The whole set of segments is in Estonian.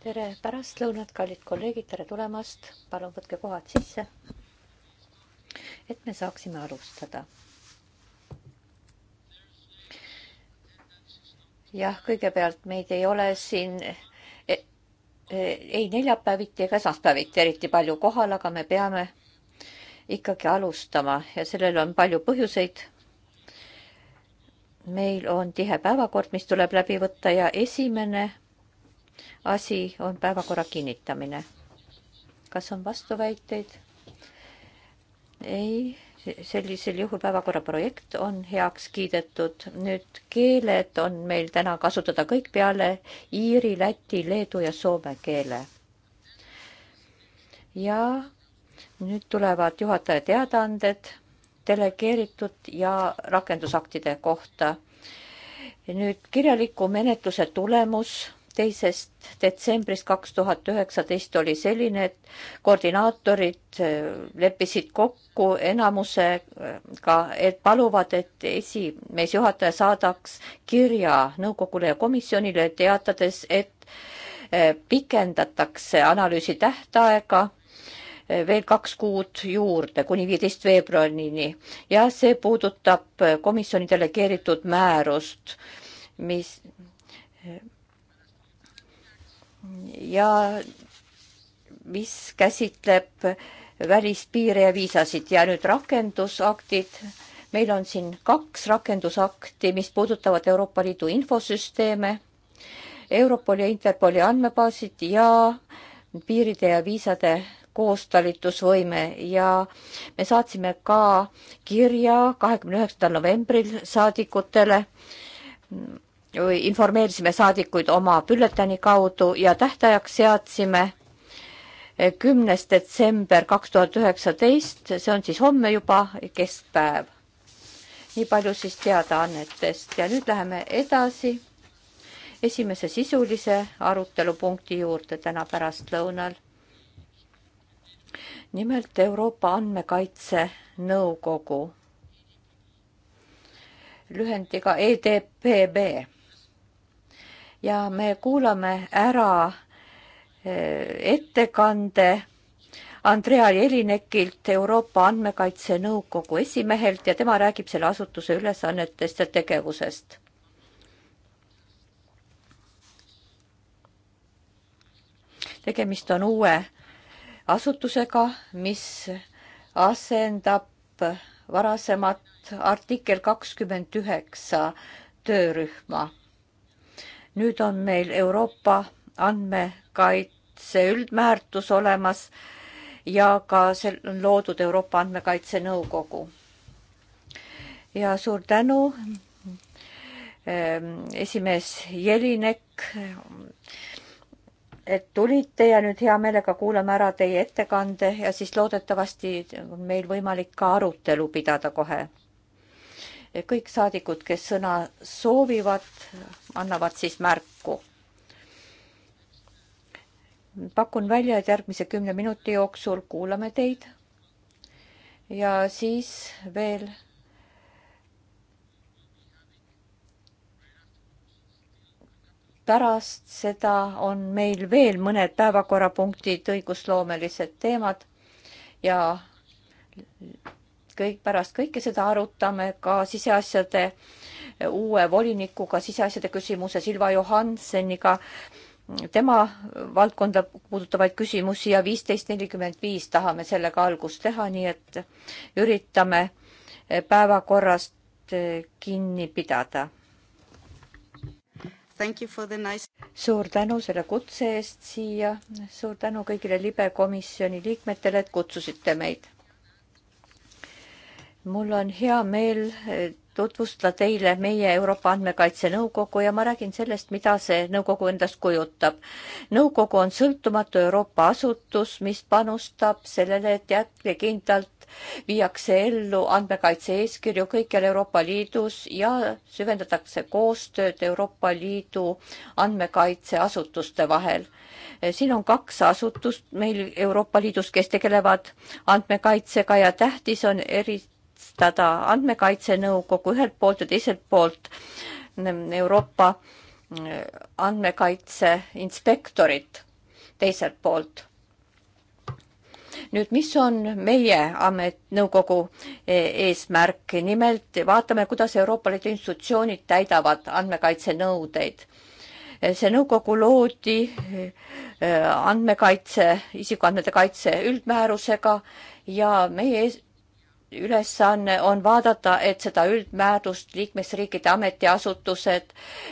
tere pärastlõunat, kallid kolleegid, tere tulemast, palun võtke kohad sisse, et me saaksime alustada. jah, kõigepealt meid ei ole siin e, e, ei neljapäeviti ega esmaspäeviti eriti palju kohal, aga me peame ikkagi alustama ja sellel on palju põhjuseid. meil on tihe päevakord, mis tuleb läbi võtta ja esimene asi on päevakorra kinnitamine. kas on vastuväiteid? ei, sellisel juhul päevakorra projekt on heaks kiidetud. nüüd keeled on meil täna kasutada kõik peale iiri, läti, leedu ja soome keele. ja nüüd tulevad juhataja teadaanded delegeeritud ja rakendusaktide kohta. nüüd kirjaliku menetluse tulemus teisest detsembrist kaks tuhat üheksateist oli selline, et koordinaatorid äh, leppisid kokku enamusega, et paluvad, et esimeesjuhataja saadaks kirja nõukogule ja komisjonile, teatades, et äh, pikendatakse analüüsi tähtaega äh, veel kaks kuud juurde kuni viieteist veebruarini ja see puudutab komisjoni delegeeritud määrust, mis ja mis käsitleb välispiire ja viisasid ja nüüd rakendusaktid. meil on siin kaks rakendusakti, mis puudutavad Euroopa Liidu infosüsteeme, Europoli ja Interpoli andmebaasid ja piiride ja viisade koostalitusvõime ja me saatsime ka kirja kahekümne üheksandal novembril saadikutele informeerisime saadikuid oma bülletääni kaudu ja tähtajaks seadsime eh, kümnes detsember kaks tuhat üheksateist, see on siis homme juba keskpäev. nii palju siis teadaannetest ja nüüd läheme edasi esimese sisulise arutelupunkti juurde täna pärastlõunal. nimelt Euroopa Andmekaitse Nõukogu, lühendiga EDPB ja me kuulame ära eh, ettekande Andrea Jelinekilt, Euroopa Andmekaitse Nõukogu esimehelt ja tema räägib selle asutuse ülesannetest ja tegevusest. tegemist on uue asutusega, mis asendab varasemat artikkel kakskümmend üheksa töörühma nüüd on meil Euroopa andmekaitse üldmäärtus olemas ja ka sel-, on loodud Euroopa Andmekaitse Nõukogu. ja suur tänu, ehm, esimees Jelinek, et tulite ja nüüd hea meelega kuulame ära teie ettekande ja siis loodetavasti on meil võimalik ka arutelu pidada kohe kõik saadikud, kes sõna soovivad, annavad siis märku. pakun välja, et järgmise kümne minuti jooksul kuulame teid. ja siis veel pärast seda on meil veel mõned päevakorrapunktid, õigusloomelised teemad ja kõik pärast kõike seda arutame ka siseasjade uue volinikuga siseasjade küsimuses Ilva Johanseniga tema valdkonda puudutavaid küsimusi ja viisteist nelikümmend viis tahame sellega algust teha, nii et üritame päevakorrast kinni pidada. Nice... suur tänu selle kutse eest siia, suur tänu kõigile libekomisjoni liikmetele, et kutsusite meid mul on hea meel eh, tutvustada teile meie Euroopa Andmekaitse Nõukogu ja ma räägin sellest, mida see nõukogu endast kujutab. nõukogu on sõltumatu Euroopa asutus, mis panustab sellele, et jätkekindlalt viiakse ellu andmekaitse eeskirju kõikjal Euroopa Liidus ja süvendatakse koostööd Euroopa Liidu andmekaitseasutuste vahel. Eh, siin on kaks asutust meil Euroopa Liidus, kes tegelevad andmekaitsega ja tähtis on eriti kaitstada Andmekaitse Nõukogu ühelt poolt ja teiselt poolt Euroopa andmekaitse inspektorit teiselt poolt. nüüd, mis on meie amet, nõukogu e-, eesmärk, nimelt vaatame, kuidas Euroopa Liidu institutsioonid täidavad andmekaitsenõudeid see nõukogu loodi e, andmekaitse, isikuandmete kaitse üldmäärusega ja meie ees, ülesanne on vaadata, et seda üldmäärust liikmesriikide ametiasutused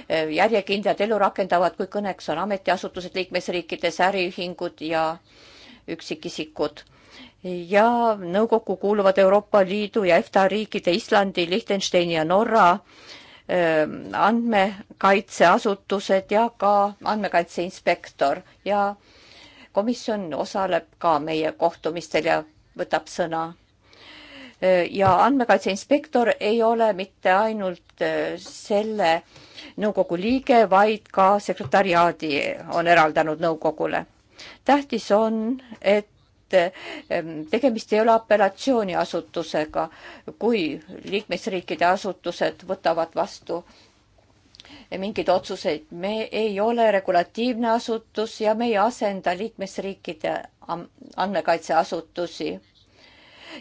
eh, järjekindlalt ellu rakendavad, kui kõneks on ametiasutused liikmesriikides, äriühingud ja üksikisikud. ja nõukokku kuuluvad Euroopa Liidu ja EFTA riikide Islandi, Liechtensteini ja Norra eh, andmekaitseasutused ja ka andmekaitse inspektor ja komisjon osaleb ka meie kohtumistel ja võtab sõna ja andmekaitse inspektor ei ole mitte ainult äh, selle nõukogu liige, vaid ka sekretariaadi on eraldanud nõukogule. tähtis on, et ähm, tegemist ei ole apellatsiooniasutusega, kui liikmesriikide asutused võtavad vastu äh, mingeid otsuseid. me ei ole regulatiivne asutus ja me ei asenda liikmesriikide andmekaitseasutusi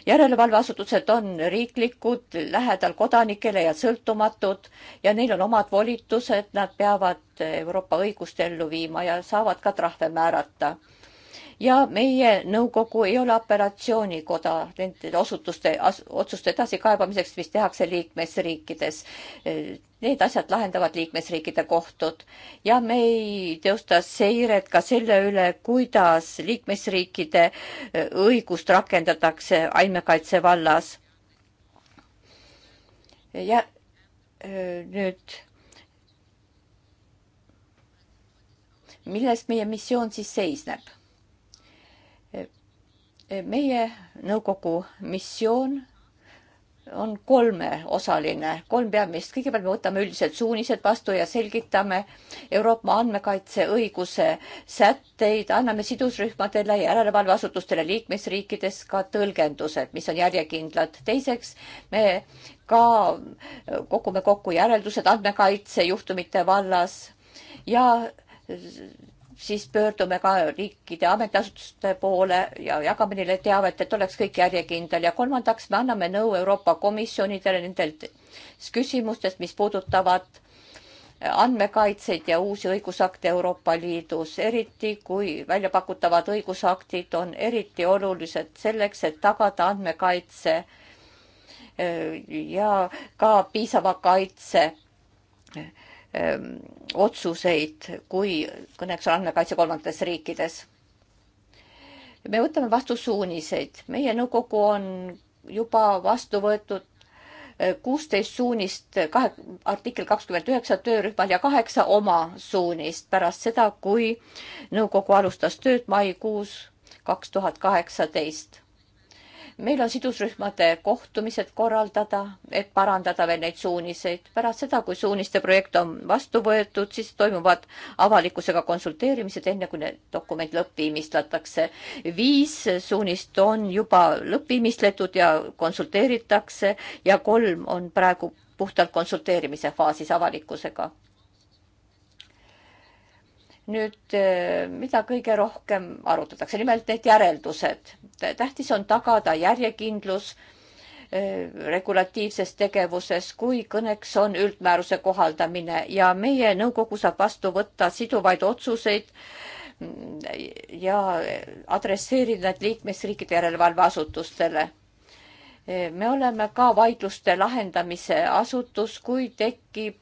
järelevalveasutused on riiklikud, lähedal kodanikele ja sõltumatud ja neil on omad volitused, nad peavad Euroopa õigust ellu viima ja saavad ka trahve määrata ja meie nõukogu ei ole operatsioonikoda nende osutuste, otsuste edasikaebamiseks, mis tehakse liikmesriikides. Need asjad lahendavad liikmesriikide kohtud ja me ei teosta seiret ka selle üle, kuidas liikmesriikide äh, õigust rakendatakse aimekaitse vallas. ja äh, nüüd milles meie missioon siis seisneb? meie nõukogu missioon on kolmeosaline, kolm peamist. kõigepealt me võtame üldised suunised vastu ja selgitame Euroopa andmekaitseõiguse sätteid, anname sidusrühmadele ja järelevalveasutustele liikmesriikides ka tõlgendused, mis on järjekindlad. teiseks me ka kogume kokku järeldused andmekaitsejuhtumite vallas ja siis pöördume ka riikide ametiasutuste poole ja jagame neile teavet, et oleks kõik järjekindel ja kolmandaks me anname nõu Euroopa Komisjonidele nendes küsimustes, mis puudutavad andmekaitseid ja uusi õigusakte Euroopa Liidus, eriti kui väljapakutavad õigusaktid on eriti olulised selleks, et tagada andmekaitse äh, ja ka piisava kaitse Ähm, otsuseid, kui kõneks on andmekaitse kolmandates riikides. me võtame vastu suuniseid, meie nõukogu on juba vastu võetud äh, kuusteist suunist kahe, artikkel kakskümmend üheksa töörühmal ja kaheksa oma suunist pärast seda, kui nõukogu alustas tööd maikuus kaks tuhat kaheksateist meil on sidusrühmade kohtumised korraldada, et parandada veel neid suuniseid. pärast seda, kui suuniste projekt on vastu võetud, siis toimuvad avalikkusega konsulteerimised, enne kui need dokument lõppviimistletakse. viis suunist on juba lõppviimistletud ja konsulteeritakse ja kolm on praegu puhtalt konsulteerimise faasis avalikkusega nüüd eh, mida kõige rohkem arutatakse, nimelt need järeldused. tähtis on tagada järjekindlus eh, regulatiivses tegevuses, kui kõneks on üldmääruse kohaldamine ja meie nõukogu saab vastu võtta siduvaid otsuseid mm, ja adresseerida need liikmesriikide järelevalveasutustele eh, me oleme ka vaidluste lahendamise asutus, kui tekib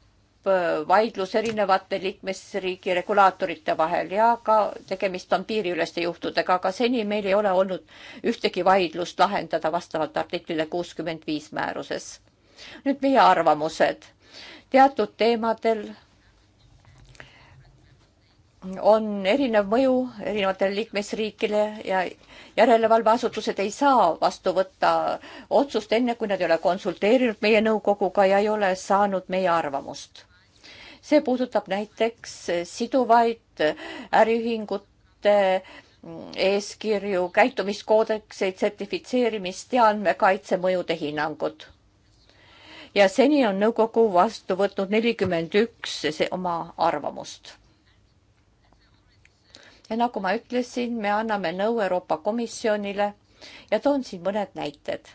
Äh, vaidlus erinevate liikmesriigi regulaatorite vahel ja ka tegemist on piiriüleste juhtudega, aga seni meil ei ole olnud ühtegi vaidlust lahendada vastavalt artiklile kuuskümmend viis määruses. nüüd meie arvamused. teatud teemadel on erinev mõju erinevatele liikmesriikidele ja järelevalveasutused ei saa vastu võtta otsust enne, kui nad ei ole konsulteerinud meie nõukoguga ja ei ole saanud meie arvamust see puudutab näiteks siduvaid äriühingute eeskirju, käitumiskoodekseid, sertifitseerimist ja andmekaitse mõjude hinnangut. ja seni on nõukogu vastu võtnud nelikümmend üks oma arvamust. ja nagu ma ütlesin, me anname nõu Euroopa Komisjonile ja toon siin mõned näited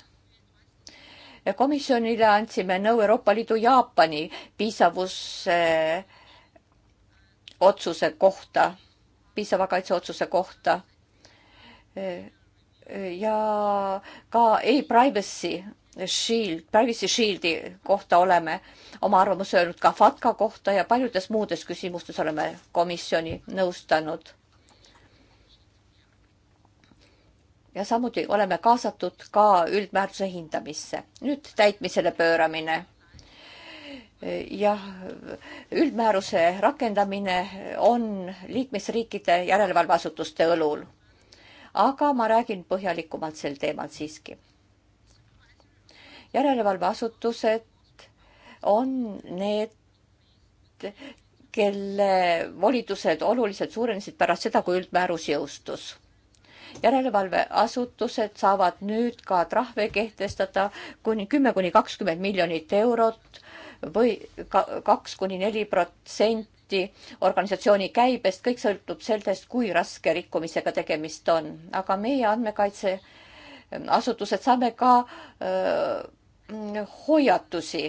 komisjonile andsime nõu Euroopa Liidu Jaapani piisavuse eh, otsuse kohta, piisava kaitse otsuse kohta. Eh, eh, ja ka e-privacy Shield, Privacy Shieldi kohta oleme oma arvamuse öelnud ka FATKA kohta ja paljudes muudes küsimustes oleme komisjoni nõustanud ja samuti oleme kaasatud ka üldmääruse hindamisse. nüüd täitmisele pööramine. jah, üldmääruse rakendamine on liikmesriikide järelevalveasutuste õlul. aga ma räägin põhjalikumalt sel teemal siiski. järelevalveasutused on need, kelle volitused oluliselt suurenesid pärast seda, kui üldmäärus jõustus järelevalveasutused saavad nüüd ka trahve kehtestada kuni kümme kuni kakskümmend miljonit eurot või kaks kuni neli protsenti organisatsiooni käibest, kõik sõltub sellest, kui raske rikkumisega tegemist on, aga meie andmekaitseasutused saame ka öö, äh, hoiatusi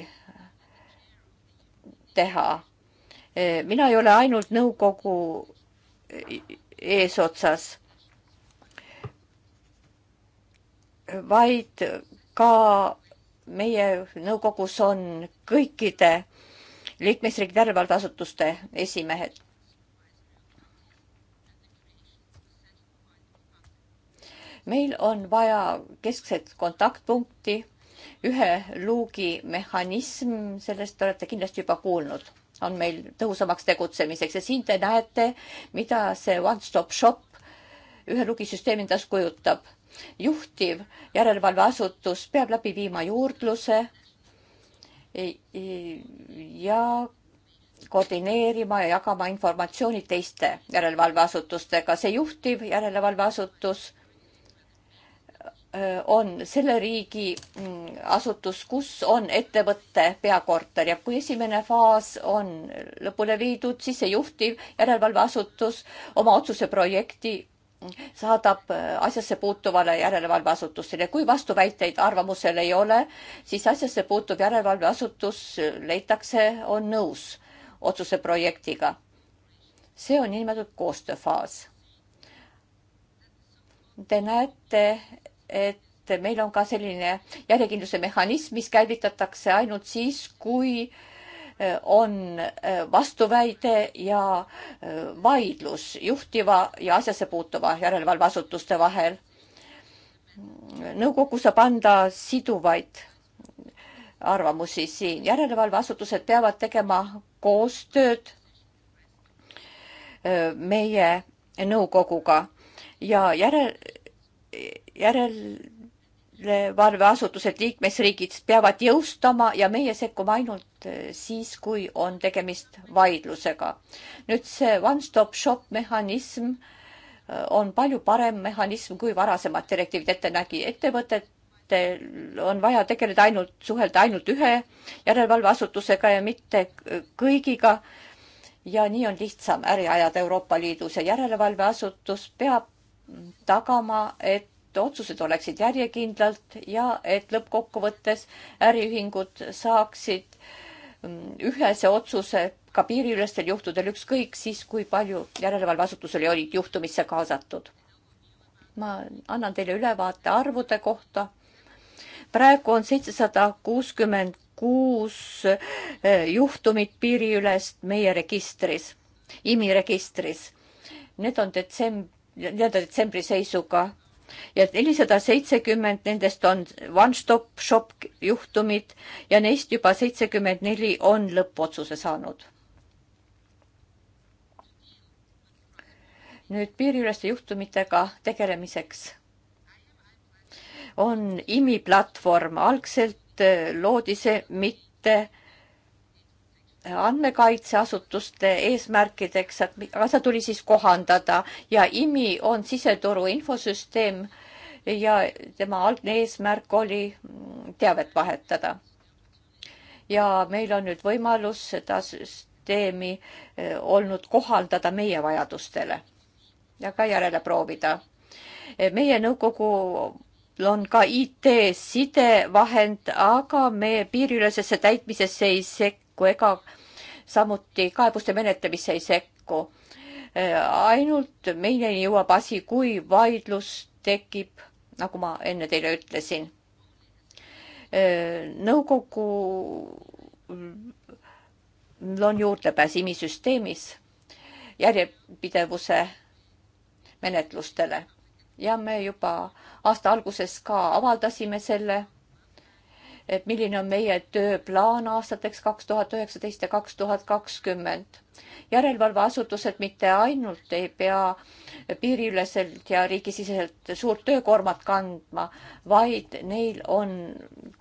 teha. Äh, mina ei ole ainult nõukogu eesotsas vaid ka meie nõukogus on kõikide liikmesriikide järelevalveasutuste esimehed. meil on vaja keskset kontaktpunkti, ühe luugi mehhanism, sellest te olete kindlasti juba kuulnud, on meil tõhusamaks tegutsemiseks ja siin te näete, mida see one stop shop ühe luugi süsteem endast kujutab juhtiv järelevalveasutus peab läbi viima juurdluse e, e, ja koordineerima ja jagama informatsiooni teiste järelevalveasutustega. see juhtiv järelevalveasutus e, on selle riigi mm, asutus, kus on ettevõtte peakorter ja kui esimene faas on lõpule viidud, siis see juhtiv järelevalveasutus oma otsuse projekti saadab äh, asjasse puutuvale järelevalveasutusele. kui vastuväiteid arvamusel ei ole, siis asjasse puutuv järelevalveasutus leitakse, on nõus otsuse projektiga. see on niinimetatud koostööfaas. Te näete, et meil on ka selline järjekindluse mehhanism, mis käivitatakse ainult siis, kui äh, on äh, vastuväide ja äh, vaidlus juhtiva ja asjasse puutuva järelevalveasutuste vahel. nõukogu saab anda siduvaid arvamusi siin. järelevalveasutused peavad tegema koostööd äh, meie nõukoguga ja järel, järel järelevalveasutused liikmesriigid peavad jõustama ja meie sekkume ainult eh, siis, kui on tegemist vaidlusega. nüüd see one-stop shop mehhanism eh, on palju parem mehhanism, kui varasemad direktiivid ette nägi. ettevõtetel on vaja tegeleda ainult, suhelda ainult ühe järelevalveasutusega ja mitte kõigiga. ja nii on lihtsam äri ajada Euroopa Liidus ja järelevalveasutus peab tagama, et otsused oleksid järjekindlalt ja et lõppkokkuvõttes äriühingud saaksid mm, ühese otsuse ka piiriülestel juhtudel, ükskõik siis, kui palju järelevalveasutusel olid juhtumisse kaasatud. ma annan teile ülevaate arvude kohta. praegu on seitsesada kuuskümmend kuus eh, juhtumit piiriülest meie registris, IMI registris. Need on detsemb-, nii-öelda detsembri seisuga ja nelisada seitsekümmend nendest on one-stop shop juhtumid ja neist juba seitsekümmend neli on lõppotsuse saanud. nüüd piiriüleste juhtumitega tegelemiseks on IMI platvorm, algselt äh, loodi see mitte andmekaitseasutuste eesmärkideks, aga seda tuli siis kohandada ja IMI on siseturu infosüsteem ja tema algne eesmärk oli mm, teavet vahetada. ja meil on nüüd võimalus seda süsteemi e, olnud kohandada meie vajadustele ja ka järele proovida. E, meie nõukogu on ka IT-sidevahend, aga me piiriülesesse täitmisesse ei sek-, kohtunikku ega samuti kaebuste menetlemisse ei sekku. ainult meieni jõuab asi, kui vaidlus tekib, nagu ma enne teile ütlesin. nõukogu on juurdepääs imisüsteemis järjepidevuse menetlustele ja me juba aasta alguses ka avaldasime selle et milline on meie tööplaan aastateks kaks tuhat üheksateist ja kaks tuhat kakskümmend. järelevalveasutused mitte ainult ei pea piiriüleselt ja riigisiseselt suurt töökoormat kandma, vaid neil on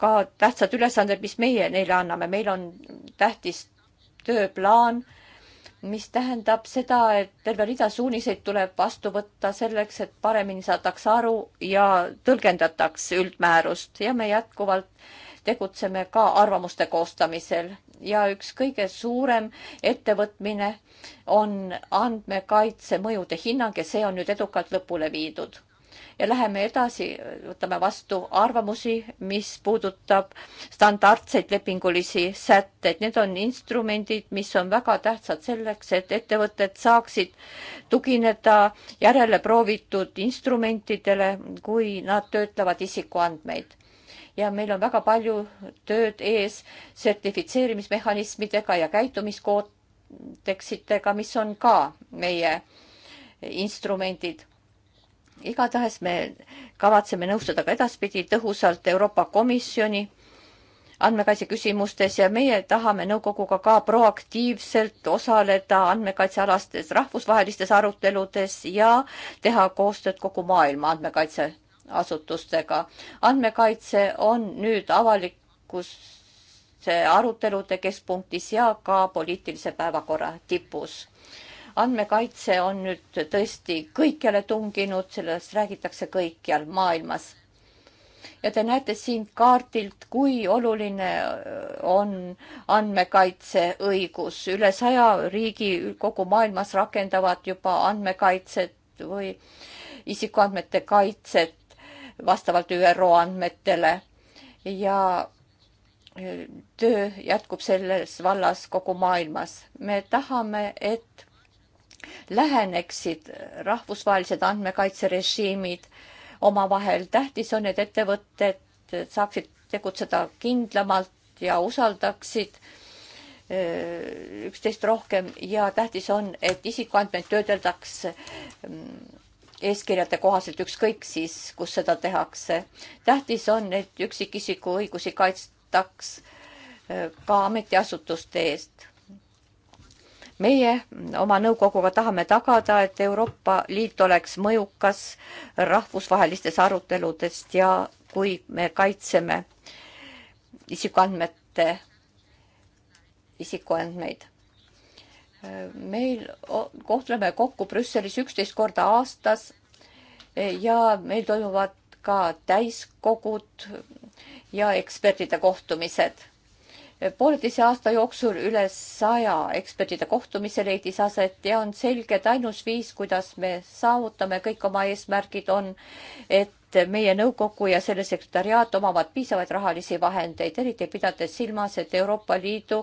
ka tähtsad ülesanded, mis meie neile anname, meil on tähtis tööplaan mis tähendab seda, et terve rida suuniseid tuleb vastu võtta selleks, et paremini saadaks aru ja tõlgendataks üldmäärust ja me jätkuvalt tegutseme ka arvamuste koostamisel ja üks kõige suurem ettevõtmine on andmekaitse mõjude hinnang ja see on nüüd edukalt lõpule viidud. ja läheme edasi, võtame vastu arvamusi, mis puudutab standardseid lepingulisi sätteid. Need on instrumendid, mis on väga tähtsad selleks, et ettevõtted saaksid tugineda järeleproovitud instrumentidele, kui nad töötlevad isikuandmeid ja meil on väga palju tööd ees sertifitseerimismehhanismidega ja käitumiskoodeksitega, mis on ka meie instrumendid. igatahes me kavatseme nõustada ka edaspidi tõhusalt Euroopa Komisjoni andmekaitse küsimustes ja meie tahame nõukoguga ka proaktiivselt osaleda andmekaitsealastes rahvusvahelistes aruteludes ja teha koostööd kogu maailma andmekaitse asutustega. andmekaitse on nüüd avalikkuse arutelude keskpunktis ja ka poliitilise päevakorra tipus. andmekaitse on nüüd tõesti kõikjale tunginud, sellest räägitakse kõikjal maailmas. ja te näete siin kaardilt, kui oluline on andmekaitseõigus. üle saja riigi kogu maailmas rakendavad juba andmekaitset või isikuandmete kaitset vastavalt ÜRO andmetele ja e, töö jätkub selles vallas kogu maailmas. me tahame, et läheneksid rahvusvahelised andmekaitserežiimid omavahel. tähtis on, et ettevõtted saaksid tegutseda kindlamalt ja usaldaksid e, üksteist rohkem ja tähtis on, et isikuandmeid töödeldaks eeskirjade kohaselt, ükskõik siis, kus seda tehakse. tähtis on, et üksikisiku õigusi kaitstaks äh, ka ametiasutuste eest. meie oma nõukoguga tahame tagada, et Euroopa Liit oleks mõjukas rahvusvahelistes aruteludest ja kui me kaitseme isikuandmete, isikuandmeid meil kohtleme kokku Brüsselis üksteist korda aastas ja meil toimuvad ka täiskogud ja ekspertide kohtumised. pooleteise aasta jooksul üle saja ekspertide kohtumise leidis aset ja on selge, et ainus viis, kuidas me saavutame kõik oma eesmärgid, on, et et meie nõukogu ja selle sekretariaat omavad piisavaid rahalisi vahendeid, eriti pidades silmas, et Euroopa Liidu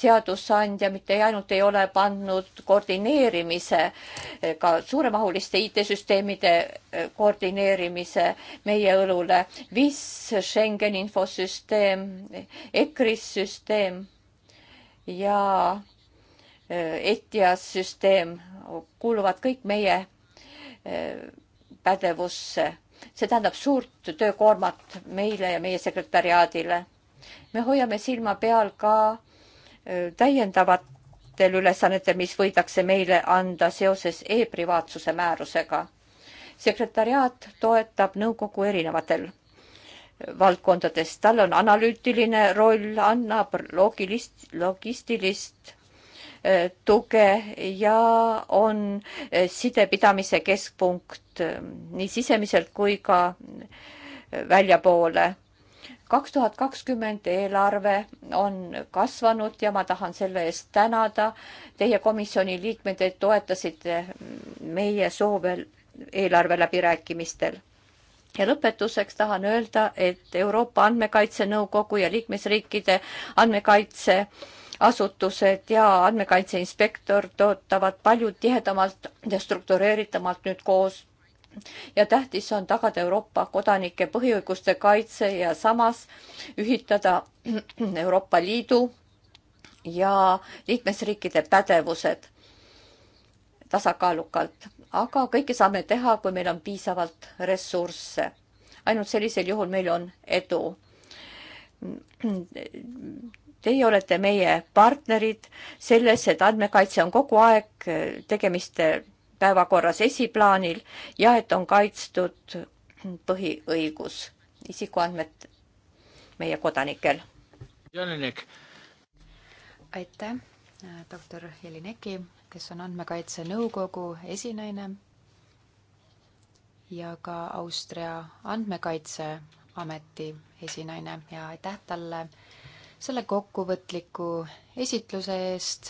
seadusandja mitte ainult ei ole pandud koordineerimisega suuremahuliste IT-süsteemide eh, koordineerimise meie õlule, WIS, Schengeni infosüsteem, ECRIS süsteem ja eh, ETIAS süsteem kuuluvad kõik meie eh, pädevusse see tähendab suurt töökoormat meile ja meie sekretäriaadile. me hoiame silma peal ka täiendavatel ülesannetel, mis võidakse meile anda seoses e-privaatsuse määrusega. sekretäriaat toetab nõukogu erinevatel valdkondades, tal on analüütiline roll, annab logilist, logistilist Eh, tuge ja on eh, sidepidamise keskpunkt eh, nii sisemiselt kui ka väljapoole. kaks tuhat kakskümmend eelarve on kasvanud ja ma tahan selle eest tänada teie komisjoni liikmeid, et toetasite meie soove eelarve läbirääkimistel ja lõpetuseks tahan öelda, et Euroopa Andmekaitse Nõukogu ja liikmesriikide andmekaitse äh, asutused ja andmekaitse inspektor töötavad palju tihedamalt ja struktureeritumalt nüüd koos ja tähtis on tagada Euroopa kodanike põhiõiguste kaitse ja samas ühitada Euroopa Liidu ja liikmesriikide pädevused tasakaalukalt, aga kõike saame teha, kui meil on piisavalt ressursse. ainult sellisel juhul meil on edu. Teie olete meie partnerid selles, et andmekaitse on kogu aeg äh, tegemiste päevakorras esiplaanil ja et on kaitstud põhiõigus, isikuandmed meie kodanikel. aitäh, äh, doktor Jelineki, kes on Andmekaitse Nõukogu esinaine ja ka Austria Andmekaitseameti esinaine ja aitäh talle äh, selle kokkuvõtliku esitluse eest,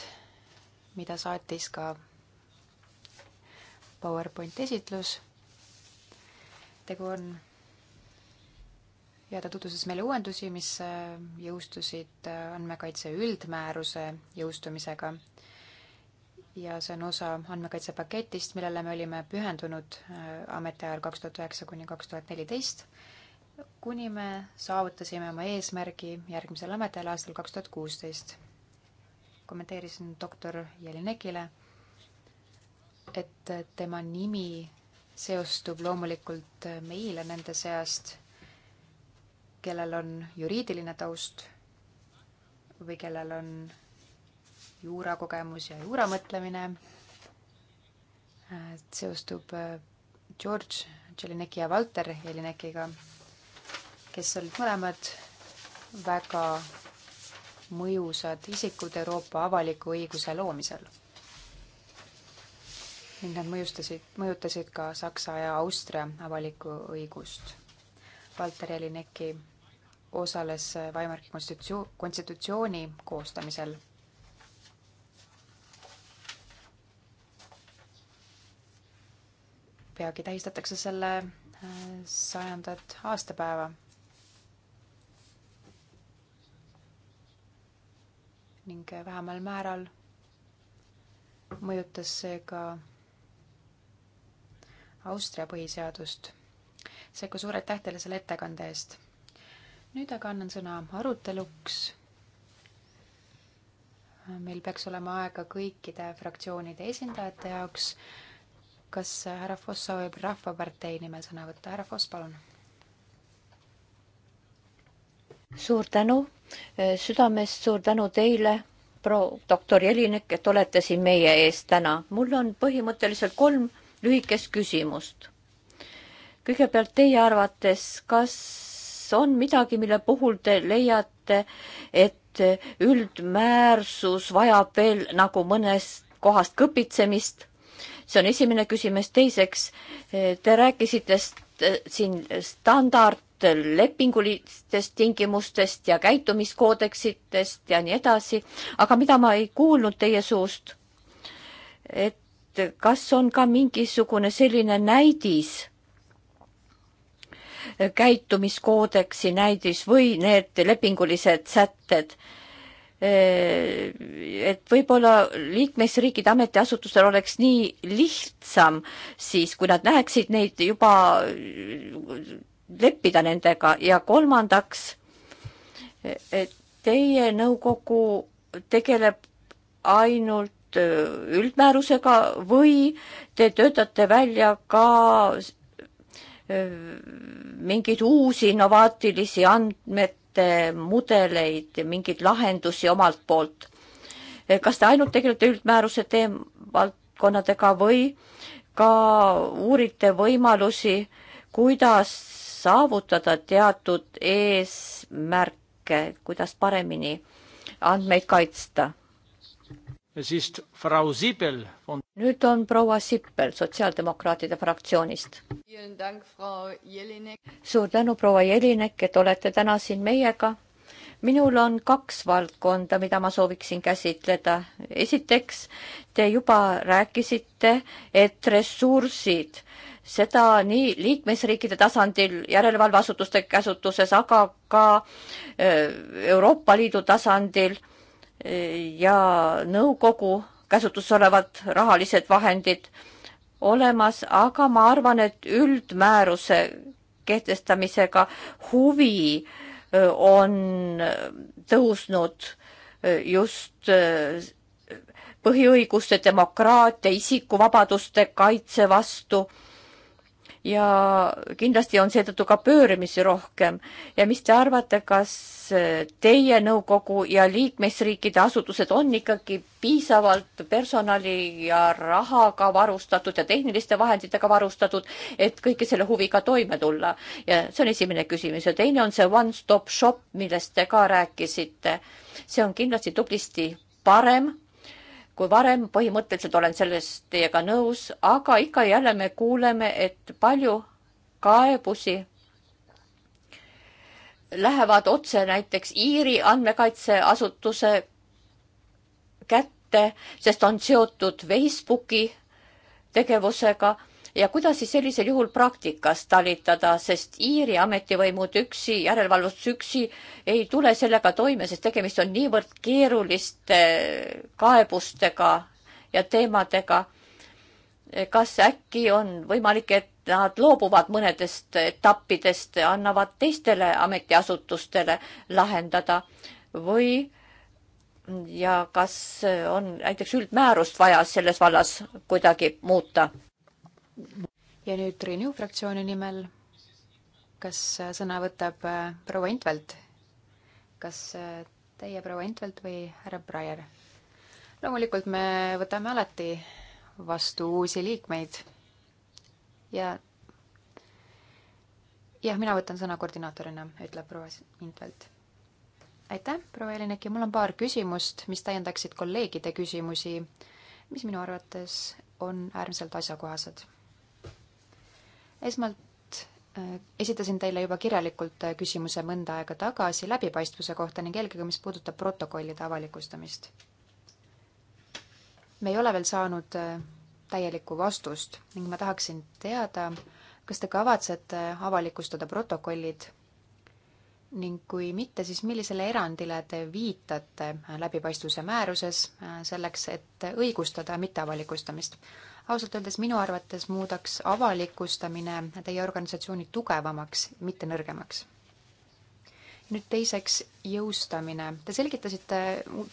mida saatis ka PowerPoint esitlus. tegu on ja ta tutvustas meile uuendusi, mis äh, jõustusid äh, andmekaitse üldmääruse jõustumisega. ja see on osa andmekaitsepaketist, millele me olime pühendunud äh, ametiajal kaks tuhat üheksa kuni kaks tuhat neliteist kuni me saavutasime oma eesmärgi järgmisel ametiajal aastal kaks tuhat kuusteist. kommenteerisin doktor Jelinekile, et tema nimi seostub loomulikult meile nende seast, kellel on juriidiline taust või kellel on juurakogemus ja juuramõtlemine. seostub George Jelineki ja Walter Jelinekiga kes olid mõlemad väga mõjusad isikud Euroopa avaliku õiguse loomisel. ning nad mõjustasid, mõjutasid ka Saksa ja Austria avalikku õigust. Walter Jelinecki osales Weimari konstitutsioon, konstitutsiooni koostamisel peagi tähistatakse selle äh, sajandat aastapäeva ning vähemal määral mõjutas see ka Austria põhiseadust. seega suur aitäh teile selle ettekande eest. nüüd aga annan sõna aruteluks. meil peaks olema aega kõikide fraktsioonide esindajate jaoks. kas härra Foss soovib Rahvapartei nimel sõna võtta? härra Foss, palun suur tänu, eh, südamest suur tänu teile, proua doktor Jelinek, et olete siin meie ees täna. mul on põhimõtteliselt kolm lühikest küsimust. kõigepealt teie arvates, kas on midagi, mille puhul te leiate, et üldmäärsus vajab veel nagu mõnest kohast kõpitsemist? see on esimene küsimus. teiseks, eh, te rääkisite siin standard lepingulistest tingimustest ja käitumiskoodeksitest ja nii edasi, aga mida ma ei kuulnud teie suust, et kas on ka mingisugune selline näidis, käitumiskoodeksi näidis või need lepingulised sätted, et võib-olla liikmesriikide ametiasutustel oleks nii lihtsam siis, kui nad näeksid neid juba leppida nendega ja kolmandaks, et teie nõukogu tegeleb ainult äh, üldmäärusega või te töötate välja ka äh, mingeid uusi innovaatilisi andmete mudeleid, mingeid lahendusi omalt poolt. kas te ainult tegelete üldmääruse teem-, valdkonnadega või ka uurite võimalusi, kuidas saavutada teatud eesmärke, kuidas paremini andmeid kaitsta. nüüd on proua Sippel Sotsiaaldemokraatide fraktsioonist. suur tänu, proua Jelinek, et olete täna siin meiega minul on kaks valdkonda, mida ma sooviksin käsitleda. esiteks, te juba rääkisite, et ressursid, seda nii liikmesriikide tasandil järelevalveasutuste käsutuses, aga ka äh, Euroopa Liidu tasandil äh, ja nõukogu käsutuses olevad rahalised vahendid olemas, aga ma arvan, et üldmääruse kehtestamisega huvi äh, Äh, on äh, tõusnud äh, just põhiõiguste, demokraatia, isikuvabaduste kaitse vastu ja kindlasti on seetõttu ka pöörimisi rohkem. ja mis te arvate, kas eh, teie nõukogu ja liikmesriikide asutused on ikkagi piisavalt personali ja rahaga varustatud ja tehniliste vahenditega varustatud, et kõike selle huviga toime tulla? ja see on esimene küsimus ja teine on see one stop shop, millest te ka rääkisite. see on kindlasti tublisti parem kui varem, põhimõtteliselt olen selles teiega nõus, aga ikka ja jälle me kuuleme, et palju kaebusi lähevad otse näiteks Iiri andmekaitseasutuse kätte, sest on seotud Facebooki tegevusega ja kuidas siis sellisel juhul praktikas talitada, sest Iiri ametivõimud üksi, järelevalvus üksi ei tule sellega toime, sest tegemist on niivõrd keeruliste eh, kaebustega ja teemadega. kas äkki on võimalik, et nad loobuvad mõnedest etappidest, annavad teistele ametiasutustele lahendada või ja kas on näiteks üldmäärust vaja selles vallas kuidagi muuta? ja nüüd Renew fraktsiooni nimel, kas sõna võtab äh, proua Intvelt? kas äh, teie, proua Intvelt või härra Breyer? loomulikult me võtame alati vastu uusi liikmeid ja jah, mina võtan sõna koordinaatorina, ütleb proua Intvelt. aitäh, proua Elineki, mul on paar küsimust, mis täiendaksid kolleegide küsimusi, mis minu arvates on äärmiselt asjakohased esmalt äh, esitasin teile juba kirjalikult äh, küsimuse mõnda aega tagasi läbipaistvuse kohta ning eelkõige, mis puudutab protokollide avalikustamist. me ei ole veel saanud äh, täielikku vastust ning ma tahaksin teada, kas te kavatsete avalikustada protokollid ning kui mitte, siis millisele erandile te viitate läbipaistvuse määruses äh, selleks, et õigustada mitteavalikustamist? ausalt öeldes minu arvates muudaks avalikustamine teie organisatsiooni tugevamaks, mitte nõrgemaks. nüüd teiseks, jõustamine. Te selgitasite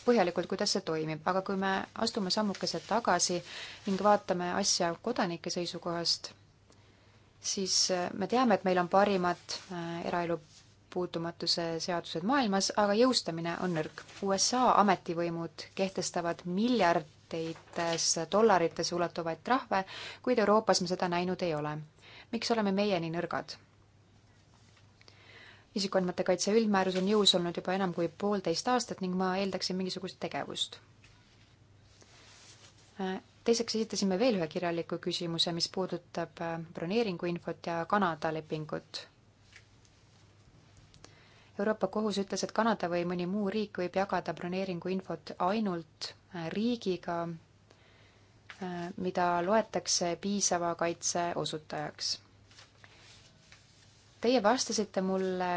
põhjalikult, kuidas see toimib, aga kui me astume sammukese tagasi ning vaatame asja kodanike seisukohast, siis äh, me teame, et meil on parimad äh, eraelu puutumatuse seadused maailmas, aga jõustamine on nõrk. USA ametivõimud kehtestavad miljardites dollarites ulatuvaid trahve, kuid Euroopas me seda näinud ei ole. miks oleme meie nii nõrgad? isikuandmete kaitse üldmäärus on jõus olnud juba enam kui poolteist aastat ning ma eeldaksin mingisugust tegevust. teiseks esitasime veel ühe kirjaliku küsimuse, mis puudutab broneeringuinfot ja Kanada lepingut Euroopa Kohus ütles, et Kanada või mõni muu riik võib jagada broneeringu infot ainult äh, riigiga, äh, mida loetakse piisava kaitse osutajaks. Teie vastasite mulle,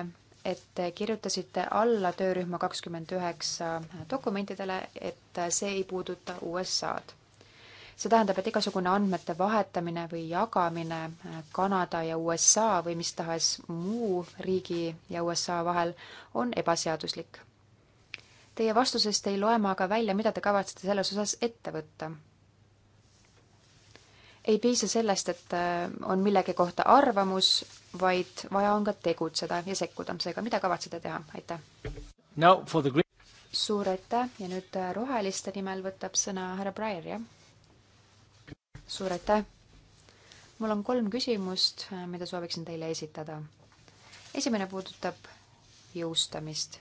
et kirjutasite alla töörühma kakskümmend üheksa dokumentidele, et see ei puuduta USA-d see tähendab, et igasugune andmete vahetamine või jagamine äh, Kanada ja USA või mis tahes muu riigi ja USA vahel on ebaseaduslik. Teie vastusest ei loe ma aga välja, mida te kavatsete selles osas ette võtta ei piisa sellest, et äh, on millegi kohta arvamus, vaid vaja on ka tegutseda ja sekkuda. seega, mida kavatsete teha? aitäh! The... suur aitäh ja nüüd äh, roheliste nimel võtab sõna härra Breyer, jah? suur aitäh! mul on kolm küsimust, mida sooviksin teile esitada. esimene puudutab jõustamist.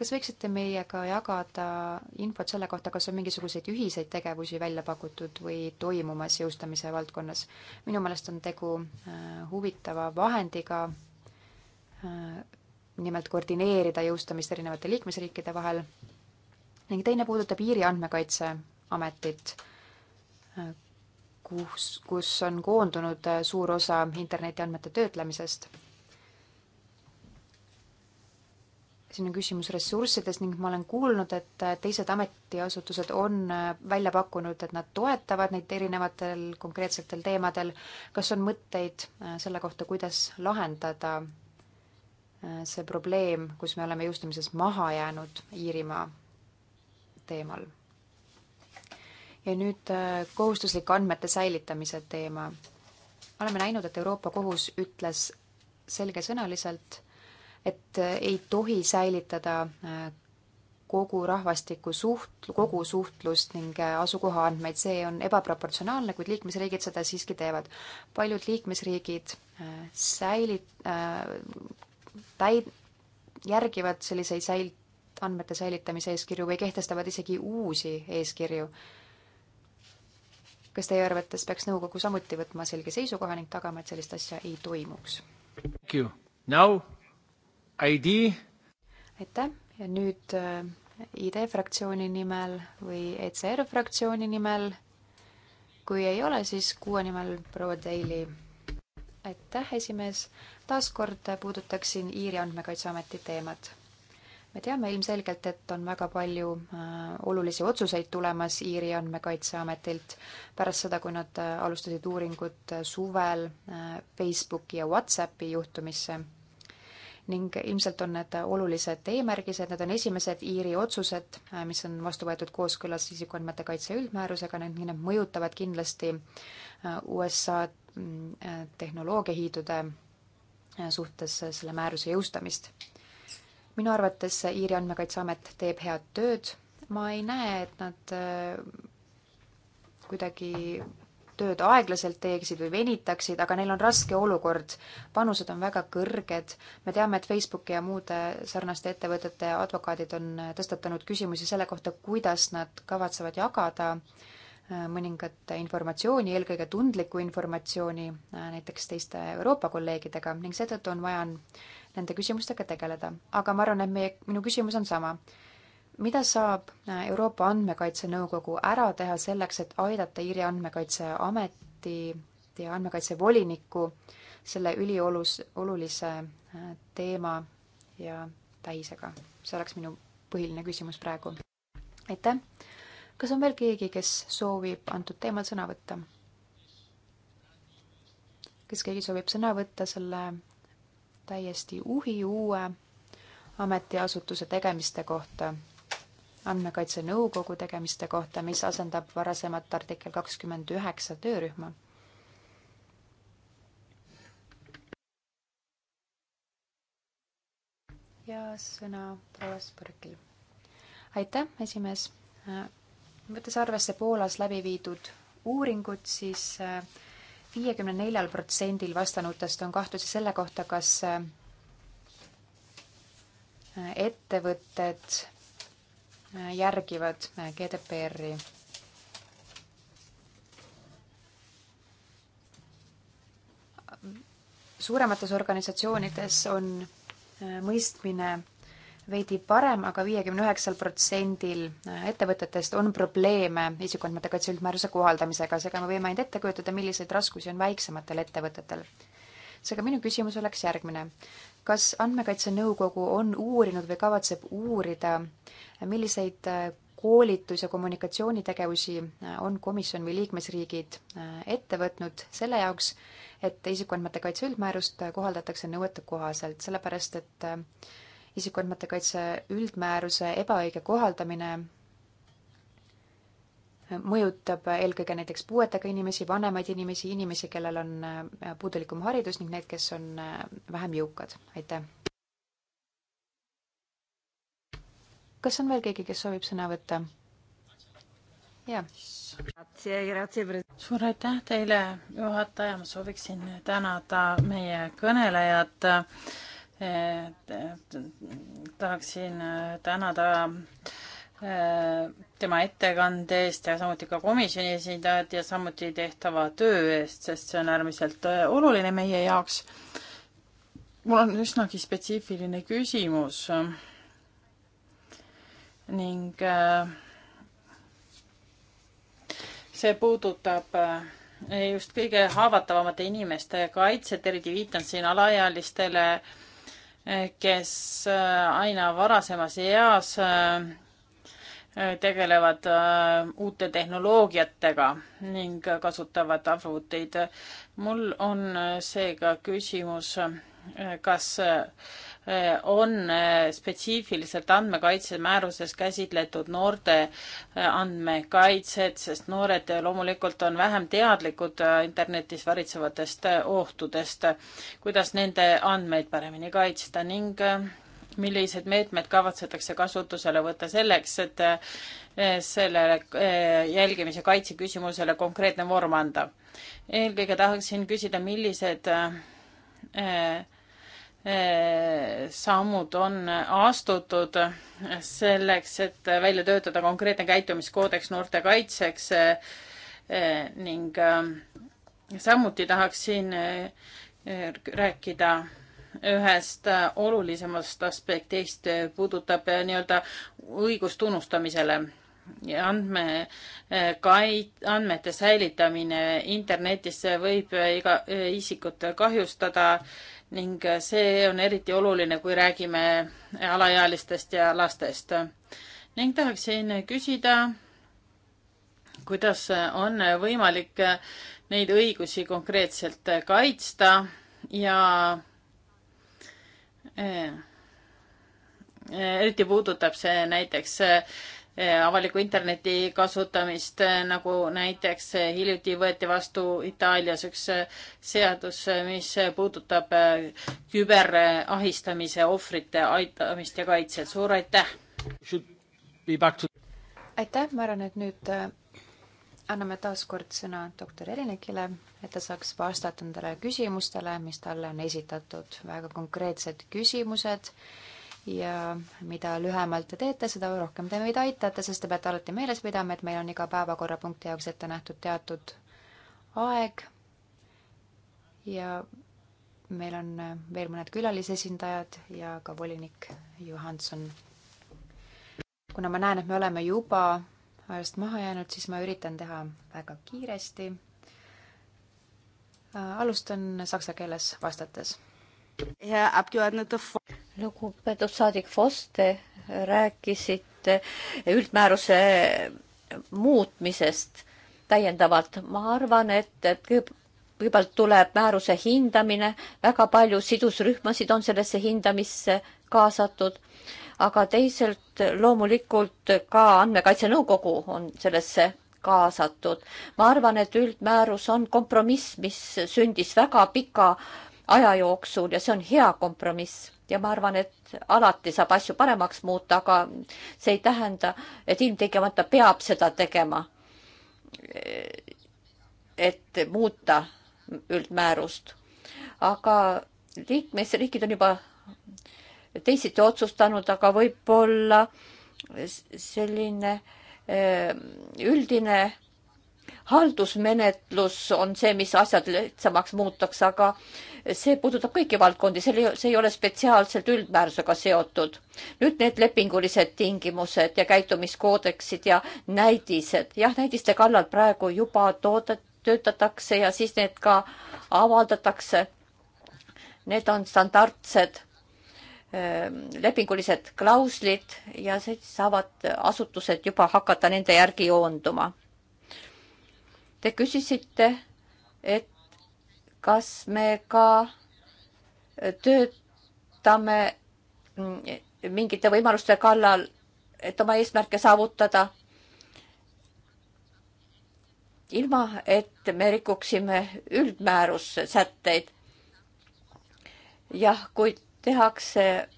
kas võiksite meiega jagada infot selle kohta, kas on mingisuguseid ühiseid tegevusi välja pakutud või toimumas jõustamise valdkonnas? minu meelest on tegu äh, huvitava vahendiga, äh, nimelt koordineerida jõustamist erinevate liikmesriikide vahel ning teine puudutab Iiri andmekaitseametit äh, kus, kus on koondunud äh, suur osa internetiandmete töötlemisest. siin on küsimus ressurssidest ning ma olen kuulnud, et äh, teised ametiasutused on äh, välja pakkunud, et nad toetavad neid erinevatel konkreetsetel teemadel. kas on mõtteid selle kohta, kuidas lahendada see probleem, kus me oleme jõustumises maha jäänud Iirimaa teemal? ja nüüd äh, kohustuslik andmete säilitamise teema. oleme näinud, et Euroopa Kohus ütles selgesõnaliselt, et äh, ei tohi säilitada äh, kogu rahvastiku suht-, kogu suhtlust ning asukoha andmeid, see on ebaproportsionaalne, kuid liikmesriigid seda siiski teevad. paljud liikmesriigid säilit- äh,, täid-, järgivad selliseid säil-, andmete säilitamise eeskirju või kehtestavad isegi uusi eeskirju kas teie arvates peaks nõukogu samuti võtma selge seisukoha ning tagama, et sellist asja ei toimuks? aitäh ja nüüd äh, ID fraktsiooni nimel või ECR fraktsiooni nimel. kui ei ole, siis kuue nimel proua Daly. aitäh, esimees. taaskord puudutaksin Iiri andmekaitseameti teemat me teame ilmselgelt, et on väga palju äh, olulisi otsuseid tulemas Iiri andmekaitseametilt pärast seda, kui nad äh, alustasid uuringut äh, suvel Facebooki ja Whatsappi juhtumisse. ning ilmselt on need olulised eemärgised, need on esimesed Iiri otsused, mis on vastu võetud kooskõlas isikuandmete kaitse üldmäärusega, need, need mõjutavad kindlasti USA mm, tehnoloogiahiidude suhtes selle määruse jõustamist minu arvates Iiri andmekaitseamet teeb head tööd, ma ei näe, et nad äh, kuidagi tööd aeglaselt teeksid või venitaksid, aga neil on raske olukord. panused on väga kõrged. me teame, et Facebooki ja muude sarnaste ettevõtete advokaadid on äh, tõstatanud küsimusi selle kohta, kuidas nad kavatsevad jagada äh, mõningat informatsiooni, eelkõige tundlikku informatsiooni näiteks teiste Euroopa kolleegidega ning seetõttu on vaja nende küsimustega tegeleda. aga ma arvan, et meie, minu küsimus on sama. mida saab äh, Euroopa Andmekaitse Nõukogu ära teha selleks, et aidata Iiri Andmekaitseameti ja andmekaitsevoliniku selle üliolus, olulise äh, teema ja täisega? see oleks minu põhiline küsimus praegu. aitäh! kas on veel keegi, kes soovib antud teemal sõna võtta? kas keegi soovib sõna võtta selle täiesti uhi uue ametiasutuse tegemiste kohta, Andmekaitse Nõukogu tegemiste kohta, mis asendab varasemat artikkel kakskümmend üheksa töörühma. ja sõna proua Spõrkil. aitäh, esimees. võttes arvesse Poolas läbi viidud uuringut, siis äh, viiekümne neljal protsendil vastanutest on kahtlusi selle kohta, kas äh, ettevõtted äh, järgivad äh, GDPR-i. suuremates organisatsioonides on mõistmine veidi parem aga, aga viiekümne üheksal protsendil äh, ettevõtetest on probleeme isikuandmete kaitse üldmääruse kohaldamisega, seega me võime ainult ette kujutada, milliseid raskusi on väiksematel ettevõtetel. seega minu küsimus oleks järgmine. kas Andmekaitse Nõukogu on uurinud või kavatseb uurida, milliseid äh, koolitus- ja kommunikatsioonitegevusi äh, on komisjon või liikmesriigid ette võtnud selle jaoks, et isikuandmete kaitse üldmäärust kohaldatakse nõuetekohaselt, sellepärast et äh, isikuandmete kaitse üldmääruse ebaõige kohaldamine mõjutab eelkõige näiteks puuetega inimesi, vanemaid inimesi, inimesi, kellel on äh, puudulikum haridus ning need, kes on äh, vähem jõukad. aitäh! kas on veel keegi, kes soovib sõna võtta? jah. suur aitäh teile, juhataja, ma sooviksin tänada meie kõnelejat äh, tahaksin äh, tänada äh, tema ettekande eest ja samuti ka komisjoni esindajad ja samuti tehtava töö eest, sest see on äärmiselt äh, oluline meie jaoks. mul on üsnagi spetsiifiline küsimus ning see puudutab just kõige haavatavamate inimeste kaitset, eriti viitan siin alaealistele äh, kes äh, aina varasemas eas äh, tegelevad äh, uute tehnoloogiatega ning kasutavad arvuteid. mul on seega küsimus, kas Eh, on eh, spetsiifiliselt andmekaitsemääruses käsitletud noorte eh, andmekaitset, sest noored loomulikult on vähem teadlikud internetis varitsevatest ohtudest, kuidas nende andmeid paremini kaitsta ning millised meetmed kavatsetakse kasutusele võtta selleks, et sellele jälgimise kaitse küsimusele konkreetne vorm anda. eelkõige tahaksin küsida, millised Eh, sammud on astutud selleks, et välja töötada konkreetne käitumiskoodeks noorte kaitseks eh, ning eh, samuti tahaksin rääkida ühest olulisemast aspektist, puudutab nii-öelda õigust tunnustamisele andmekait-, andmete säilitamine internetis võib iga isikut kahjustada ning äh, see on eriti oluline, kui räägime alaealistest ja lastest. ning tahaksin küsida, kuidas on võimalik neid õigusi konkreetselt kaitsta ja äh, eriti puudutab see näiteks äh, Eh, avaliku interneti kasutamist, eh, nagu näiteks eh, hiljuti võeti vastu Itaalias üks seadus, mis puudutab küberahistamise ohvrite aitamist ja kaitset. suur aitäh! aitäh, ma arvan, et nüüd anname taas kord sõna doktor Elinikile, et ta saaks vastata nendele küsimustele, mis talle on esitatud. väga konkreetsed küsimused ja mida lühemalt te teete, seda rohkem te meid aitate, sest te peate alati meeles pidama, et meil on iga päevakorrapunkti jaoks ette nähtud teatud aeg ja meil on veel mõned külalisesindajad ja ka volinik Johanson. kuna ma näen, et me oleme juba ajast maha jäänud, siis ma üritan teha väga kiiresti. alustan saksa keeles vastates lugupeetud saadik Foss, te rääkisite üldmääruse muutmisest täiendavalt. ma arvan, et, et kõigepealt tuleb määruse hindamine, väga palju sidusrühmasid on sellesse hindamisse kaasatud, aga teisalt loomulikult ka Andmekaitse Nõukogu on sellesse kaasatud. ma arvan, et üldmäärus on kompromiss, mis sündis väga pika äh, aja jooksul ja see on hea kompromiss ja ma arvan, et alati saab asju paremaks muuta, aga see ei tähenda, et ilmtingimata peab seda tegema. et muuta üldmäärust. aga liikmesriigid on juba teisiti otsustanud, aga võib-olla selline eh, üldine haldusmenetlus on see, mis asjad lihtsamaks muutaks, aga see puudutab kõiki valdkondi, see, see ei ole spetsiaalselt üldmäärusega seotud. nüüd need lepingulised tingimused ja käitumiskoodeksid ja näidised, jah, näidiste kallal praegu juba toodet-, töötatakse ja siis need ka avaldatakse. Need on standardsed ähm, lepingulised klauslid ja siis saavad asutused juba hakata nende järgi joonduma. Te küsisite, et kas me ka töötame mingite võimaluste kallal, et oma eesmärke saavutada. ilma, et me rikuksime üldmääruse sätteid. jah, kui tehakse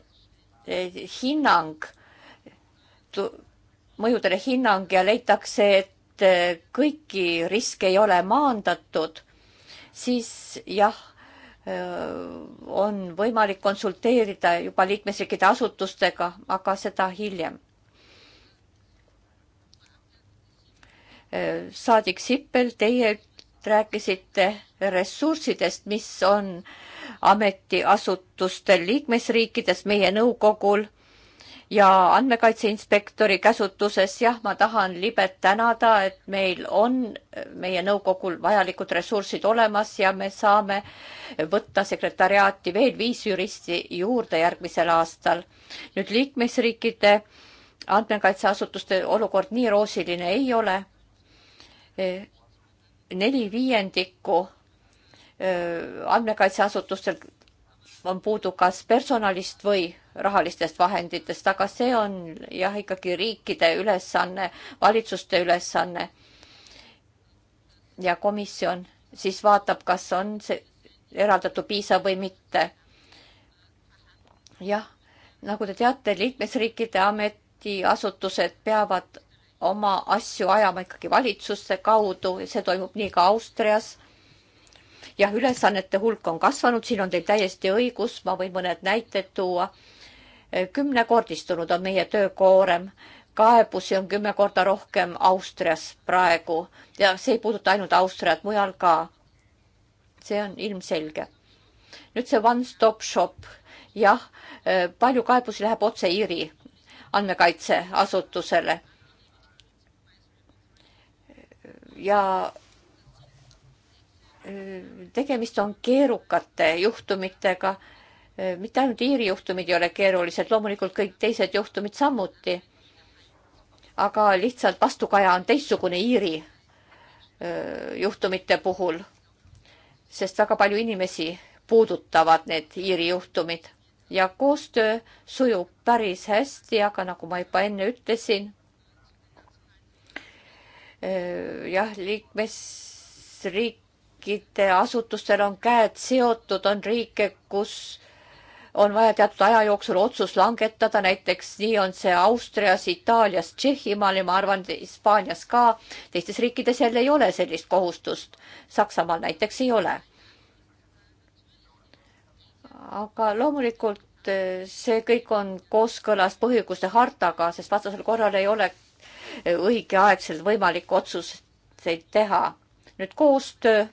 e, hinnang, mõjudele hinnang ja leitakse, et e, kõiki riske ei ole maandatud siis jah, on võimalik konsulteerida juba liikmesriikide asutustega, aga seda hiljem. saadik Sippel, teie rääkisite ressurssidest, mis on ametiasutustel liikmesriikides, meie nõukogul ja andmekaitse inspektori käsutuses. jah, ma tahan libet tänada, et meil on meie nõukogul vajalikud ressursid olemas ja me saame võtta sekretäriaati veel viis juristi juurde järgmisel aastal. nüüd liikmesriikide andmekaitseasutuste olukord nii roosiline ei ole. E, neli viiendikku e, andmekaitseasutustel on puudu kas personalist või rahalistest vahenditest, aga see on jah, ikkagi riikide ülesanne, valitsuste ülesanne. ja komisjon siis vaatab, kas on see eraldatu piisav või mitte. jah, nagu te teate, liikmesriikide ametiasutused peavad oma asju ajama ikkagi valitsuste kaudu, see toimub nii ka Austrias jah, ülesannete hulk on kasvanud, siin on teil täiesti õigus, ma võin mõned näited tuua. Eh, kümnekordistunud on meie töökoorem, kaebusi on kümme korda rohkem Austrias praegu ja see ei puuduta ainult Austriat, mujal ka. see on ilmselge. nüüd see one stop shop, jah, eh, palju kaebusi läheb otse Iiri andmekaitseasutusele. ja tegemist on keerukate juhtumitega. mitte ainult Iiri juhtumid ei ole keerulised, loomulikult kõik teised juhtumid samuti. aga lihtsalt vastukaja on teistsugune Iiri juhtumite puhul, sest väga palju inimesi puudutavad need Iiri juhtumid ja koostöö sujub päris hästi, aga nagu ma juba enne ütlesin, jah, liikmesriik riikide asutustel on käed seotud, on riike, kus on vaja teatud aja jooksul otsus langetada, näiteks nii on see Austrias, Itaalias, Tšehhimaal ja ma arvan, Hispaanias ka. teistes riikides jälle ei ole sellist kohustust. Saksamaal näiteks ei ole. aga loomulikult eh, see kõik on kooskõlas põhiõiguste hartaga, sest vastasel korral ei ole eh, õigeaegselt võimalik otsuseid teha. nüüd koostöö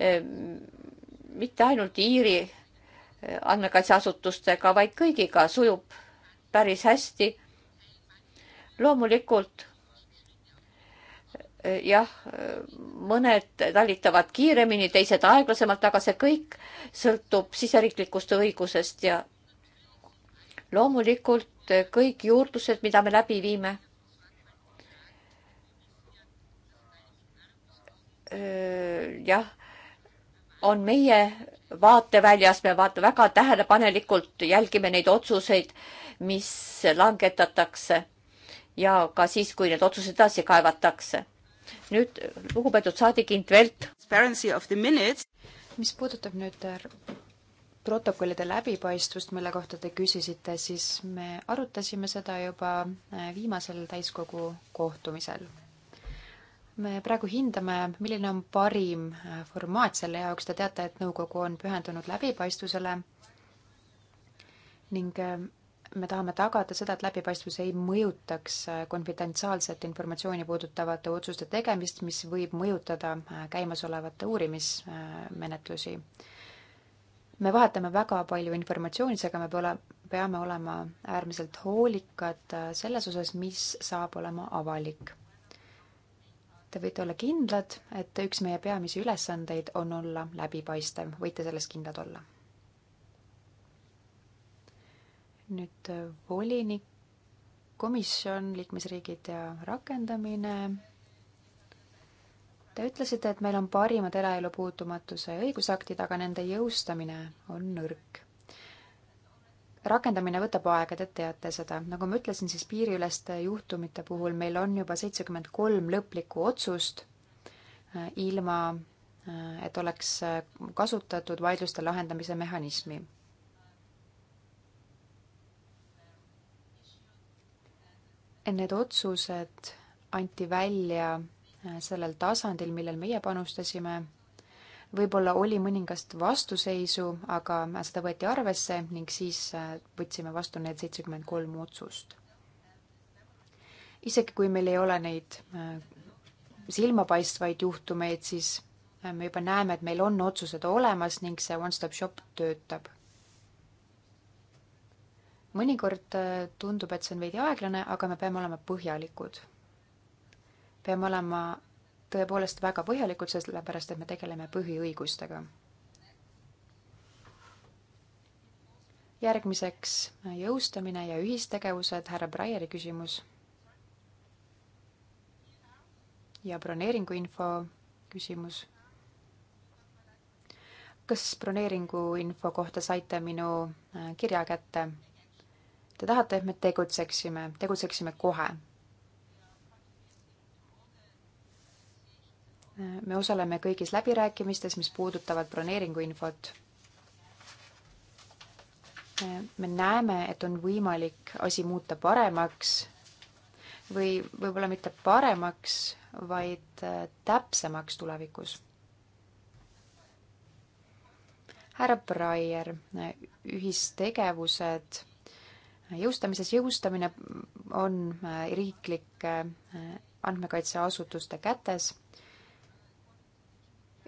Ehm, mitte ainult Iiri eh, andmekaitseasutustega, vaid kõigiga sujub päris hästi. loomulikult eh, jah, eh, mõned talitavad kiiremini, teised aeglasemalt, aga see kõik sõltub siseriiklikust õigusest ja loomulikult kõik juurdlused, mida me läbi viime. jah on meie vaateväljas, me vaata- väga tähelepanelikult jälgime neid otsuseid, mis langetatakse ja ka siis, kui need otsused edasi kaevatakse. nüüd lugupeetud saadik Intvelt. mis puudutab nüüd äh, protokollide läbipaistvust, mille kohta te küsisite, siis me arutasime seda juba äh, viimasel täiskogu kohtumisel me praegu hindame, milline on parim äh, formaat selle jaoks, te teate, et nõukogu on pühendunud läbipaistvusele ning äh, me tahame tagada seda, et läbipaistvus ei mõjutaks äh, konfidentsiaalset informatsiooni puudutavate otsuste tegemist, mis võib mõjutada käimasolevate uurimismenetlusi. me vahetame väga palju informatsiooni, seega me pole, peame olema äärmiselt hoolikad selles osas, mis saab olema avalik Te võite olla kindlad, et üks meie peamisi ülesandeid on olla läbipaistev, võite selles kindlad olla. nüüd äh, volinik, komisjon, liikmesriigid ja rakendamine. Te ütlesite, et meil on parimad eraelu puutumatuse õigusaktid, aga nende jõustamine on nõrk rakendamine võtab aega, te teate seda. nagu ma ütlesin, siis piiriüleste juhtumite puhul meil on juba seitsekümmend kolm lõplikku otsust, äh, ilma äh, et oleks äh, kasutatud vaidluste lahendamise mehhanismi. Need otsused anti välja sellel tasandil, millel meie panustasime võib-olla oli mõningast vastuseisu, aga seda võeti arvesse ning siis äh, võtsime vastu need seitsekümmend kolm otsust. isegi kui meil ei ole neid äh, silmapaistvaid juhtumeid, siis äh, me juba näeme, et meil on otsused olemas ning see one-stop shop töötab. mõnikord tundub, et see on veidi aeglane, aga me peame olema põhjalikud. peame olema tõepoolest väga põhjalikult, sellepärast et me tegeleme põhiõigustega. järgmiseks jõustamine ja ühistegevused, härra Breyeri küsimus. ja broneeringuinfo küsimus. kas broneeringuinfo kohta saite minu äh, kirja kätte? Te tahate, et me tegutseksime, tegutseksime kohe me osaleme kõigis läbirääkimistes, mis puudutavad broneeringuinfot. me näeme, et on võimalik asi muuta paremaks või võib-olla mitte paremaks, vaid äh, täpsemaks tulevikus. härra Breyer, ühistegevused jõustamises, jõustamine on äh, riiklike äh, andmekaitseasutuste kätes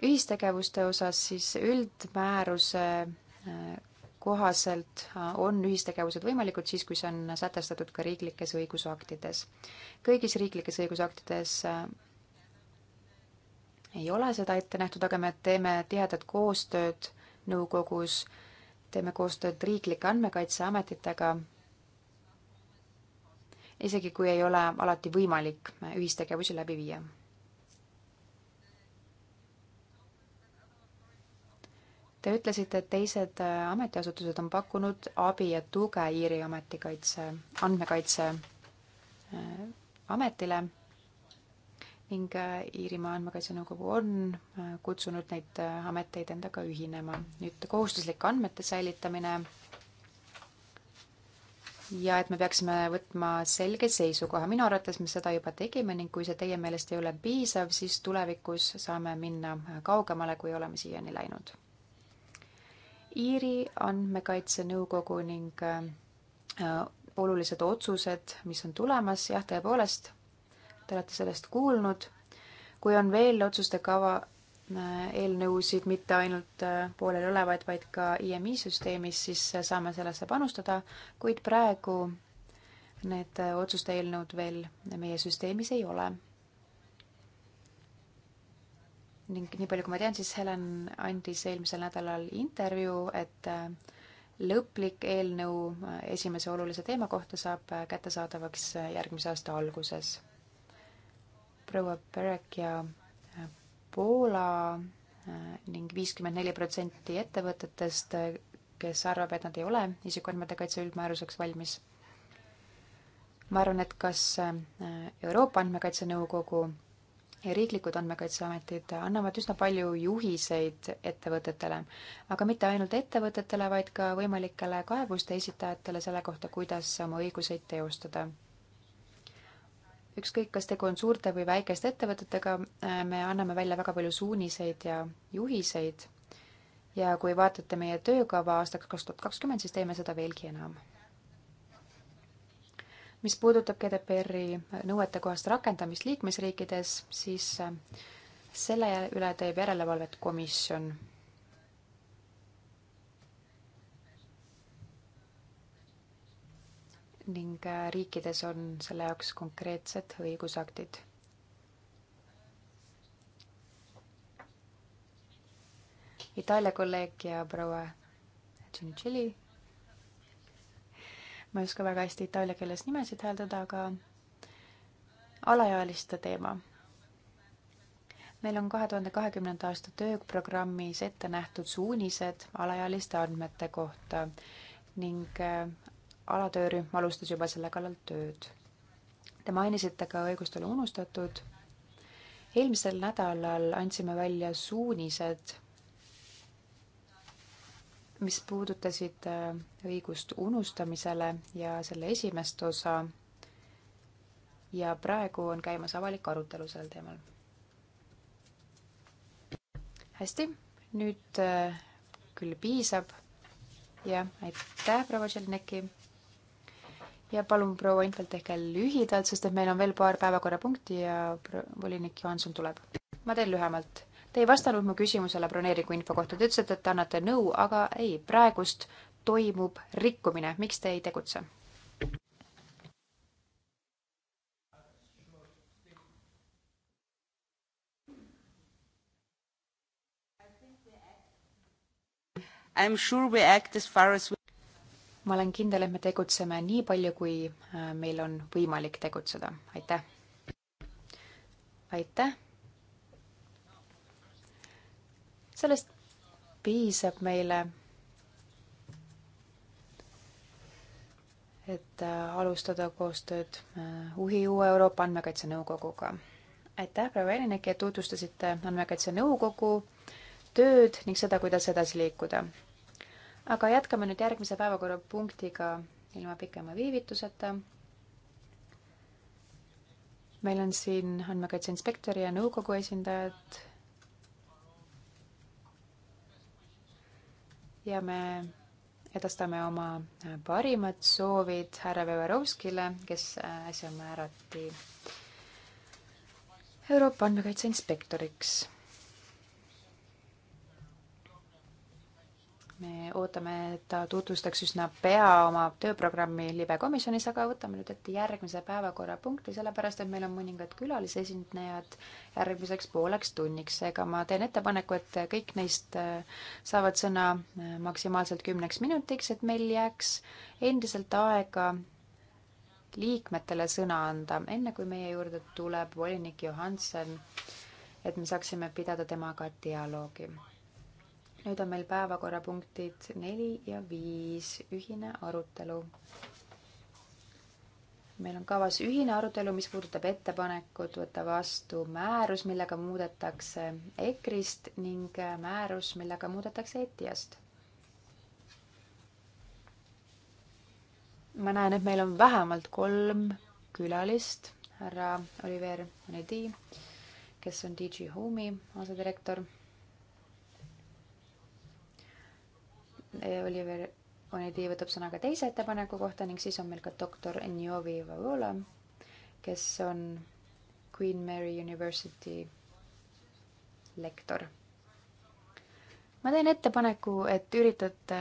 ühistegevuste osas siis üldmääruse äh, kohaselt äh, on ühistegevused võimalikud siis, kui see on sätestatud ka riiklikes õigusaktides. kõigis riiklikes õigusaktides äh, ei ole seda ette nähtud, aga me teeme tihedat koostööd nõukogus, teeme koostööd riiklike andmekaitseametitega, isegi kui ei ole alati võimalik ühistegevusi läbi viia Te ütlesite, et teised äh, ametiasutused on pakkunud abi ja tuge Iiri ametikaitse, andmekaitse äh, ametile ning äh, Iirimaa Andmekaitse Nõukogu on kutsunud neid ameteid endaga ühinema. nüüd kohustuslik andmete säilitamine ja et me peaksime võtma selge seisukoha. minu arvates me seda juba tegime ning kui see teie meelest ei ole piisav, siis tulevikus saame minna kaugemale, kui oleme siiani läinud Iiri andmekaitse nõukogu ning äh, äh, olulised otsused, mis on tulemas, jah, tõepoolest, te olete sellest kuulnud. kui on veel otsuste kava äh, eelnõusid, mitte ainult pooleliolevaid, vaid ka IMI süsteemis, siis saame sellesse panustada, kuid praegu need otsuste eelnõud veel meie süsteemis ei ole ning nii palju, kui ma tean, siis Helen andis eelmisel nädalal intervjuu, et äh, lõplik eelnõu äh, esimese olulise teema kohta saab äh, kättesaadavaks järgmise aasta alguses. proua Perek ja Poola ning viiskümmend neli protsenti ettevõtetest, kes arvab, et nad ei ole isikuandmete kaitse üldmääruseks valmis. ma arvan, et kas Euroopa Andmekaitse Nõukogu riiklikud andmekaitseametid annavad üsna palju juhiseid ettevõtetele, aga mitte ainult ettevõtetele, vaid ka võimalikele kaebuste esitajatele selle kohta, kuidas oma õiguseid teostada. ükskõik, kas tegu on suurte või väikeste ettevõtetega, äh, me anname välja väga palju suuniseid ja juhiseid ja kui vaatate meie töökava aastaks kaks tuhat kakskümmend, siis teeme seda veelgi enam mis puudutab GDPR-i nõuetekohast rakendamist liikmesriikides, siis äh, selle üle teeb järelevalvet komisjon. ning äh, riikides on selle jaoks konkreetsed õigusaktid Itaalia kolleeg ja proua Tšintšili ma ei oska väga hästi itaalia keeles nimesid hääldada, aga alaealiste teema. meil on kahe tuhande kahekümnenda aasta tööprogrammis ette nähtud suunised alaealiste andmete kohta ning äh, alatöörühm alustas juba selle kallal tööd. Te mainisite ka õigust olla unustatud. eelmisel nädalal andsime välja suunised mis puudutasid äh, õigust unustamisele ja selle esimest osa. ja praegu on käimas avalik arutelu sel teemal. hästi, nüüd äh, küll piisab. jah, aitäh, proua Tšelneki. ja palun, proua Infeld, tehke lühidalt, sest et meil on veel paar päevakorrapunkti ja volinik Johanson tuleb. ma teen lühemalt Te ei vastanud mu küsimusele broneeringuinfo kohta, te ütlesite, et te annate nõu, aga ei, praegust toimub rikkumine, miks te ei tegutse? Sure as as we... ma olen kindel, et me tegutseme nii palju, kui äh, meil on võimalik tegutseda. aitäh! aitäh! sellest piisab meile, et äh, alustada koostööd äh, UHI uue Euroopa Andmekaitse Nõukoguga. aitäh, proua Erinek, et tutvustasite Andmekaitse Nõukogu tööd ning seda, kuidas edasi liikuda. aga jätkame nüüd järgmise päevakorrapunktiga ilma pikema viivituseta meil on siin andmekaitse inspektori ja nõukogu esindajad ja me edastame oma parimad soovid härra Veverovskile, kes äh, äsja määrati Euroopa andmekaitse inspektoriks me ootame, et ta tutvustaks üsna pea oma tööprogrammi libekomisjonis, aga võtame nüüd ette järgmise päevakorrapunkti, sellepärast et meil on mõningad külalisesinejad järgmiseks pooleks tunniks, seega ma teen ettepaneku, et kõik neist äh, saavad sõna äh, maksimaalselt kümneks minutiks, et meil jääks endiselt aega liikmetele sõna anda, enne kui meie juurde tuleb volinik Johansen, et me saaksime pidada temaga dialoogi nüüd on meil päevakorrapunktid neli ja viis, ühine arutelu. meil on kavas ühine arutelu, mis puudutab ettepanekut võtta vastu määrus, millega muudetakse EKRE-st ning määrus, millega muudetakse ETIAst. ma näen, et meil on vähemalt kolm külalist, härra Oliver Onedi, kes on DG Home'i asedirektor Oliver Onedi võtab sõna ka teise ettepaneku kohta ning siis on meil ka doktor Njovi Vavola, kes on Queen Mary University lektor. ma teen ettepaneku, et üritate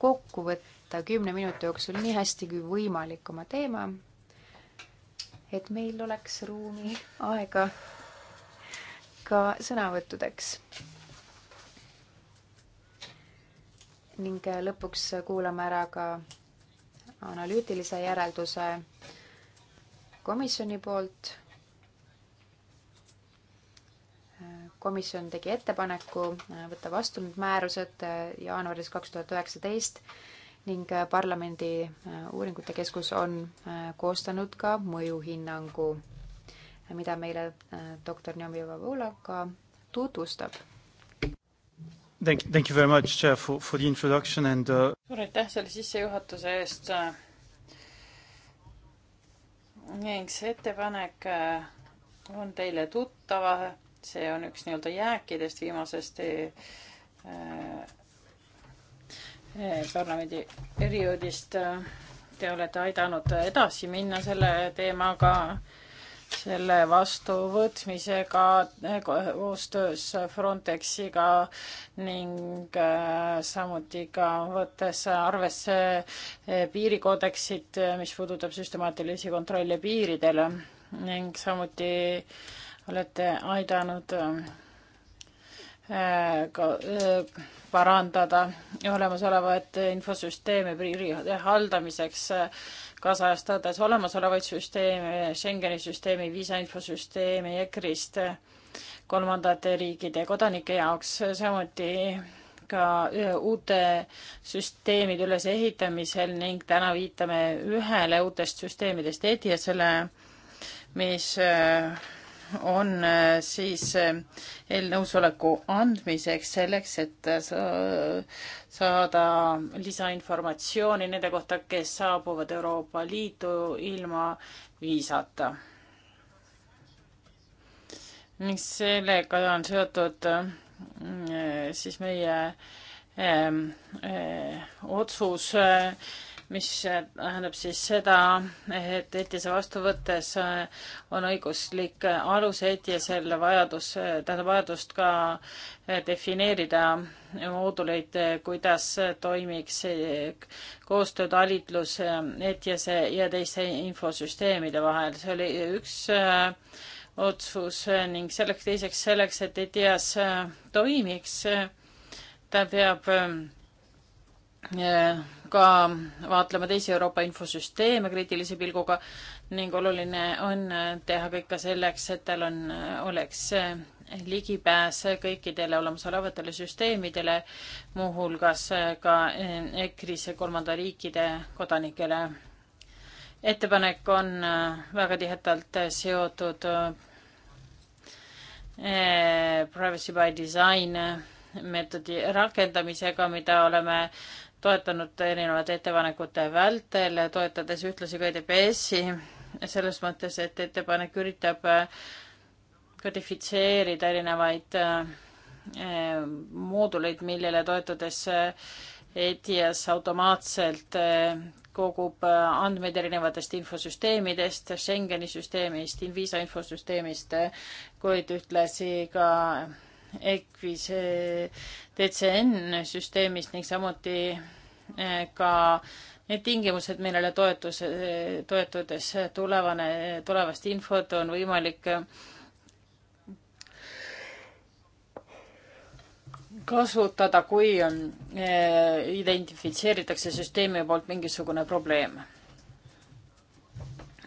kokku võtta kümne minuti jooksul nii hästi kui võimalik oma teema, et meil oleks ruumi, aega ka sõnavõttudeks ning lõpuks kuulame ära ka analüütilise järelduse komisjoni poolt. komisjon tegi ettepaneku võtta vastu need määrused jaanuaris kaks tuhat üheksateist ning parlamendi uuringute keskus on koostanud ka mõjuhinnangu, mida meile doktor Njomi Vavula ka tutvustab Thank, thank you very much for, for the introduction and uh... suur aitäh selle sissejuhatuse eest äh. ning see ettepanek äh, on teile tuttav, see on üks nii-öelda jääkidest viimasest eh, eh, parlamendi perioodist. Te olete aidanud edasi minna selle teemaga eh, selle vastuvõtmisega eh, koostöös Frontexiga ning eh, samuti ka võttes arvesse eh, piirikoodeksit, mis puudutab süstemaatilisi kontrolle piiridel ning samuti olete aidanud ka parandada olemasolevat infosüsteemi piiri haldamiseks kaasajastades olemasolevaid süsteeme, Schengeni süsteemi, viisainfosüsteemi, EKRE-ist kolmandate riikide kodanike jaoks, samuti ka e, uute süsteemide ülesehitamisel ning täna viitame ühele uutest süsteemidest ETIAS-ele, mis e, on äh, siis eelnõusoleku äh, andmiseks selleks, et äh, saada lisainformatsiooni nende kohta, kes saabuvad Euroopa Liitu ilma viisata. ning sellega on seotud siis meie öö, öö, otsus öö, mis eh, tähendab siis seda, et ETS-e vastuvõttes eh, on õiguslik alus ETS-el vajadus, eh, tähendab vajadust ka defineerida mooduleid, kuidas toimiks koostöö talitlus ETS-e ja teiste infosüsteemide vahel. see oli üks otsus ning selleks teiseks selleks, et ETS toimiks, ta peab ka vaatlema teisi Euroopa infosüsteeme kriitilise pilguga ning oluline on teha kõik ka selleks, et tal on, oleks ligipääs kõikidele olemasolevatele süsteemidele, muuhulgas ka EKRE-sse kolmanda riikide kodanikele. ettepanek on väga tihedalt seotud eh, privacy by design meetodi rakendamisega, mida oleme toetanud erinevate ettepanekute vältel, toetades ühtlasi ka EDPS-i selles mõttes, et ettepanek üritab äh, kodifitseerida erinevaid äh, mooduleid, millele toetudes äh, ETIAS automaatselt kogub andmeid erinevatest infosüsteemidest, Schengeni süsteemist, Invisa infosüsteemist, kuid ühtlasi ka EKVIS DCN süsteemist ning samuti eh, ka need tingimused, millele toetus, toetudes tulevane, tulevast infot on võimalik eh, kasutada, kui on, eh, identifitseeritakse süsteemi poolt mingisugune probleem.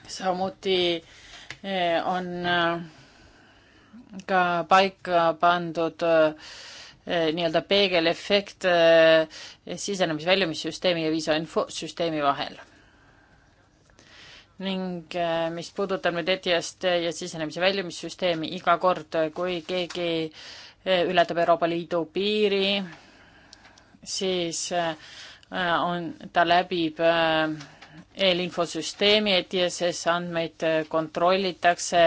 samuti on äh, ka paika pandud äh, nii-öelda peegelefekt äh, sisenemis-väljumissüsteemi ja viisainfosüsteemi vahel. ning äh, mis puudutab nüüd ETIAS-t ja sisenemise-väljumissüsteemi, iga kord, kui keegi ületab Euroopa Liidu piiri, siis on, ta läbib äh, eelinfosüsteemi, ETSS andmeid äh, kontrollitakse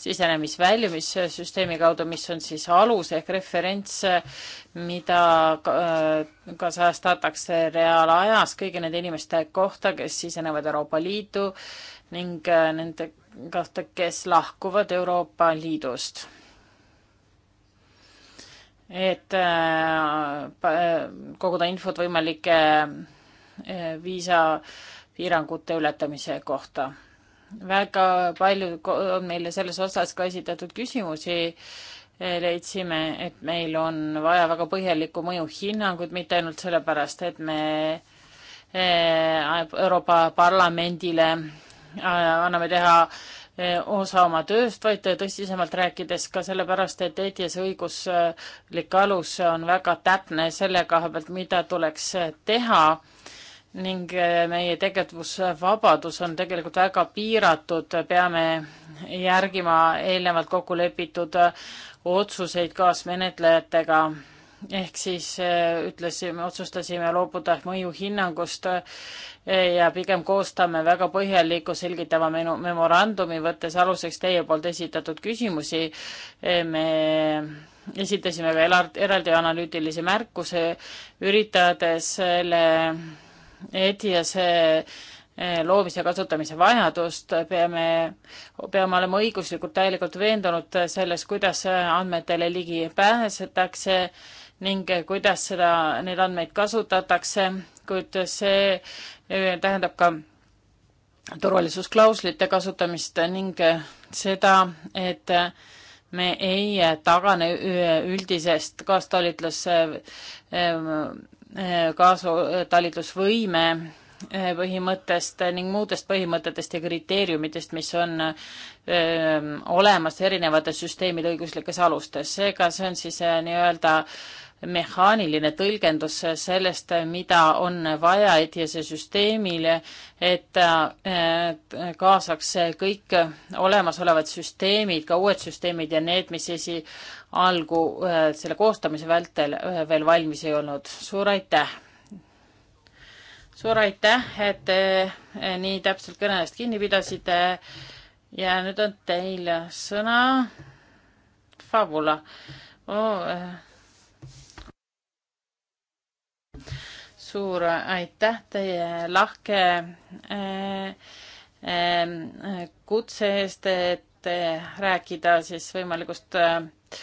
sisenemis-väljumissüsteemi kaudu, mis on siis alus ehk referents, äh, mida kaasajastatakse äh, reaalajas kõigi nende inimeste kohta, kes sisenevad Euroopa Liitu ning nende kohta, kes lahkuvad Euroopa Liidust et koguda infot võimalike viisa piirangute ületamise kohta. väga palju on meile selles osas ka esitatud küsimusi. leidsime, et meil on vaja väga põhjalikku mõjuhinnangut, mitte ainult sellepärast, et me eh, Euroopa Parlamendile eh, anname teha eh, osa oma tööst, vaid tõsisemalt rääkides ka sellepärast, et ETS õiguslik alus on väga täpne selle koha pealt, mida tuleks teha ning eh, meie tegevusvabadus on tegelikult väga piiratud, peame järgima eelnevalt kokku lepitud eh, otsuseid kaasmenetlejatega. ehk siis eh, ütlesime, otsustasime loobuda mõjuhinnangust ja pigem koostame väga põhjaliku selgitava menu-, memorandumi, võttes aluseks teie poolt esitatud küsimusi. me esitasime ka eraldi analüütilise märkuse, üritades selle ETIAS-e eh, loomise ja kasutamise vajadust, peame, peame olema õiguslikult täielikult veendunud selles, kuidas andmetele ligi pääsetakse ning kuidas seda, neid andmeid kasutatakse, kuid see eh, tähendab ka turvalisusklauslite kasutamist ning seda, et me ei tagane üldisest kaastalitluse eh, kaasutalitlusvõime eh, põhimõttest ning muudest põhimõtetest ja kriteeriumitest, mis on öö, eh, olemas erinevates süsteemide õiguslikes alustes. seega see on siis eh, nii-öelda mehaaniline tõlgendus sellest, mida on vaja ETS-e süsteemile, et äh, kaasaks kõik olemasolevad süsteemid, ka uued süsteemid ja need, mis esialgu äh, selle koostamise vältel äh, veel valmis ei olnud. suur aitäh! suur aitäh, et te nii täpselt kõnest kinni pidasite ja nüüd on teil sõna Fabula oh, suur aitäh teie lahke eh, eh, kutse eest, et rääkida siis võimalikust eh,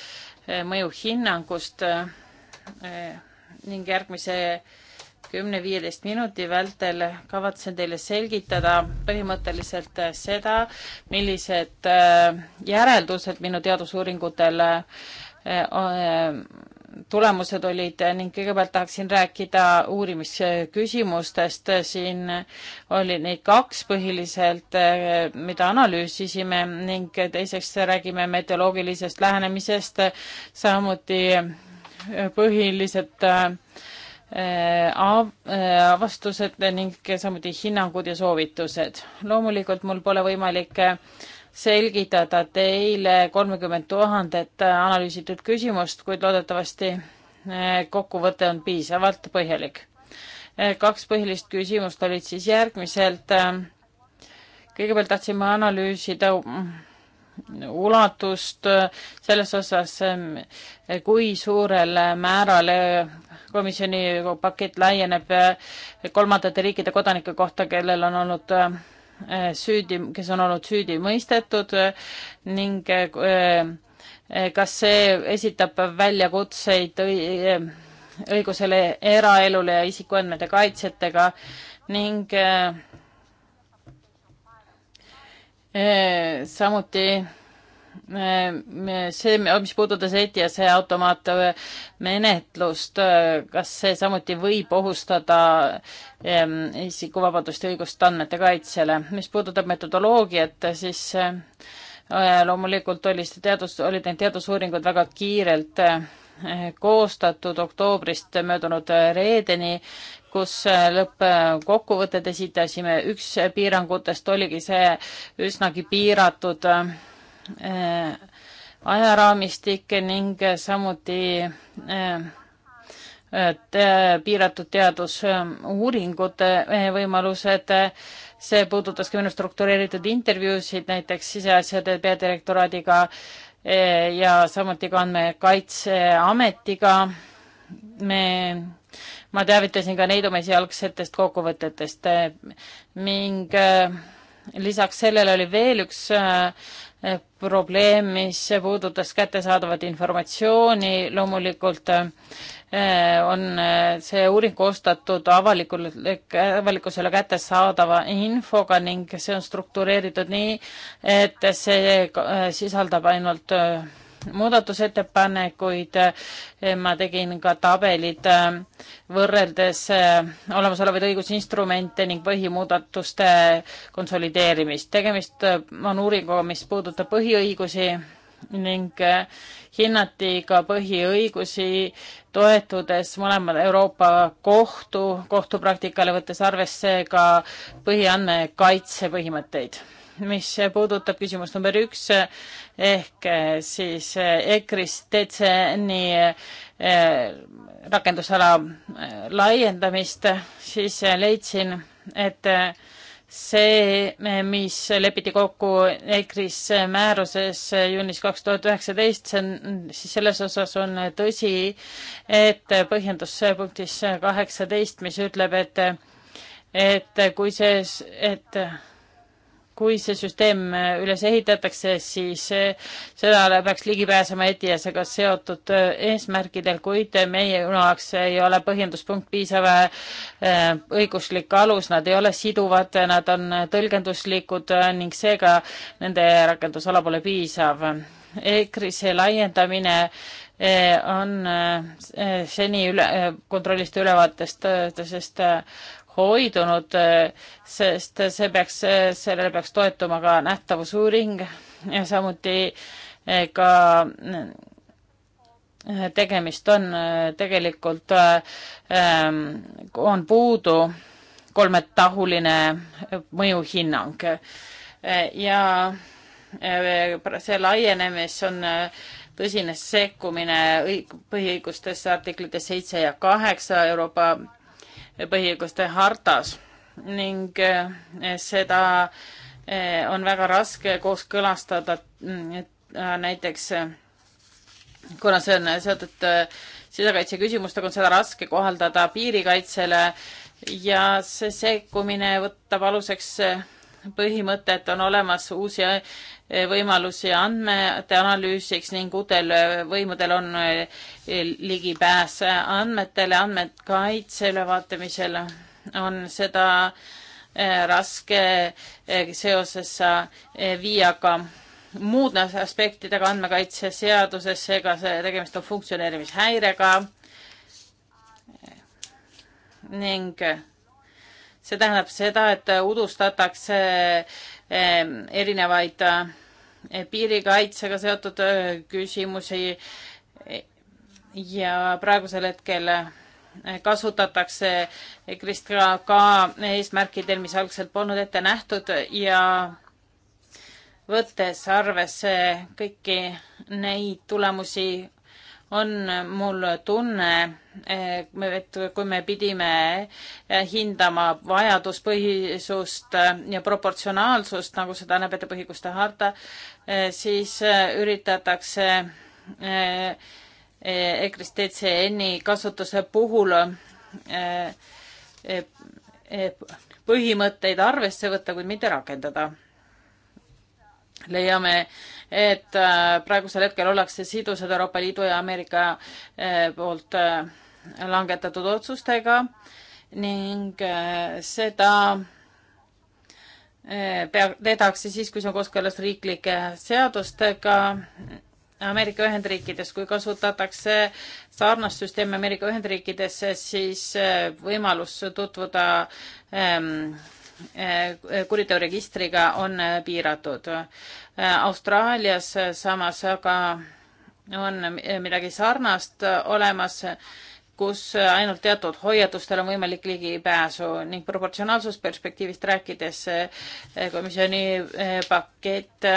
mõjuhinnangust ning järgmise kümne-viieteist minuti vältel kavatsen teile selgitada põhimõtteliselt seda, millised järeldused minu teadusuuringutel tulemused olid ning kõigepealt tahaksin rääkida uurimisküsimustest. siin oli neid kaks põhiliselt, mida analüüsisime ning teiseks räägime meteoroloogilisest lähenemisest, samuti põhilised äh, äh, avastused ning samuti hinnangud ja soovitused. loomulikult mul pole võimalik äh, selgitada teile kolmekümmend tuhandet analüüsitud küsimust, kuid loodetavasti eh, kokkuvõte on piisavalt põhjalik. Eh, kaks põhilist küsimust olid siis järgmiselt. Eh, kõigepealt tahtsime analüüsida mm, ulatust selles osas, kui suurel määral komisjoni pakett laieneb kolmandate riikide kodanike kohta, kellel on olnud Äh, süüdi, kes on olnud süüdi mõistetud äh, ning äh, kas see esitab väljakutseid õigusele eraelule ja isikuandmete kaitsjatega ning samuti see, mis puudutas ETIAS-e automaatmenetlust, äh, äh, kas see samuti võib ohustada ähm, isikuvabadust ja õigust andmete kaitsele? mis puudutab metodoloogiat, siis äh, loomulikult oli see teadus, olid need teadusuuringud väga kiirelt koostatud oktoobrist möödunud reedeni, kus lõppkokkuvõtted esitasime. üks piirangutest oligi see üsnagi piiratud äh, Äh, ajaraamistik ning samuti äh, et äh, piiratud teadusuuringute võimalused. see puudutas ka minu struktureeritud intervjuusid näiteks siseasjade peadirektoraadiga ja samuti ka Andmekaitseametiga. me, ma teavitasin ka neid oma esialgsetest kokkuvõtetest ning lisaks sellele oli veel üks probleem, mis puudutas kättesaadavat informatsiooni, loomulikult eh, on eh, see uuring koostatud avalikule, avalikkusele kättesaadava infoga ning see on struktureeritud nii, et see eh, sisaldab ainult muudatusettepanekuid, ma tegin ka tabelid äh, võrreldes äh, olemasolevaid õigusinstrumente ning põhimuudatuste konsolideerimist. tegemist äh, on uuringuga, mis puudutab põhiõigusi ning hinnati ka põhiõigusi, toetudes mõlemale Euroopa kohtu, kohtupraktikale, võttes arvesse ka põhiandmekaitse põhimõtteid mis puudutab küsimust number üks ehk siis EKRE-st DCN-i eh, rakendusala eh, laiendamist, siis leidsin, et see, mis lepiti kokku EKRE-s määruses juunis kaks tuhat üheksateist, see on, siis selles osas on tõsi, et põhjendus punktis kaheksateist, mis ütleb, et et kui see, et kui see süsteem äh, üles ehitatakse, siis äh, sellele peaks ligi pääsema ETIAS-ega seotud äh, eesmärkidel, kuid meie jaoks ei ole põhjenduspunkt piisav õiguslik alus, nad ei ole siduvad, nad on tõlgenduslikud ning seega nende rakendusala pole piisav. EKRIS-e laiendamine on seni üle, kontrollist ülevaatest, sest hoidunud, sest see peaks, sellele peaks toetuma ka nähtavusuuring ja samuti eh, ka eh, tegemist on eh, tegelikult, ehm, on puudu kolmetahuline mõjuhinnang ja see laienemis on tõsine sekkumine põhiõigustesse artiklites seitse ja kaheksa Euroopa põhiõiguste hartas ning eh, seda eh, on väga raske kooskõlastada mm, äh, näiteks äh, kuna see on seotud äh, sisekaitse küsimustega, on seda raske kohaldada piirikaitsele ja see sekkumine võtab aluseks põhimõtet, on olemas uusi eh, võimalusi andmete analüüsiks ning uutel eh, võimudel on eh, ligipääs andmetele, andmekaitse ülevaatamisel on seda raske seoses viiaga muude aspektidega andmekaitseseaduses, seega see tegemist on funktsioneerimishäirega ning see tähendab seda, et udustatakse ehm, erinevaid eh, piirikaitsega seotud eh, küsimusi ja praegusel hetkel eh, kasutatakse Kristra ka eesmärkidel, mis algselt polnud ette nähtud ja võttes arvesse kõiki neid tulemusi, on mul tunne, et kui me pidime hindama vajaduspõhisust ja proportsionaalsust, nagu seda näeb ette põhikuste harta, siis üritatakse EKRE-s eh, DCN-i kasutuse puhul eh, eh, põhimõtteid arvesse võtta, kuid mitte rakendada leiame, et äh, praegusel hetkel ollakse sidusad Euroopa Liidu ja Ameerika äh, poolt äh, langetatud otsustega ning seda pea, tehakse siis, kui see on kooskõlas riiklike seadustega Ameerika Ühendriikides, kui kasutatakse sarnast süsteemi Ameerika Ühendriikides, siis võimalus tutvuda ähm, Eh, kuriteoregistriga on eh, piiratud. Eh, Austraalias samas aga on midagi sarnast olemas, kus ainult teatud hoiatustel on võimalik ligipääsu ning proportsionaalsusperspektiivist rääkides komisjoni pakett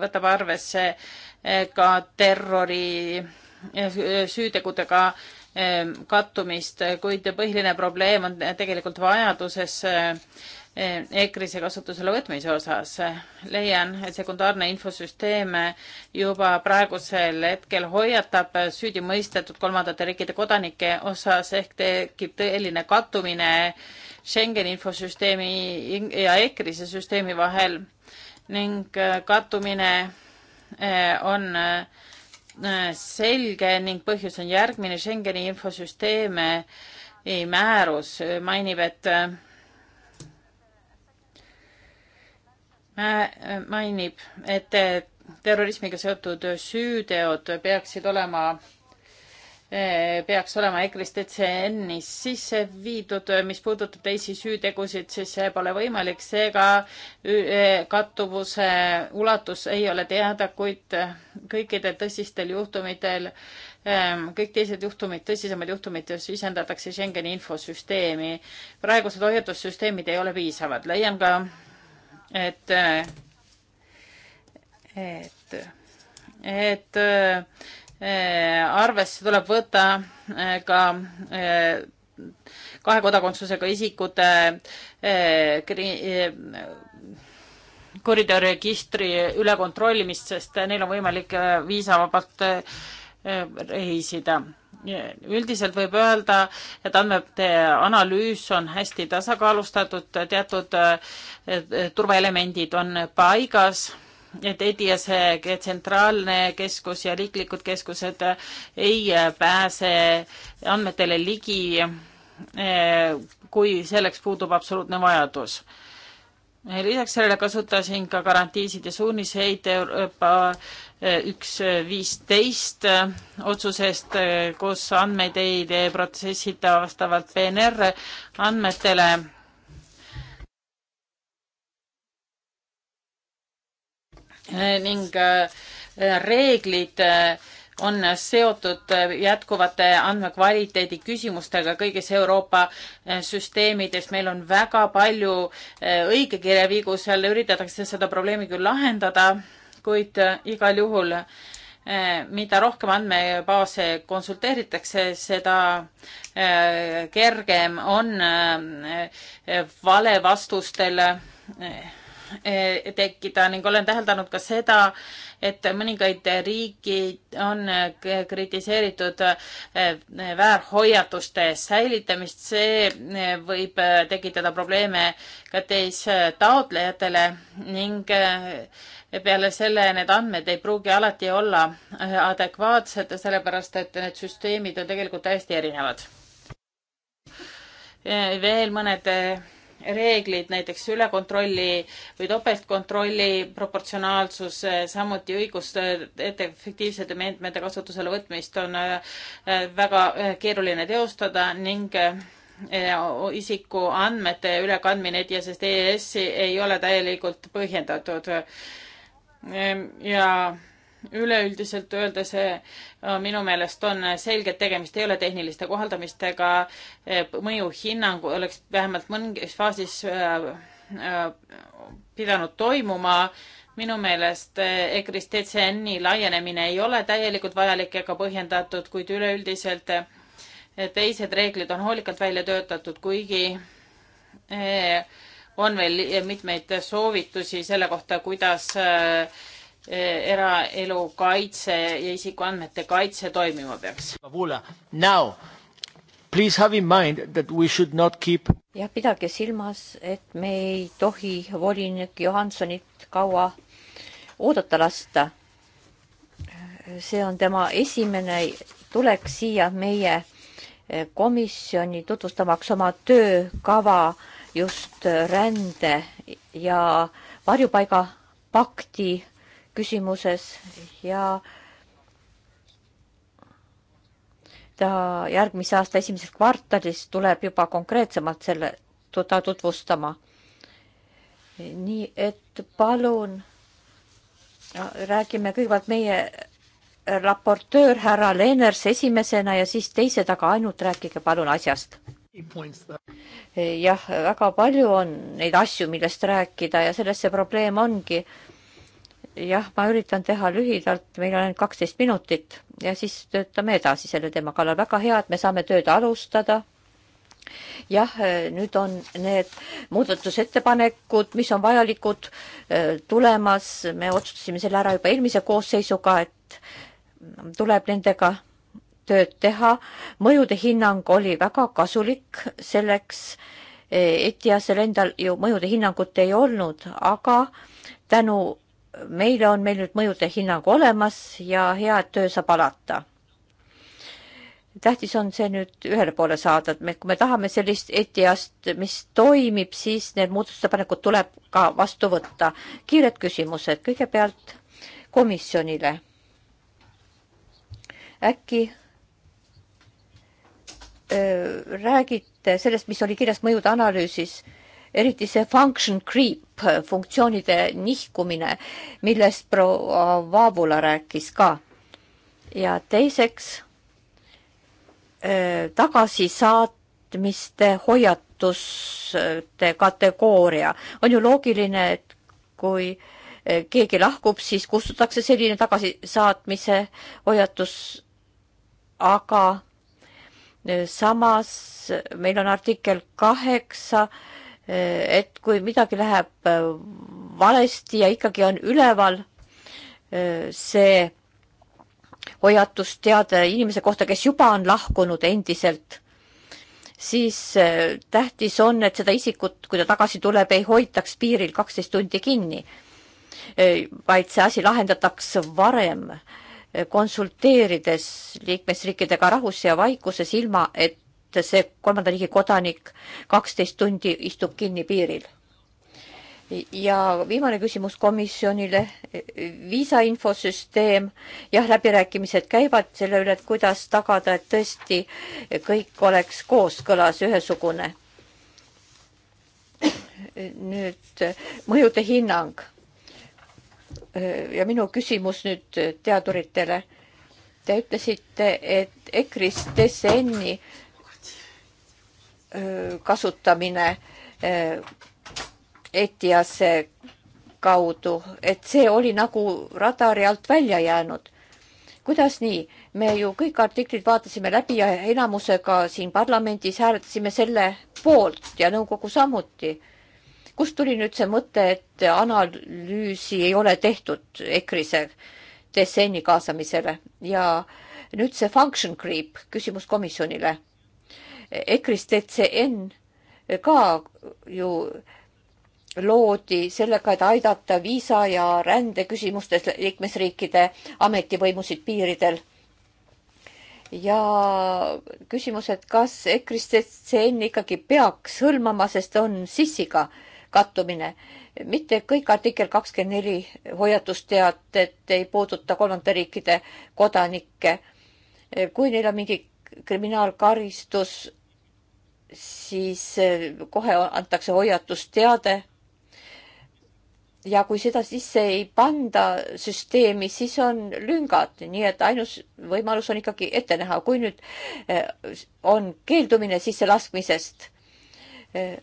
võtab arvesse ka terrori süütegudega Ehm, kattumist, kuid põhiline probleem on tegelikult vajaduses ehm, EKRIS-e kasutusele võtmise osas. leian, et sekundaarne infosüsteem juba praegusel hetkel hoiatab süüdi mõistetud kolmandate riikide kodanike osas ehk tekib tõeline kattumine Schengeni infosüsteemi ja EKRIS-e süsteemi vahel ning kattumine eh, on äh, Äh, selge ning põhjus on järgmine. Schengeni infosüsteeme määrus mainib, et äh, mainib, et äh, terrorismiga seotud süüteod peaksid olema Eh, peaks olema EKRE-st ECN-is sisse viidud, eh, mis puudutab teisi süütegusid, siis see pole võimalik, seega eh, kattuvuse ulatus ei ole teada, kuid kõikidel tõsistel juhtumitel, kõik teised juhtumid, tõsisemad juhtumid sisendatakse Schengeni infosüsteemi. praegused hoiatussüsteemid ei ole piisavad, leian ka, et, et, et Äh, arvesse tuleb võtta äh, ka äh, kahe kodakondsusega isikute koridoriregistri ülekontrollimist, sest neil on võimalik viisavabalt reisida. üldiselt võib öelda, et andmete analüüs on hästi tasakaalustatud, teatud turvaelemendid on paigas et EDIAS-e tsentraalne keskus ja riiklikud keskused äh, ei äh, pääse andmetele ligi, äh, kui selleks puudub absoluutne vajadus. lisaks sellele kasutasin ka garantiisid ja suuniseid Euroopa üks viisteist otsusest, kus andmeid ei protsessita vastavalt PNR andmetele ning äh, reeglid äh, on seotud äh, jätkuvate andmekvaliteedi küsimustega kõigis Euroopa süsteemides. meil on väga palju õigekirjavigu, seal üritatakse seda probleemi küll lahendada, kuid igal juhul mida rohkem andmebaase konsulteeritakse, seda kergem on valevastustel Eh, tekkida ning olen täheldanud ka seda, et mõningaid riigid on eh, kritiseeritud eh, väärhoiatuste säilitamist, see võib tekitada probleeme ka teis taotlejatele ning peale selle need andmed ei pruugi alati olla adekvaatsed, sellepärast et need süsteemid on tegelikult täiesti erinevad. veel mõned reeglid, näiteks ülekontrolli või topeltkontrolli proportsionaalsus, samuti õigus efektiivsete meetmete kasutusele võtmist on äh, väga äh, keeruline teostada ning äh, isiku andmete ülekandmine ETIAS-ist EAS-i ei ole täielikult põhjendatud. ja üleüldiselt öelda, see äh, minu meelest on selgelt tegemist ei ole tehniliste kohaldamistega, äh, mõjuhinnang oleks vähemalt mõnes faasis äh, pidanud toimuma minu meelest EKRE-s DCN-i laienemine ei ole täielikult vajalik ega põhjendatud, kuid üleüldiselt teised reeglid on hoolikalt välja töötatud, kuigi on veel mitmeid soovitusi selle kohta, kuidas äh, Eh, eraelu kaitse ja isikuandmete kaitse toimima peaks. Keep... ja pidage silmas, et me ei tohi volinik Johansonit kaua oodata lasta. see on tema esimene tulek siia meie komisjoni tutvustamaks oma töökava just rände ja varjupaiga pakti küsimuses ja ta järgmise aasta esimeses kvartalis tuleb juba konkreetsemalt selle, teda tutvustama. nii et palun räägime kõigepealt meie raportöör härra Leeners esimesena ja siis teised, aga ainult rääkige palun asjast. jah, väga palju on neid asju, millest rääkida ja selles see probleem ongi, jah, ma üritan teha lühidalt, meil on ainult kaksteist minutit ja siis töötame edasi selle teema kallal. väga hea, et me saame tööd alustada. jah, nüüd on need muudatusettepanekud, mis on vajalikud, äh, tulemas, me otsustasime selle ära juba eelmise koosseisuga, et tuleb nendega tööd teha. mõjude hinnang oli väga kasulik selleks. Äh, ETIAS-il endal ju mõjude hinnangut ei olnud, aga tänu meile on meil nüüd mõjude hinnang olemas ja hea, et töö saab alata. tähtis on see nüüd ühele poole saada, et me, kui me tahame sellist ETIAS-t, mis toimib, siis need muudatusettepanekud tuleb ka vastu võtta. kiired küsimused kõigepealt komisjonile. äkki öö, räägite sellest, mis oli kirjas mõjude analüüsis eriti see function creep, funktsioonide nihkumine, millest proua Vaabula rääkis ka. ja teiseks äh, tagasisaatmiste hoiatuste kategooria. on ju loogiline, et kui äh, keegi lahkub, siis kustutatakse selline tagasisaatmise hoiatus, aga äh, samas meil on artikkel kaheksa, et kui midagi läheb äh, valesti ja ikkagi on üleval äh, see hoiatusteade inimese kohta, kes juba on lahkunud endiselt, siis äh, tähtis on, et seda isikut, kui ta tagasi tuleb, ei hoitaks piiril kaksteist tundi kinni, vaid see asi lahendataks varem, konsulteerides liikmesriikidega rahus ja vaikuses, ilma et see kolmanda riigi kodanik kaksteist tundi istub kinni piiril. ja viimane küsimus komisjonile, viisa infosüsteem, jah, läbirääkimised käivad selle üle, et kuidas tagada, et tõesti kõik oleks kooskõlas, ühesugune. nüüd mõjude hinnang. ja minu küsimus nüüd teaduritele. Te ütlesite, et EKRIS DCN-i äh, kasutamine Etiase kaudu, et see oli nagu radari alt välja jäänud. kuidas nii? me ju kõik artiklid vaatasime läbi ja enamusega siin parlamendis hääletasime selle poolt ja nõukogu samuti. kust tuli nüüd see mõte, et analüüsi ei ole tehtud EKRE-se DSN-i kaasamisele ja nüüd see function creep, küsimus komisjonile EKRIS DCN ka ju loodi sellega, et aidata viisa ja rändeküsimustes liikmesriikide ametivõimusid piiridel. ja küsimus, et kas EKRIS DCN ikkagi peaks hõlmama, sest on sissiga kattumine. mitte kõik artikkel kakskümmend neli hoiatusteated ei puuduta kolmandate riikide kodanikke. kui neil on mingi kriminaalkaristus siis eh, kohe antakse hoiatusteade. ja kui seda sisse ei panda süsteemi, siis on lüngad, nii et ainus võimalus on ikkagi ette näha, kui nüüd eh, on keeldumine sisselaskmisest eh,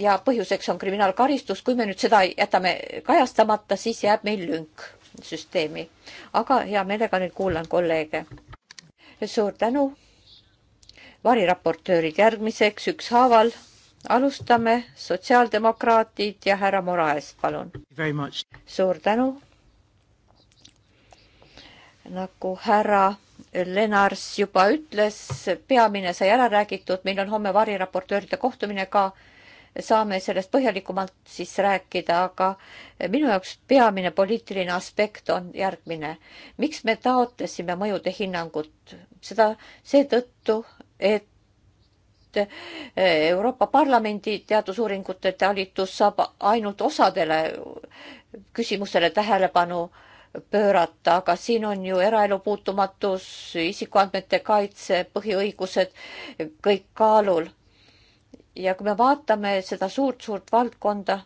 ja põhjuseks on kriminaalkaristus, kui me nüüd seda jätame kajastamata, siis jääb meil lünk süsteemi. aga hea meelega nüüd kuulan kolleege. suur tänu variraportöörid järgmiseks ükshaaval. alustame, sotsiaaldemokraatid ja härra Moraes, palun. suur tänu. nagu härra Lennars juba ütles, peamine sai ära räägitud, meil on homme variraportööride kohtumine ka saame sellest põhjalikumalt siis rääkida, aga minu jaoks peamine poliitiline aspekt on järgmine. miks me taotlesime mõjude hinnangut? seda seetõttu, et Euroopa Parlamendi teadusuuringute talitus saab ainult osadele küsimustele tähelepanu pöörata, aga siin on ju eraelu puutumatus, isikuandmete kaitse, põhiõigused kõik kaalul. ja kui me vaatame seda suurt-suurt valdkonda,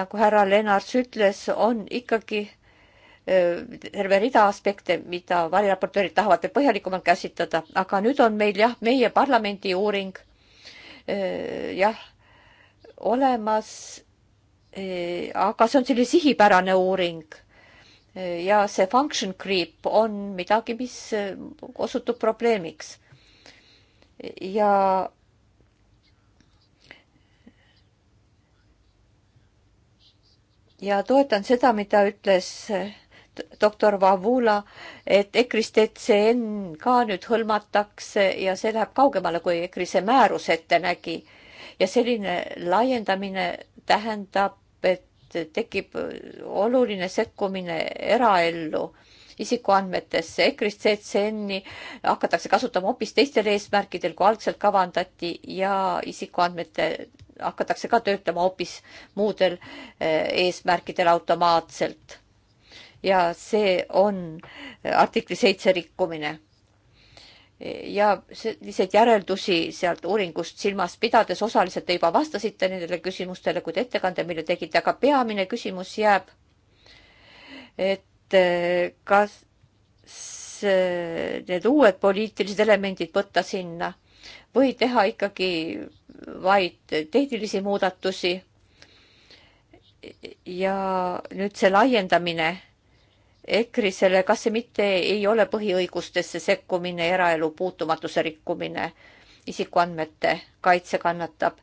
nagu härra Lennarts ütles, on ikkagi Äh, terve rida aspekte, mida variraportöörid tahavad veel põhjalikumalt käsitleda, aga nüüd on meil jah, meie parlamendi uuring äh, jah, olemas. Äh, aga see on selline sihipärane uuring ja see function creep on midagi, mis osutub probleemiks. ja ja toetan seda, mida ütles doktor Vavula, et EKRE-st ECN ka nüüd hõlmatakse ja see läheb kaugemale, kui EKRE-se määrus ette nägi. ja selline laiendamine tähendab, et tekib oluline sekkumine eraellu isikuandmetesse. EKRE-st CCN-i hakatakse kasutama hoopis teistel eesmärkidel, kui algselt kavandati ja isikuandmete hakatakse ka töötlema hoopis muudel eh, eesmärkidel automaatselt ja see on artikli seitse rikkumine. ja selliseid järeldusi sealt uuringust silmas pidades osaliselt te juba vastasite nendele küsimustele, kuid ettekande meile tegite, aga peamine küsimus jääb, et eh, kas eh, need uued poliitilised elemendid võtta sinna või teha ikkagi vaid tehnilisi muudatusi. ja nüüd see laiendamine EKRE-sele, kas see mitte ei ole põhiõigustesse sekkumine, eraelu puutumatuse rikkumine, isikuandmete kaitse kannatab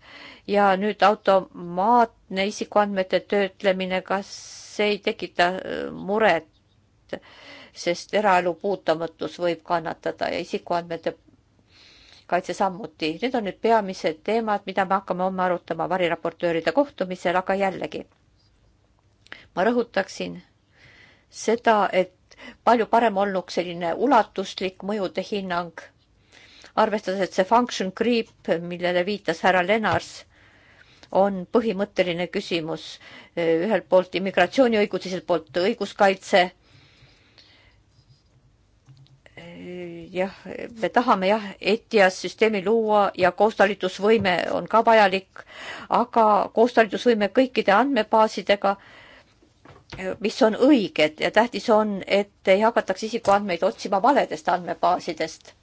ja nüüd automaatne isikuandmete töötlemine, kas see ei tekita äh, muret, sest eraelu puutumatus võib kannatada ja isikuandmete kaitse samuti. Need on nüüd peamised teemad, mida me hakkame homme arutama variraportööride kohtumisel, aga jällegi ma rõhutaksin seda, et palju parem olnuks selline ulatuslik mõjude hinnang, arvestades, et see function creep, millele viitas härra Lenars, on põhimõtteline küsimus ühelt poolt immigratsiooniõigus, teiselt poolt õiguskaitse. jah, me tahame jah, ETIAS süsteemi luua ja koostalitusvõime on ka vajalik, aga koostalitusvõime kõikide andmebaasidega äh, Eh, mis on õiged ja tähtis on, et ei hakataks isikuandmeid otsima valedest andmebaasidest.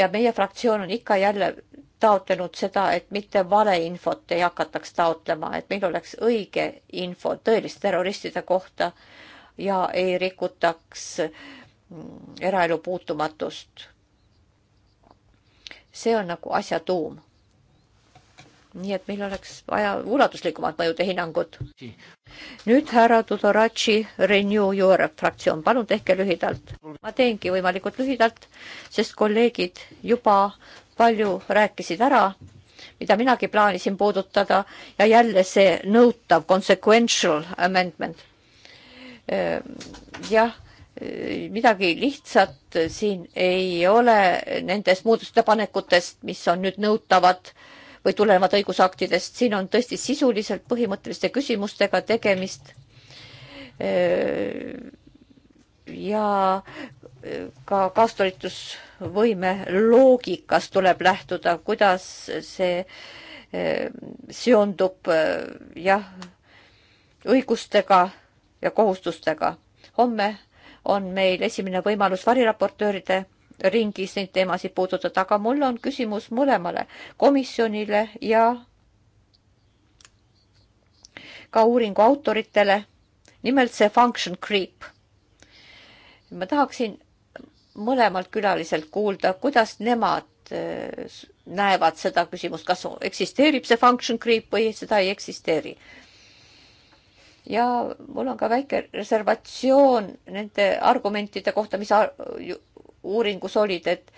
ja meie fraktsioon on ikka jälle taotlenud seda, et mitte valeinfot ei hakataks taotlema, et meil oleks õige info tõeliste terroristide kohta ja ei rikutaks mm, eraelu puutumatust. see on nagu asja tuum nii et meil oleks vaja ulatuslikumat mõjude hinnangut. nüüd härra Tudoratši, Renew Europe fraktsioon, palun tehke lühidalt. ma teengi võimalikult lühidalt, sest kolleegid juba palju rääkisid ära, mida minagi plaanisin puudutada ja jälle see nõutav consequential amendment. Äh, jah äh, midagi lihtsat siin ei ole nendest muudatusettepanekutest, mis on nüüd nõutavad äh, või tulenevad õigusaktidest, siin on tõesti sisuliselt põhimõtteliste küsimustega tegemist. ja ka kaastolitusvõime loogikast tuleb lähtuda, kuidas see eh, seondub eh, jah, õigustega ja kohustustega. homme on meil esimene võimalus variraportööride ringis neid teemasid puudutada, aga mul on küsimus mõlemale komisjonile ja ka uuringu autoritele. nimelt see function creep. ma tahaksin mõlemalt külaliselt kuulda, kuidas nemad äh, näevad seda küsimust, kas eksisteerib see function creep või seda ei eksisteeri. ja mul on ka väike reservatsioon nende argumentide kohta, mis uuringus olid, et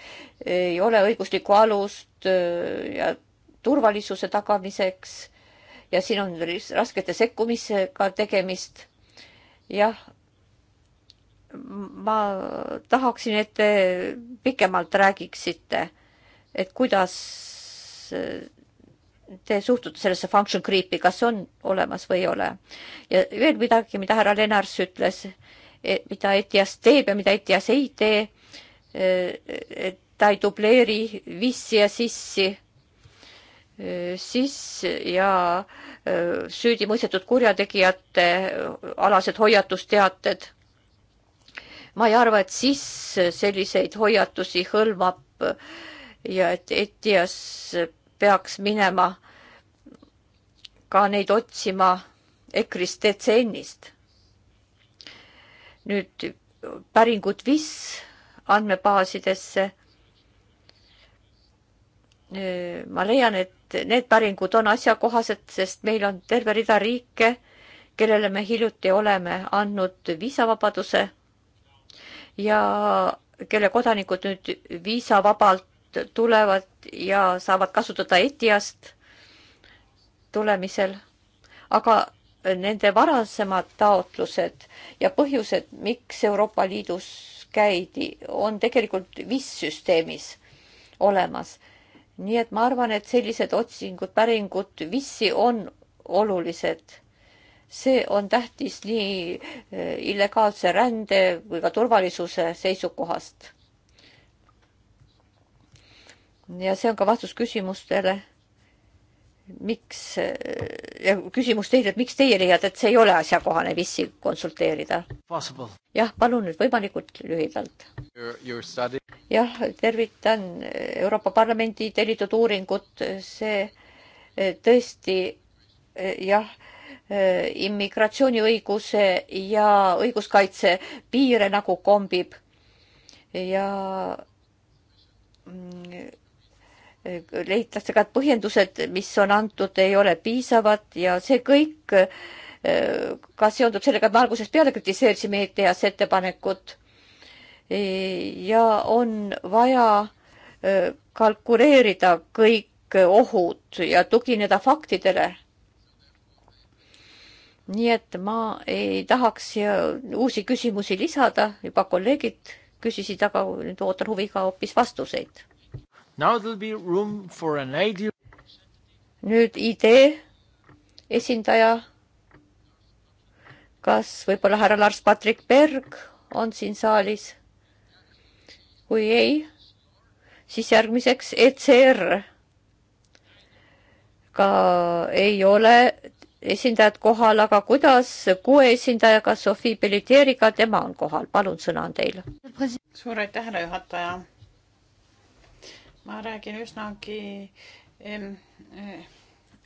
ei ole õiguslikku alust äh, ja turvalisuse tagamiseks ja siin on raskete sekkumisega tegemist. jah, ma tahaksin, et te pikemalt räägiksite, et kuidas äh, te suhtute sellesse function creep'i, kas on olemas või ei ole. ja veel midagi, mida härra Lennars ütles, e-, mida ETIAS teeb ja mida ETIAS ei tee et ta ei dubleeri vissi ja sissi, siis ja süüdi mõistetud kurjategijate alased hoiatusteated. ma ei arva, et siis selliseid hoiatusi hõlmab ja et ETIAS peaks minema ka neid otsima EKRE-st, DCN-ist. nüüd päringut VIS andmebaasidesse. ma leian, et need päringud on asjakohased, sest meil on terve rida riike, kellele me hiljuti oleme andnud viisavabaduse ja kelle kodanikud nüüd viisavabalt tulevad ja saavad kasutada ETIAst tulemisel. aga nende varasemad taotlused ja põhjused, miks Euroopa Liidus käidi, on tegelikult VIS-süsteemis olemas. nii et ma arvan, et sellised otsingud, päringud VIS-i on olulised. see on tähtis nii eh, illegaalse rände kui ka turvalisuse seisukohast. ja see on ka vastus küsimustele miks, ja küsimus teile, et miks teie leiate, et see ei ole asjakohane VIS-i konsulteerida? jah, palun nüüd võimalikult lühidalt. jah, tervitan Euroopa Parlamendi tellitud uuringut, see eh, tõesti eh, jah, eh, immigratsiooniõiguse ja õiguskaitse piire nagu kombib ja mm, leitakse ka, et põhjendused, mis on antud, ei ole piisavad ja see kõik eh, ka seondub sellega, et me algusest peale kritiseerisime ETA-s ettepanekut. Eh, ja on vaja eh, kalkuleerida kõik ohud ja tugineda faktidele. nii et ma ei tahaks uusi küsimusi lisada, juba kolleegid küsisid, aga nüüd ootan huviga hoopis vastuseid nüüd idee esindaja. kas võib-olla härra Lars Patrick Berg on siin saalis? kui ei, siis järgmiseks ECR. ka ei ole esindajad kohal, aga kuidas kuue esindajaga Sophie Bellitieriga, tema on kohal, palun, sõna on teil. suur aitäh, härra juhataja ma räägin üsnagi eh,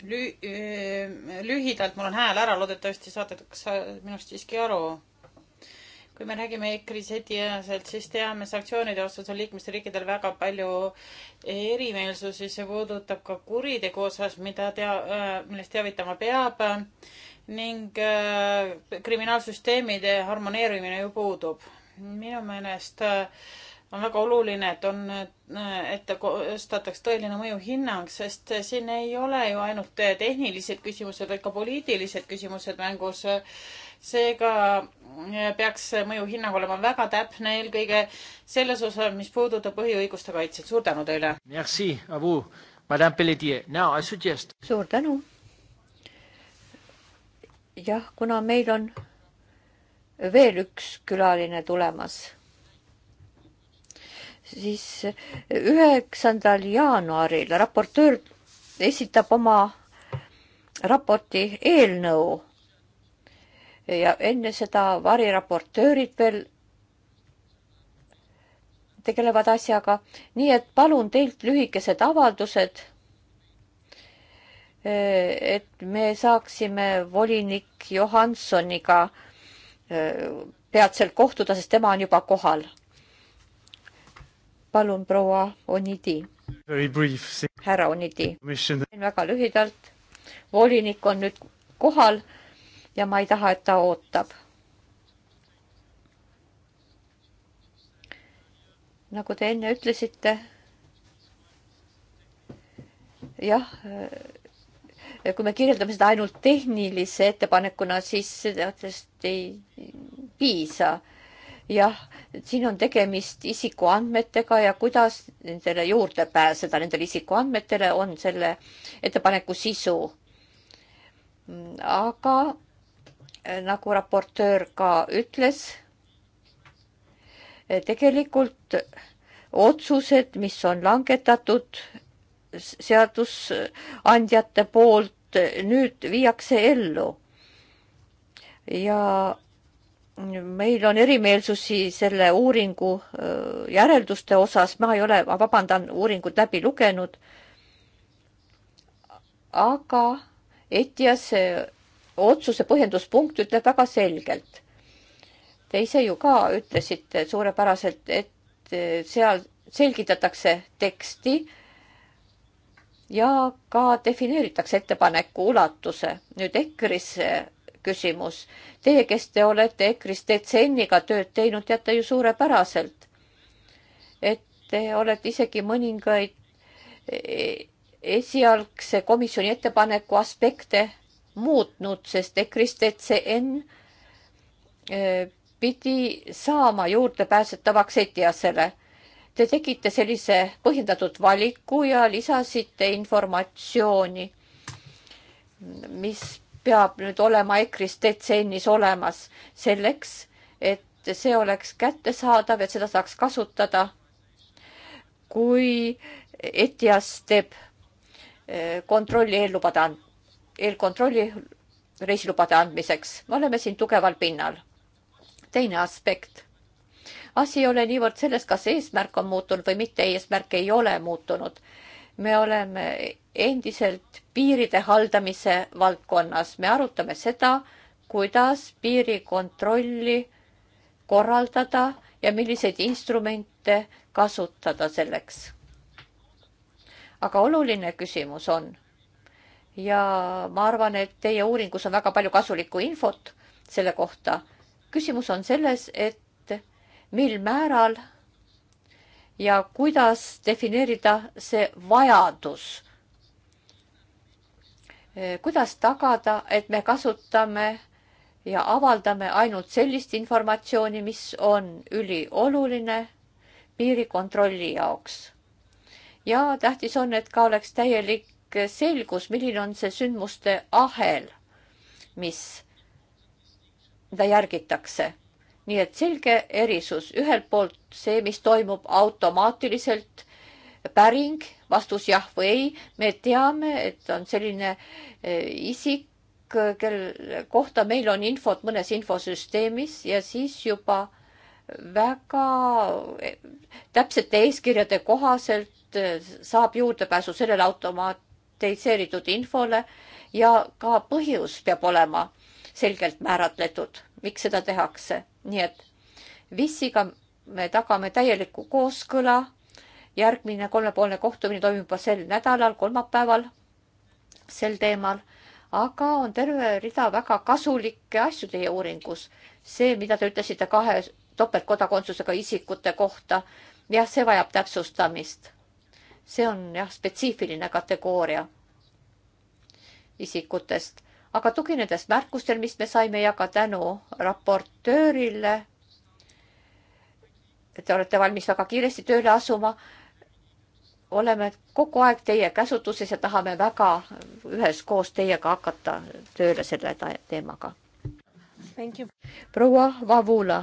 lü-, lühidalt, mul on hääl ära, loodetavasti saate minust siiski aru. kui me räägime EKRIS-ediaselt, siis teame, sanktsioonide osas on liikmesriikidel väga palju erimeelsusi, see puudutab ka kuritegu osas, mida tea-, äh, millest teavitama peab ning äh, kriminaalsüsteemide harmoneerimine ju puudub. minu meelest äh, on väga oluline, et on, et koostataks tõeline mõjuhinnang, sest siin ei ole ju ainult tehnilised küsimused, vaid ka poliitilised küsimused mängus. seega peaks mõjuhinnang olema väga täpne, eelkõige selles osas, mis puudutab põhiõiguste kaitset. suur tänu teile! Merci à vous, madame Pelletier. Now I suggest. suur tänu! jah, kuna meil on veel üks külaline tulemas siis üheksandal jaanuaril raportöör esitab oma raporti eelnõu. ja enne seda variraportöörid veel tegelevad asjaga, nii et palun teilt lühikesed avaldused. et me saaksime volinik Johansoniga peatselt kohtuda, sest tema on juba kohal palun, proua Onidi. härra Onidi. väga lühidalt. volinik on nüüd kohal ja ma ei taha, et ta ootab. nagu te enne ütlesite, jah, kui me kirjeldame seda ainult tehnilise ettepanekuna, siis sellest ei piisa jah, siin on tegemist isikuandmetega ja kuidas nendele juurde pääseda, nendele isikuandmetele on selle ettepaneku sisu. aga eh, nagu raportöör ka ütles, eh, tegelikult otsused, mis on langetatud seadusandjate poolt, eh, nüüd viiakse ellu. ja meil on erimeelsusi selle uuringu järelduste osas, ma ei ole, ma vabandan, uuringut läbi lugenud. aga ETIAS-e otsuse põhjenduspunkt ütleb väga selgelt. Te ise ju ka ütlesite suurepäraselt, et seal selgitatakse teksti ja ka defineeritakse ettepaneku ulatuse. nüüd EKRE-sse küsimus. Teie, kes te olete EKRE-s detsenniga tööd teinud, teate ju suurepäraselt, et te olete isegi mõningaid e, esialgse komisjoni ettepaneku aspekte muutnud, sest EKRE-s DCN e, pidi saama juurdepääsetavaks ETIAS-ele. Te tegite sellise põhjendatud valiku ja lisasite informatsiooni, mis peab nüüd olema EKRE-s detseenis olemas selleks, et see oleks kättesaadav, et seda saaks kasutada, kui ETIAS teeb eh, kontrolli eellubade and-, eelkontrolli reisilubade andmiseks. me oleme siin tugeval pinnal. teine aspekt. asi ei ole niivõrd selles, kas eesmärk on muutunud või mitte, eesmärk ei ole muutunud me oleme endiselt piiride haldamise valdkonnas, me arutame seda, kuidas piirikontrolli korraldada ja milliseid instrumente kasutada selleks. aga oluline küsimus on ja ma arvan, et teie uuringus on väga palju kasulikku infot selle kohta. küsimus on selles, et mil määral ja kuidas defineerida see vajadus? kuidas tagada, et me kasutame ja avaldame ainult sellist informatsiooni, mis on ülioluline piirikontrolli jaoks? ja tähtis on, et ka oleks täielik selgus, milline on see sündmuste ahel, mis, mida järgitakse nii et selge erisus, ühelt poolt see, mis toimub automaatiliselt, päring, vastus jah või ei, me teame, et on selline e, isik, kelle kohta meil on infot mõnes infosüsteemis ja siis juba väga e, täpsete eeskirjade kohaselt e, saab juurdepääsu sellele automatiseeritud infole ja ka põhjus peab olema selgelt määratletud, miks seda tehakse nii et VIS-iga me tagame täieliku kooskõla. järgmine kolmepoolne kohtumine toimub juba sel nädalal, kolmapäeval sel teemal, aga on terve rida väga kasulikke asju teie uuringus. see, mida te ütlesite kahe topeltkodakondsusega isikute kohta, jah, see vajab täpsustamist. see on jah, spetsiifiline kategooria isikutest aga tuginedes märkustel, mis me saime ja ka tänu raportöörile, te olete valmis väga kiiresti tööle asuma, oleme kogu aeg teie käsutuses ja tahame väga üheskoos teiega hakata tööle selle teemaga. proua Vavula,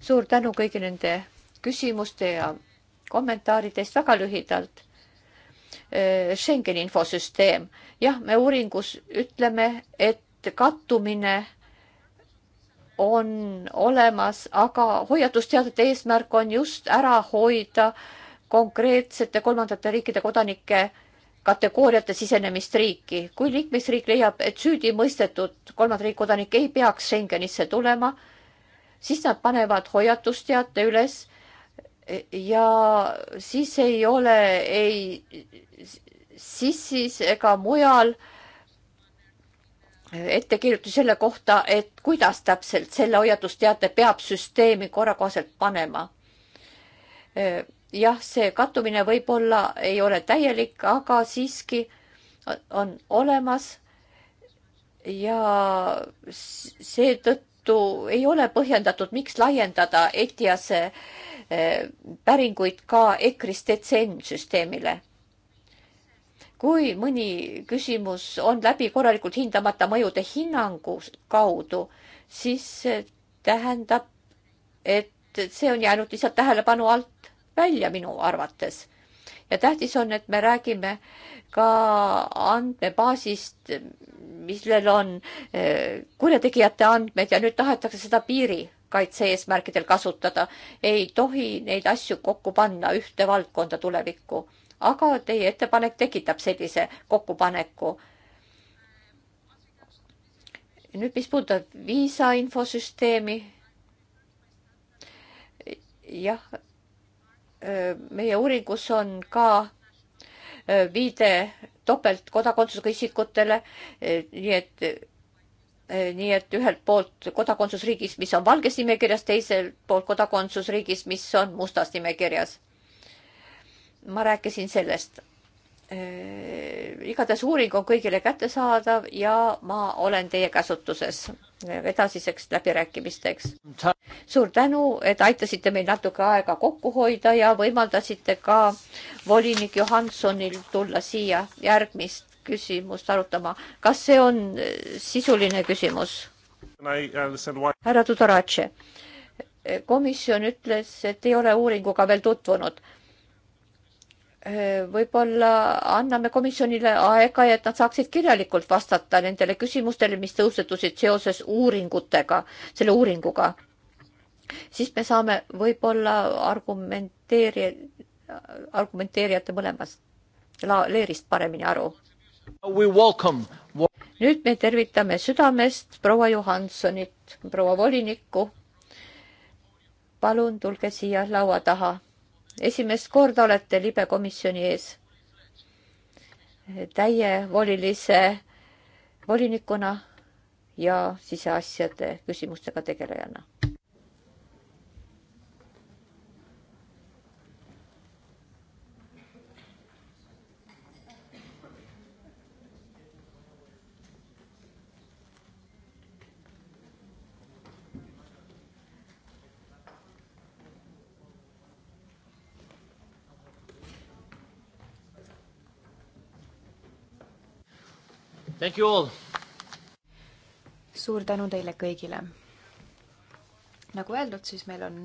suur tänu kõigi nende küsimuste ja kommentaaride eest väga lühidalt Eh, Schengeni infosüsteem. jah, me uuringus ütleme, et kattumine on olemas, aga hoiatusteadete eesmärk on just ära hoida konkreetsete kolmandate riikide kodanike kategooriate sisenemist riiki. kui liikmesriik leiab, et süüdimõistetud kolmanda riigi kodanik ei peaks Schengenisse tulema, siis nad panevad hoiatusteate üles ja siis ei ole ei sissis ega mujal ettekirjutusi selle kohta, et kuidas täpselt selle hoiatusteate peab süsteemi korrakohaselt panema. jah, see kattumine võib-olla ei ole täielik, aga siiski on olemas. ja seetõttu ei ole põhjendatud, miks laiendada ETIAS-e päringuid ka EKRIS DCN süsteemile. kui mõni küsimus on läbi korralikult hindamata mõjude hinnangu kaudu, siis tähendab, et see on jäänud lihtsalt tähelepanu alt välja minu arvates. ja tähtis on, et me räägime ka andmebaasist, millel on eh, kurjategijate andmed ja nüüd tahetakse seda piiri kaitse-eesmärkidel kasutada. ei tohi neid asju kokku panna ühte valdkonda tulevikku. aga teie ettepanek tekitab sellise kokkupaneku. nüüd, mis puudutab viisa infosüsteemi. jah, meie uuringus on ka äh, viide topeltkodakondsusega isikutele, äh, nii et Eh, nii et ühelt poolt kodakondsusriigis, mis on valges nimekirjas, teiselt poolt kodakondsusriigis, mis on mustas nimekirjas. ma rääkisin sellest. Eh, igatahes uuring on kõigile kättesaadav ja ma olen teie käsutuses edasiseks läbirääkimisteks. suur tänu, et aitasite meil natuke aega kokku hoida ja võimaldasite ka volinik Johansonil tulla siia järgmist küsimust arutama. kas see on e, sisuline küsimus? Uh, härra Tudoratše, e, komisjon ütles, et ei ole uuringuga veel tutvunud. E, võib-olla anname komisjonile aega, et nad saaksid kirjalikult vastata nendele küsimustele, mis tõusetusid seoses uuringutega, selle uuringuga. siis me saame võib-olla argumenteeri-, argumenteerijate mõlemast la-, leerist paremini aru nüüd me tervitame südamest proua Johansonit, proua volinikku. palun tulge siia laua taha. esimest korda olete libekomisjoni ees. täievolilise volinikuna ja siseasjade küsimustega tegelejana Thank you all! suur tänu teile kõigile! nagu öeldud, siis meil on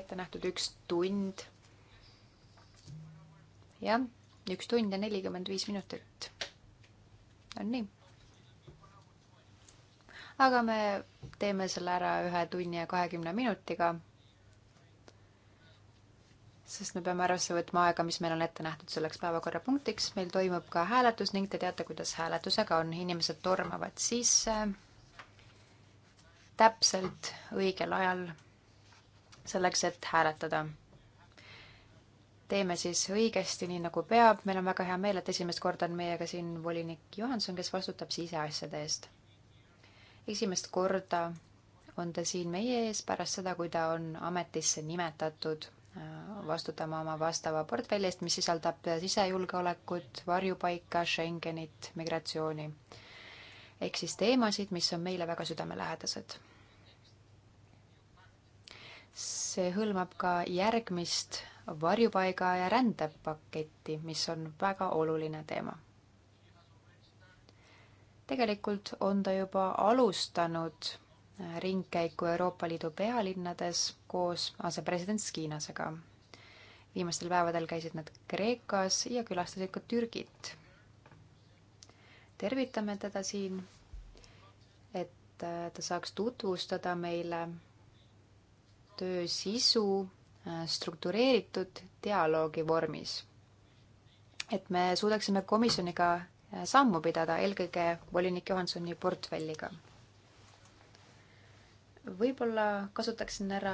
ette nähtud üks tund. jah, üks tund ja nelikümmend viis minutit. on nii? aga me teeme selle ära ühe tunni ja kahekümne minutiga sest me peame arvesse võtma aega, mis meil on ette nähtud selleks päevakorrapunktiks. meil toimub ka hääletus ning te teate, kuidas hääletusega on, inimesed tormavad sisse täpselt õigel ajal selleks, et hääletada. teeme siis õigesti, nii nagu peab, meil on väga hea meel, et esimest korda on meiega siin volinik Johanson, kes vastutab siseasjade eest. esimest korda on ta siin meie ees pärast seda, kui ta on ametisse nimetatud vastutama oma vastava portfelli eest, mis sisaldab sisejulgeolekut, varjupaika, Schengenit, migratsiooni. ehk siis teemasid, mis on meile väga südamelähedased. see hõlmab ka järgmist varjupaiga ja rändepaketti, mis on väga oluline teema. tegelikult on ta juba alustanud ringkäiku Euroopa Liidu pealinnades koos asepresident Skinasega. viimastel päevadel käisid nad Kreekas ja külastasid ka Türgit. tervitame teda siin, et äh, ta saaks tutvustada meile töö sisu äh, struktureeritud dialoogi vormis. et me suudaksime komisjoniga äh, sammu pidada, eelkõige volinik Johansoni portfelliga võib-olla kasutaksin ära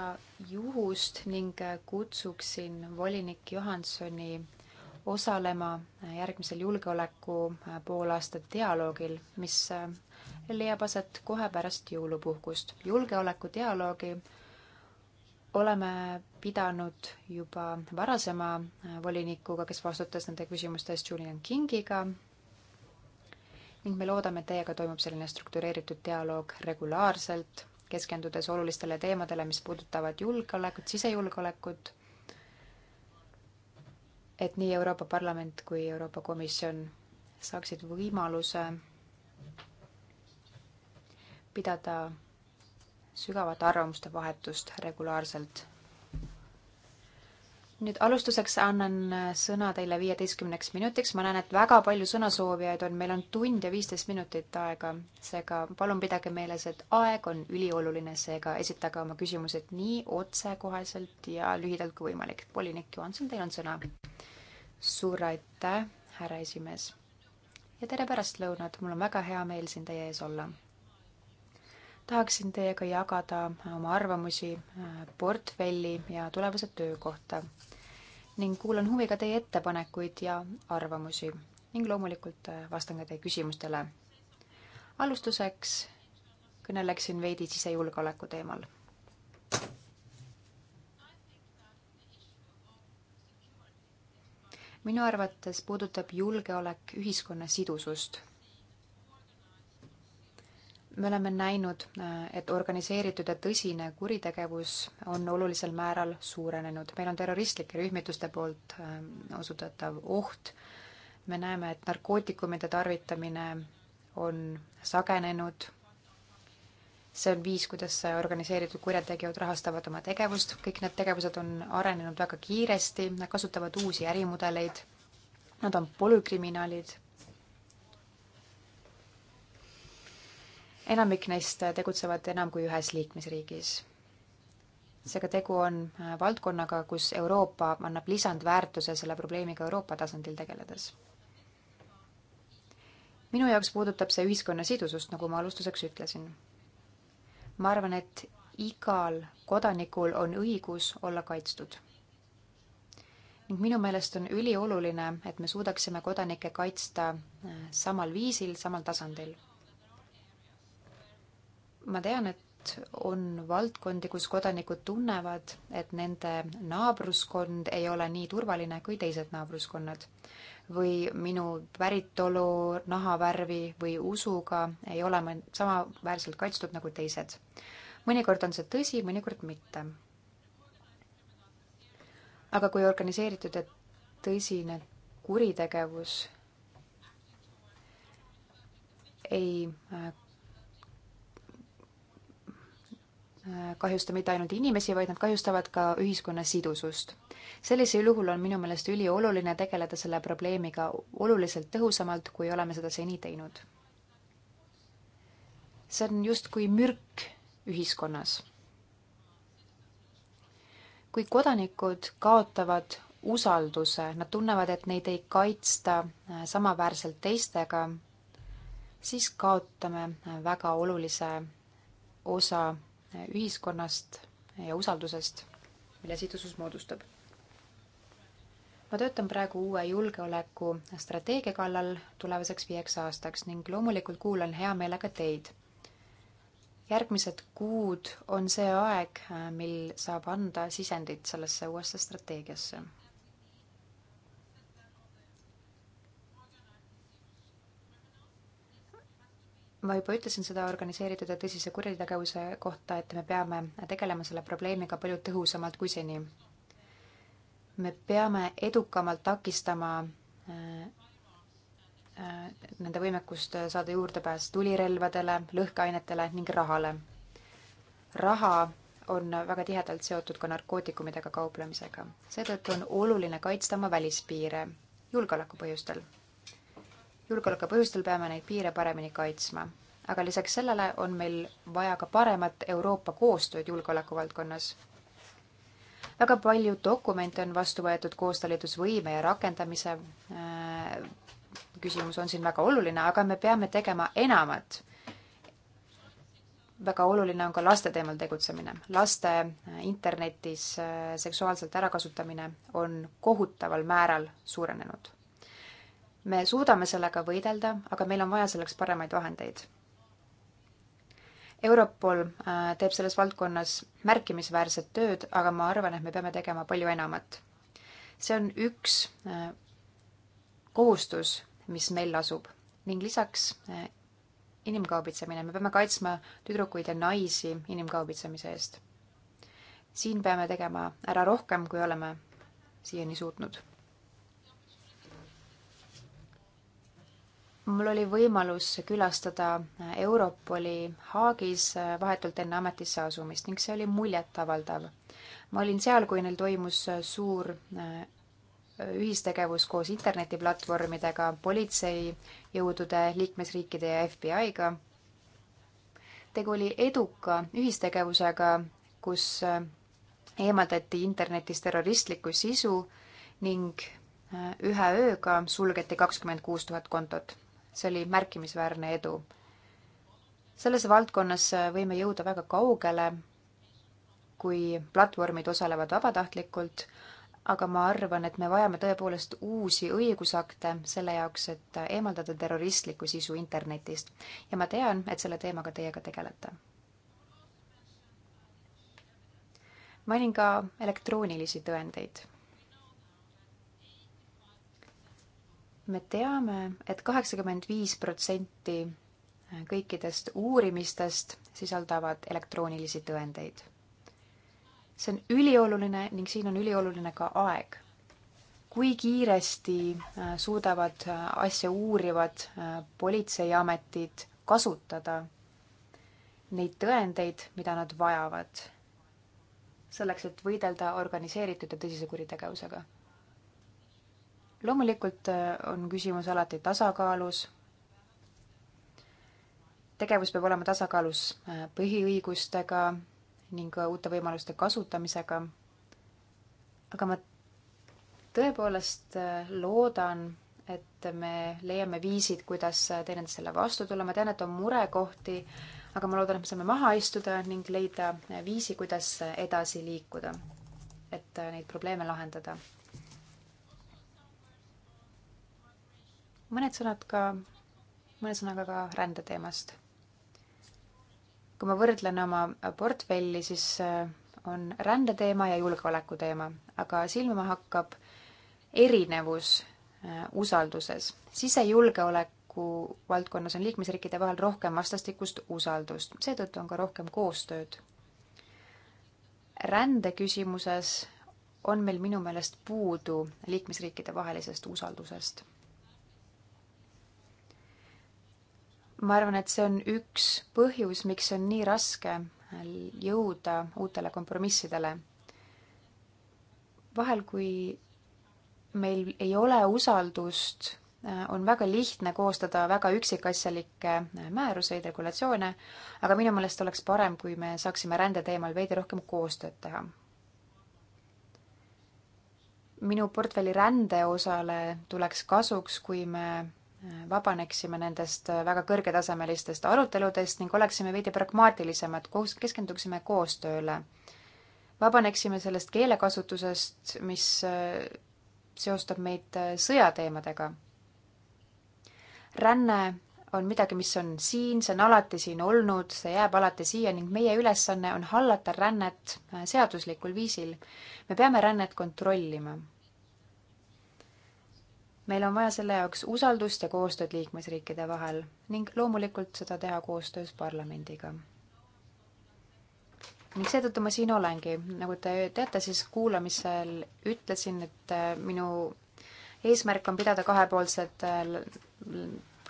juhust ning kutsuksin volinik Johansoni osalema järgmisel julgeoleku äh, poolaasta dialoogil, mis äh, leiab aset kohe pärast jõulupuhkust. julgeolekudialoogi oleme pidanud juba varasema äh, volinikuga, kes vastutas nende küsimuste eest, Julian Kingiga, ning me loodame, et teiega toimub selline struktureeritud dialoog regulaarselt keskendudes olulistele teemadele, mis puudutavad julgeolekut, sisejulgeolekut, et nii Euroopa Parlament kui Euroopa Komisjon saaksid võimaluse pidada sügavat arvamuste vahetust regulaarselt nüüd alustuseks annan äh, sõna teile viieteistkümneks minutiks, ma näen, et väga palju sõnasoovijaid on, meil on tund ja viisteist minutit aega, seega palun pidage meeles, et aeg on ülioluline, seega esitage oma küsimused nii otsekoheselt ja lühidalt kui võimalik. volinik Johanson, teil on sõna. suur aitäh, härra esimees. ja tere pärastlõunat, mul on väga hea meel siin teie ees olla tahaksin teiega jagada oma arvamusi äh, portfelli ja tulevase töö kohta ning kuulan huviga teie ettepanekuid ja arvamusi ning loomulikult äh, vastan ka teie küsimustele. alustuseks kõneleksin veidi sisejulgeoleku teemal. minu arvates puudutab julgeolek ühiskonna sidusust me oleme näinud, et organiseeritud ja tõsine kuritegevus on olulisel määral suurenenud. meil on terroristlike rühmituste poolt ähm, osutatav oht, me näeme, et narkootikumide tarvitamine on sagenenud, see on viis, kuidas organiseeritud kurjategijad rahastavad oma tegevust, kõik need tegevused on arenenud väga kiiresti, nad kasutavad uusi ärimudeleid, nad on polükriminaalid, enamik neist tegutsevad enam kui ühes liikmesriigis. seega tegu on äh, valdkonnaga, kus Euroopa annab lisandväärtuse selle probleemiga Euroopa tasandil tegeledes. minu jaoks puudutab see ühiskonna sidusust, nagu ma alustuseks ütlesin. ma arvan, et igal kodanikul on õigus olla kaitstud ning minu meelest on ülioluline, et me suudaksime kodanikke kaitsta äh, samal viisil, samal tasandil ma tean, et on valdkondi, kus kodanikud tunnevad, et nende naabruskond ei ole nii turvaline kui teised naabruskonnad. või minu päritolu, nahavärvi või usuga ei ole ma samaväärselt kaitstud nagu teised. mõnikord on see tõsi, mõnikord mitte. aga kui organiseeritud ja tõsine kuritegevus ei äh, kahjusta mitte ainult inimesi, vaid nad kahjustavad ka ühiskonna sidusust. sellisel juhul on minu meelest ülioluline tegeleda selle probleemiga oluliselt tõhusamalt, kui oleme seda seni teinud. see on justkui mürk ühiskonnas. kui kodanikud kaotavad usalduse, nad tunnevad, et neid ei kaitsta äh, samaväärselt teistega, siis kaotame äh, väga olulise osa ühiskonnast ja usaldusest, mille sidusus moodustab. ma töötan praegu uue julgeolekustrateegia kallal tulevaseks viieks aastaks ning loomulikult kuulan hea meelega teid. järgmised kuud on see aeg, mil saab anda sisendit sellesse uuesse strateegiasse ma juba ütlesin seda organiseeritud ja tõsise kuritegevuse kohta, et me peame tegelema selle probleemiga palju tõhusamalt kui seni. me peame edukamalt takistama äh, äh, nende võimekust saada juurdepääs tulirelvadele, lõhkeainetele ning rahale. raha on väga tihedalt seotud ka narkootikumidega kauplemisega. seetõttu on oluline kaitsta oma välispiire julgeoleku põhjustel julgeoleku põhjustel peame neid piire paremini kaitsma. aga lisaks sellele on meil vaja ka paremat Euroopa koostööd julgeoleku valdkonnas. väga palju dokumente on vastu võetud koostalitusvõime ja rakendamise äh, küsimus on siin väga oluline, aga me peame tegema enamat. väga oluline on ka laste teemal tegutsemine. laste äh, internetis äh, seksuaalselt ärakasutamine on kohutaval määral suurenenud me suudame sellega võidelda, aga meil on vaja selleks paremaid vahendeid. Europol äh, teeb selles valdkonnas märkimisväärset tööd, aga ma arvan, et me peame tegema palju enamat. see on üks äh, kohustus, mis meil lasub ning lisaks äh, inimkaubitsemine, me peame kaitsma tüdrukuid ja naisi inimkaubitsemise eest. siin peame tegema ära rohkem, kui oleme siiani suutnud mul oli võimalus külastada Europoli Haagis vahetult enne ametisse asumist ning see oli muljetavaldav. ma olin seal, kui neil toimus suur äh, ühistegevus koos internetiplatvormidega, politseijõudude, liikmesriikide ja FBI-ga. tegu oli eduka ühistegevusega, kus äh, eemaldati internetis terroristlikku sisu ning äh, ühe ööga sulgeti kakskümmend kuus tuhat kontot see oli märkimisväärne edu. selles valdkonnas võime jõuda väga kaugele, kui platvormid osalevad vabatahtlikult, aga ma arvan, et me vajame tõepoolest uusi õigusakte selle jaoks, et eemaldada terroristlikku sisu internetist ja ma tean, et selle teemaga teiega tegelete. mainin ka elektroonilisi tõendeid me teame et, et kaheksakümmend viis protsenti kõikidest uurimistest sisaldavad elektroonilisi tõendeid. see on ülioluline ning siin on ülioluline ka aeg. kui kiiresti äh, suudavad äh, asja uurivad äh, politseiametid kasutada neid tõendeid, mida nad vajavad selleks, et võidelda organiseeritud ja tõsise kuritegevusega loomulikult äh, on küsimus alati tasakaalus. tegevus peab olema tasakaalus äh, põhiõigustega ning äh, uute võimaluste kasutamisega. aga ma tõepoolest loodan, et me leiame viisid, kuidas teineteisele vastu tulla, ma tean, et on murekohti, aga ma loodan, et me saame maha istuda ning leida viisi, kuidas edasi liikuda, et neid probleeme lahendada mõned sõnad ka, mõne sõnaga ka rändeteemast. kui ma võrdlen oma portfelli, siis äh, on rändeteema ja julgeoleku teema, aga silma hakkab erinevus äh, usalduses. sisejulgeoleku valdkonnas on liikmesriikide vahel rohkem vastastikust usaldust, seetõttu on ka rohkem koostööd. rändeküsimuses on meil minu meelest puudu liikmesriikide vahelisest usaldusest ma arvan, et see on üks põhjus, miks on nii raske jõuda uutele kompromissidele. vahel, kui meil ei ole usaldust, on väga lihtne koostada väga üksikasjalikke määruseid, regulatsioone, aga minu meelest oleks parem, kui me saaksime rände teemal veidi rohkem koostööd teha. minu portfelli rände osale tuleks kasuks, kui me vabaneksime nendest väga kõrgetasemelistest aruteludest ning oleksime veidi pragmaatilisemad, koos, keskenduksime koostööle. vabaneksime sellest keelekasutusest, mis äh, seostab meid äh, sõjateemadega. ränne on midagi, mis on siin, see on alati siin olnud, see jääb alati siia ning meie ülesanne on hallata rännet äh, seaduslikul viisil. me peame rännet kontrollima meil on vaja selle jaoks usaldust ja koostööd liikmesriikide vahel ning loomulikult seda teha koostöös parlamendiga. ning seetõttu ma siin olengi, nagu te teate, siis kuulamisel ütlesin, et äh, minu eesmärk on pidada kahepoolsed äh,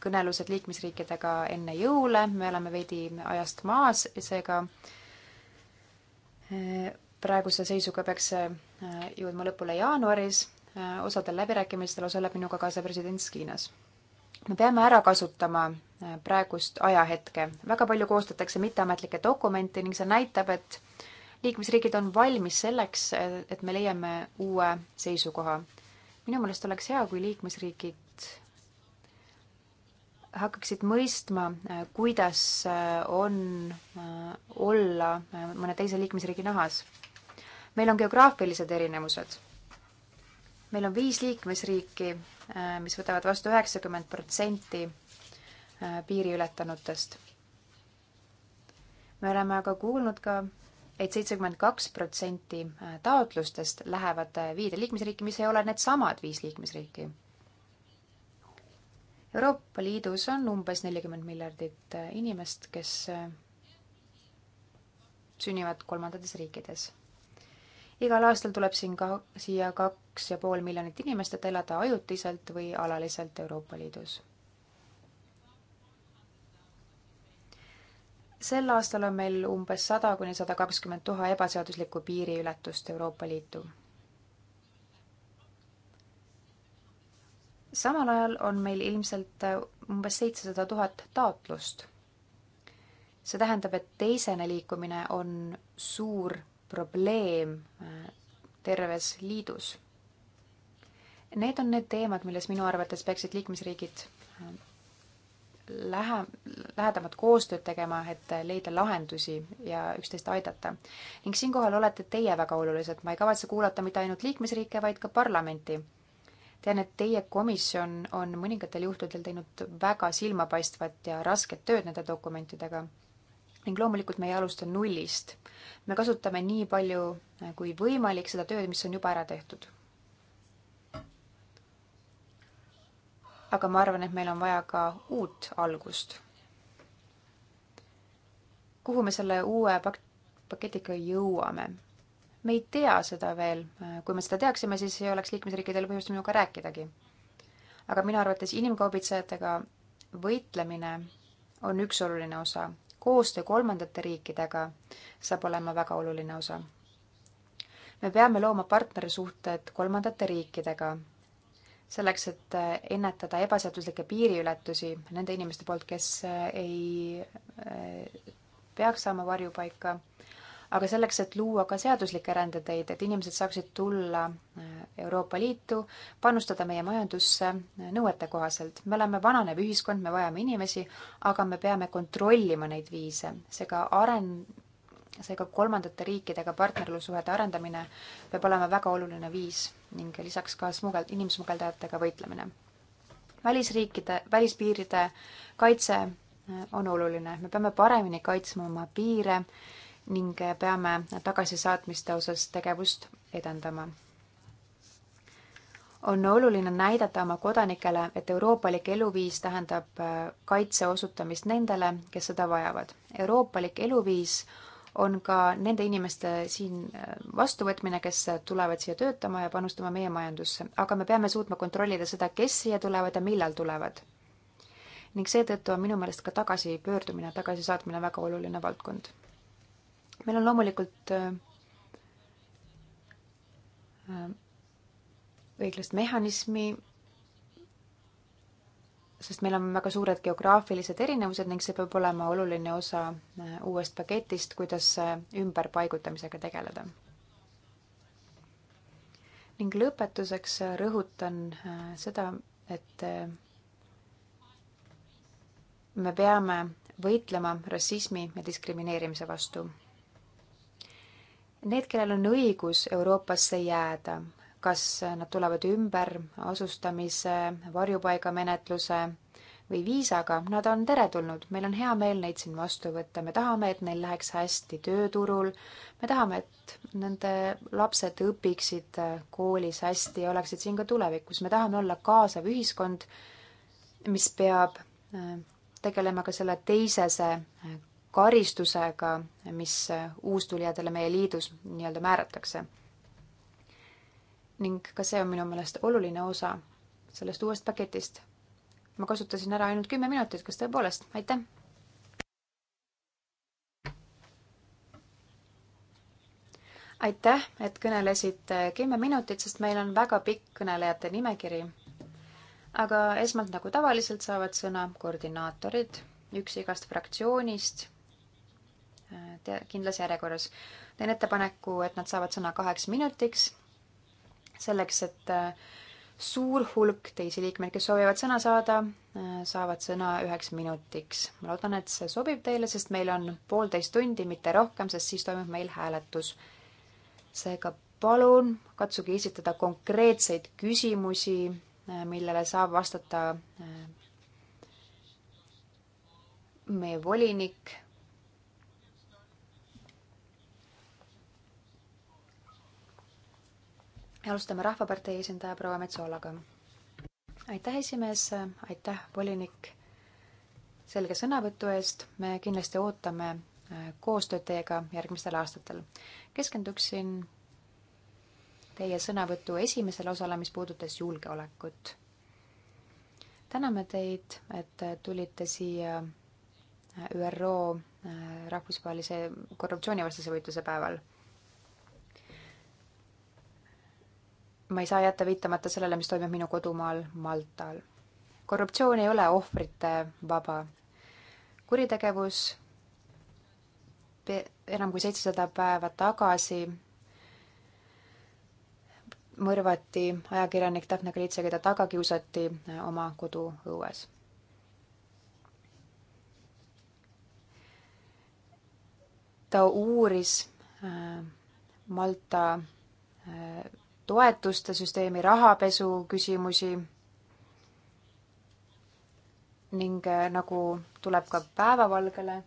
kõnelused liikmesriikidega enne jõule, me oleme veidi ajast maas, seega äh, praeguse seisuga peaks see jõudma lõpule jaanuaris Äh, osadel läbirääkimistel osaleb minuga ka asepresident Hiinas. me peame ära kasutama äh, praegust ajahetke. väga palju koostatakse mitteametlikke dokumente ning see näitab, et liikmesriigid on valmis selleks, äh, et me leiame uue seisukoha. minu meelest oleks hea, kui liikmesriigid hakkaksid mõistma, kuidas on olla mõne teise liikmesriigi nahas. meil on geograafilised erinevused meil on viis liikmesriiki, äh, mis võtavad vastu üheksakümmend protsenti äh, piiri ületanutest. me oleme aga kuulnud ka et, et seitsekümmend kaks protsenti äh, taotlustest lähevad viide liikmesriiki, mis ei ole needsamad viis liikmesriiki. Euroopa Liidus on umbes nelikümmend miljardit inimest, kes sünnivad kolmandates riikides igal aastal tuleb siin ka, siia kaks ja pool miljonit inimest, et elada ajutiselt või alaliselt Euroopa Liidus. sel aastal on meil umbes sada kuni sada kakskümmend tuhat ebaseaduslikku piiriületust Euroopa Liitu. samal ajal on meil ilmselt umbes seitsesada tuhat taotlust. see tähendab, et teisene liikumine on suur probleem äh, terves liidus. Need on need teemad, milles minu arvates peaksid liikmesriigid äh, lähe, lähedamat koostööd tegema, et äh, leida lahendusi ja üksteist aidata. ning siinkohal olete teie väga olulised, ma ei kavatse kuulata mitte ainult liikmesriike, vaid ka parlamenti. tean, et teie komisjon on mõningatel juhtudel teinud väga silmapaistvat ja rasket tööd nende dokumentidega ning loomulikult me ei alusta nullist. me kasutame nii palju eh, kui võimalik seda tööd, mis on juba ära tehtud. aga ma arvan, et meil on vaja ka uut algust. kuhu me selle uue pak-, paketiga jõuame? me ei tea seda veel, kui me seda teaksime, siis ei oleks liikmesriikidel põhjust minuga rääkidagi. aga minu arvates inimkaubitsejatega võitlemine on üks oluline osa koostöö kolmandate riikidega saab olema väga oluline osa. me peame looma partnerisuhted kolmandate riikidega, selleks et ennetada ebaseaduslikke piiriületusi nende inimeste poolt, kes ei eh, peaks saama varjupaika aga selleks, et luua ka seaduslikke rändeteid, et inimesed saaksid tulla äh, Euroopa Liitu, panustada meie majandusse äh, nõuete kohaselt. me oleme vananev ühiskond, me vajame inimesi, aga me peame kontrollima neid viise, seega aren-, seega kolmandate riikidega partnerlussuhete arendamine peab olema väga oluline viis ning lisaks ka smugel-, inimsmugeldajatega võitlemine. välisriikide, välispiiride kaitse äh, on oluline, me peame paremini kaitsma oma piire ning peame tagasisaatmiste osas tegevust edendama. on oluline näidata oma kodanikele, et euroopalik eluviis tähendab äh, kaitse osutamist nendele, kes seda vajavad. euroopalik eluviis on ka nende inimeste siin äh, vastuvõtmine, kes tulevad siia töötama ja panustama meie majandusse, aga me peame suutma kontrollida seda, kes siia tulevad ja millal tulevad. ning seetõttu on minu meelest ka tagasipöördumine, tagasisaatmine väga oluline valdkond meil on loomulikult äh, äh, õiglast mehhanismi, sest meil on väga suured geograafilised erinevused ning see peab olema oluline osa äh, uuest paketist, kuidas ümberpaigutamisega tegeleda. ning lõpetuseks rõhutan seda, et me peame võitlema rassismi ja diskrimineerimise vastu Need, kellel on õigus Euroopasse jääda, kas nad tulevad ümber asustamise, varjupaigamenetluse või viisaga, nad on teretulnud, meil on hea meel neid siin vastu võtta, me tahame, et neil läheks hästi tööturul, me tahame, et nende lapsed õpiksid koolis hästi ja oleksid siin ka tulevikus, me tahame olla kaasav ühiskond, mis peab äh, tegelema ka selle teisese äh, karistusega, mis uustulijadele meie liidus nii-öelda määratakse. ning ka see on minu meelest oluline osa sellest uuest paketist. ma kasutasin ära ainult kümme minutit, kas tõepoolest, aitäh! aitäh, et kõnelesite kümme minutit, sest meil on väga pikk kõnelejate nimekiri. aga esmalt, nagu tavaliselt, saavad sõna koordinaatorid, üks igast fraktsioonist te-, kindlas järjekorras. teen ettepaneku, et nad saavad sõna kaheks minutiks, selleks et äh, suur hulk teisi liikmeid, kes soovivad sõna saada, äh, saavad sõna üheks minutiks. ma loodan, et see sobib teile, sest meil on poolteist tundi, mitte rohkem, sest siis toimub meil hääletus. seega palun katsuge esitada konkreetseid küsimusi, äh, millele saab vastata meie volinik ja alustame Rahvapartei esindaja proua Metsoolaga. aitäh, esimees, aitäh, volinik, selge sõnavõtu eest, me kindlasti ootame äh, koostööd teiega järgmistel aastatel. keskenduksin teie sõnavõtu esimesele osale, mis puudutas julgeolekut. täname teid, et tulite siia äh, ÜRO äh, rahvusvahelise korruptsioonivastase võitluse päeval ma ei saa jätta viitamata sellele, mis toimub minu kodumaal Maltal. korruptsioon ei ole ohvrite vaba. kuritegevus enam kui seitsesada päeva tagasi mõrvati ajakirjanik Daphne Galitsa, keda taga kiusati äh, oma koduõues. ta uuris äh, Malta äh, toetuste süsteemi, rahapesu küsimusi ning äh, nagu tuleb ka päevavalgele,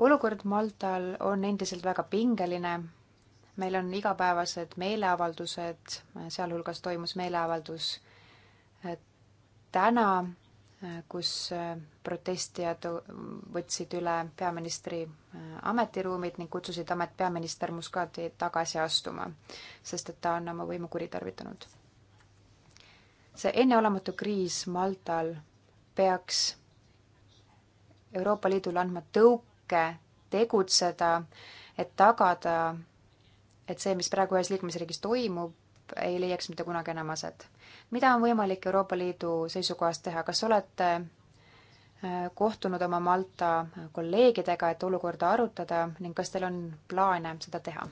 olukord Maltal on endiselt väga pingeline. meil on igapäevased meeleavaldused, sealhulgas toimus meeleavaldus äh, täna kus äh, protestijad võtsid üle peaministri äh, ametiruumid ning kutsusid amet peaminister Muscati tagasi astuma, sest et ta on oma võimu kuritarvitanud. see enneolematu kriis Maltal peaks Euroopa Liidule andma tõuke tegutseda, et tagada, et see, mis praegu ühes liikmesriigis toimub, ei leiaks mitte kunagi enam aset mida on võimalik Euroopa Liidu seisukohast teha, kas olete äh, kohtunud oma Malta kolleegidega, et olukorda arutada ning kas teil on plaane seda teha?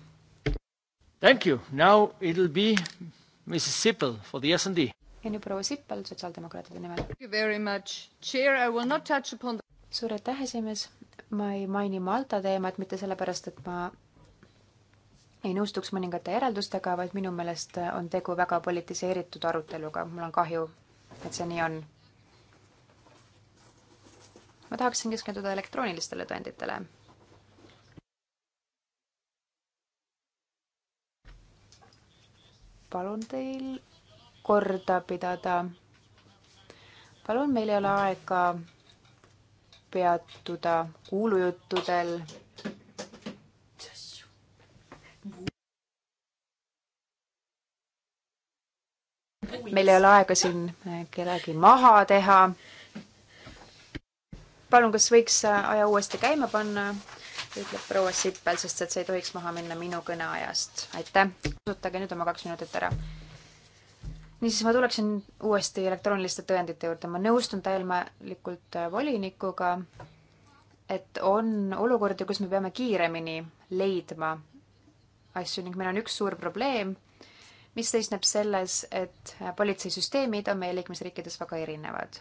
Thank you, now it will be Mrs Sippel for the SND. ja nüüd proua Sippel sotsiaaldemokraatide nimel. Thank you very much, chair, I will not touch upon the... suur aitäh, esimees. ma ei maini Malta teemat mitte sellepärast, et ma ei nõustuks mõningate järeldustega, vaid minu meelest on tegu väga politiseeritud aruteluga. mul on kahju, et see nii on. ma tahaksin keskenduda elektroonilistele tõenditele. palun teil korda pidada. palun, meil ei ole aega peatuda kuulujuttudel meil ei ole aega siin äh, kedagi maha teha. palun, kas võiks äh, aja uuesti käima panna? ütleb proua Sippel, sest et see ei tohiks maha minna minu kõneajast. aitäh, kasutage nüüd oma kaks minutit ära. niisiis, ma tuleksin uuesti elektrooniliste tõendite juurde, ma nõustun täielikult äh, volinikuga, et on olukordi, kus me peame kiiremini leidma asju ning meil on üks suur probleem mis seisneb selles, et politseisüsteemid on meie liikmesriikides väga erinevad.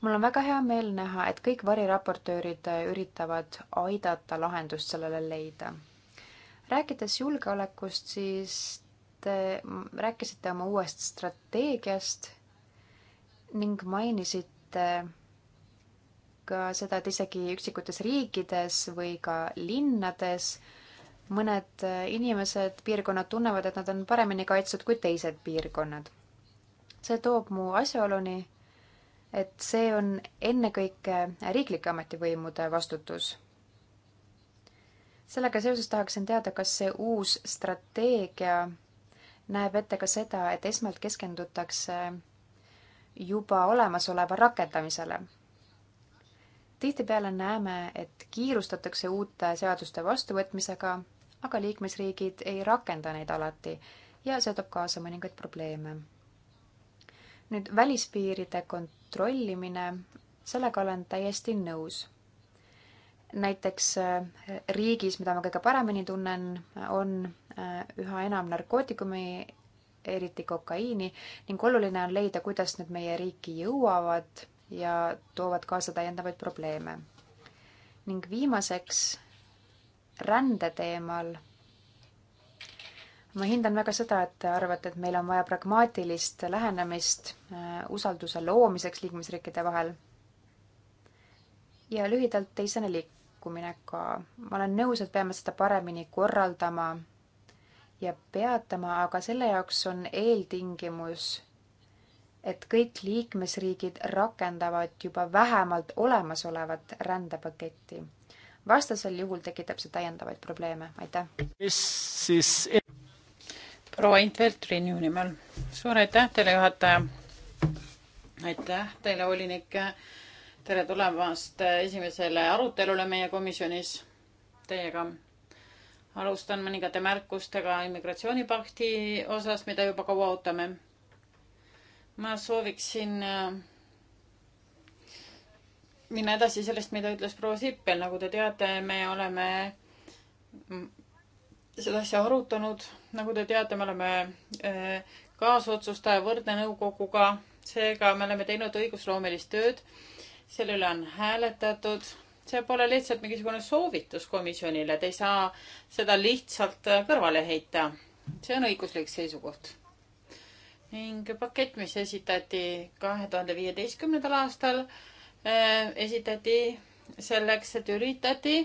mul on väga hea meel näha, et kõik variraportöörid üritavad aidata lahendust sellele leida. rääkides julgeolekust, siis te rääkisite oma uuest strateegiast ning mainisite ka seda, et isegi üksikutes riikides või ka linnades äh, mõned äh, inimesed, piirkonnad tunnevad, et nad on paremini kaitstud kui teised piirkonnad. see toob mu asjaoluni, et see on ennekõike riiklike ametivõimude vastutus. sellega seoses tahaksin teada, kas see uus strateegia näeb ette ka seda, et esmalt keskendutakse juba olemasoleva rakendamisele tihtipeale näeme, et kiirustatakse uute seaduste vastuvõtmisega aga liikmesriigid ei rakenda neid alati ja see toob kaasa mõningaid probleeme. nüüd välispiiride kontrollimine, sellega olen täiesti nõus. näiteks äh, riigis, mida ma kõige paremini tunnen, on äh, üha enam narkootikumi, eriti kokaiini, ning oluline on leida, kuidas need meie riiki jõuavad ja toovad kaasa täiendavaid probleeme. ning viimaseks rände teemal. ma hindan väga seda, et te arvate, et meil on vaja pragmaatilist lähenemist äh, usalduse loomiseks liikmesriikide vahel. ja lühidalt teisene liikumine ka. ma olen nõus, et peame seda paremini korraldama ja peatama, aga selle jaoks on eeltingimus et kõik liikmesriigid rakendavad juba vähemalt olemasolevat rändepaketti vastasel juhul tekitab see täiendavaid probleeme, aitäh. mis siis? proua Intvelt Renew nimel. suur aitäh teile, juhataja. aitäh teile, volinik. tere tulemast esimesele arutelule meie komisjonis teiega. alustan mõningate märkustega immigratsioonipakti osas, mida juba kaua ootame. ma sooviksin äh, minna edasi sellest, mida ütles proua Sippel, nagu te teate, me oleme seda asja arutanud, nagu te teate, me oleme äh, kaasotsustaja võrdne nõukoguga, seega me oleme teinud õigusloomelist tööd, selle üle on hääletatud, see pole lihtsalt mingisugune soovitus komisjonile, te ei saa seda lihtsalt kõrvale heita. see on õiguslik seisukoht. ning pakett, mis esitati kahe tuhande viieteistkümnendal aastal, Äh, esitati selleks, et üritati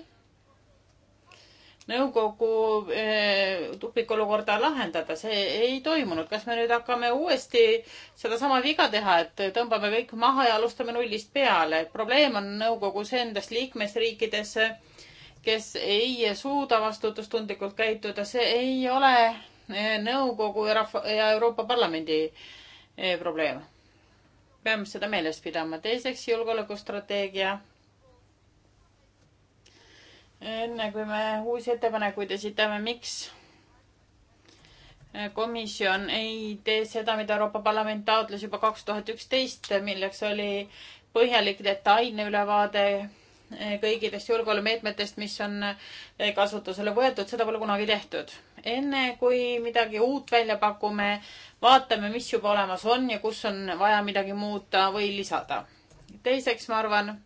nõukogu äh, tupikolukorda lahendada, see ei toimunud. kas me nüüd hakkame uuesti sedasama viga teha, et tõmbame kõik maha ja alustame nullist peale? probleem on nõukogus endas liikmesriikides, kes ei suuda vastutustundlikult käituda, see ei ole äh, nõukogu ja rahva ja Euroopa Parlamendi probleem peame seda meeles pidama. teiseks julgeolekustrateegia. enne kui me uusi ettepanekuid esitame, miks komisjon ei tee seda, mida Euroopa Parlament taotles juba kaks tuhat üksteist, milleks oli põhjalik detailne ülevaade kõigidest julgeolemeetmetest, mis on eh, kasutusele võetud, seda pole kunagi tehtud. enne kui midagi uut välja pakume, vaatame, mis juba olemas on ja kus on vaja midagi muuta või lisada. teiseks, ma arvan,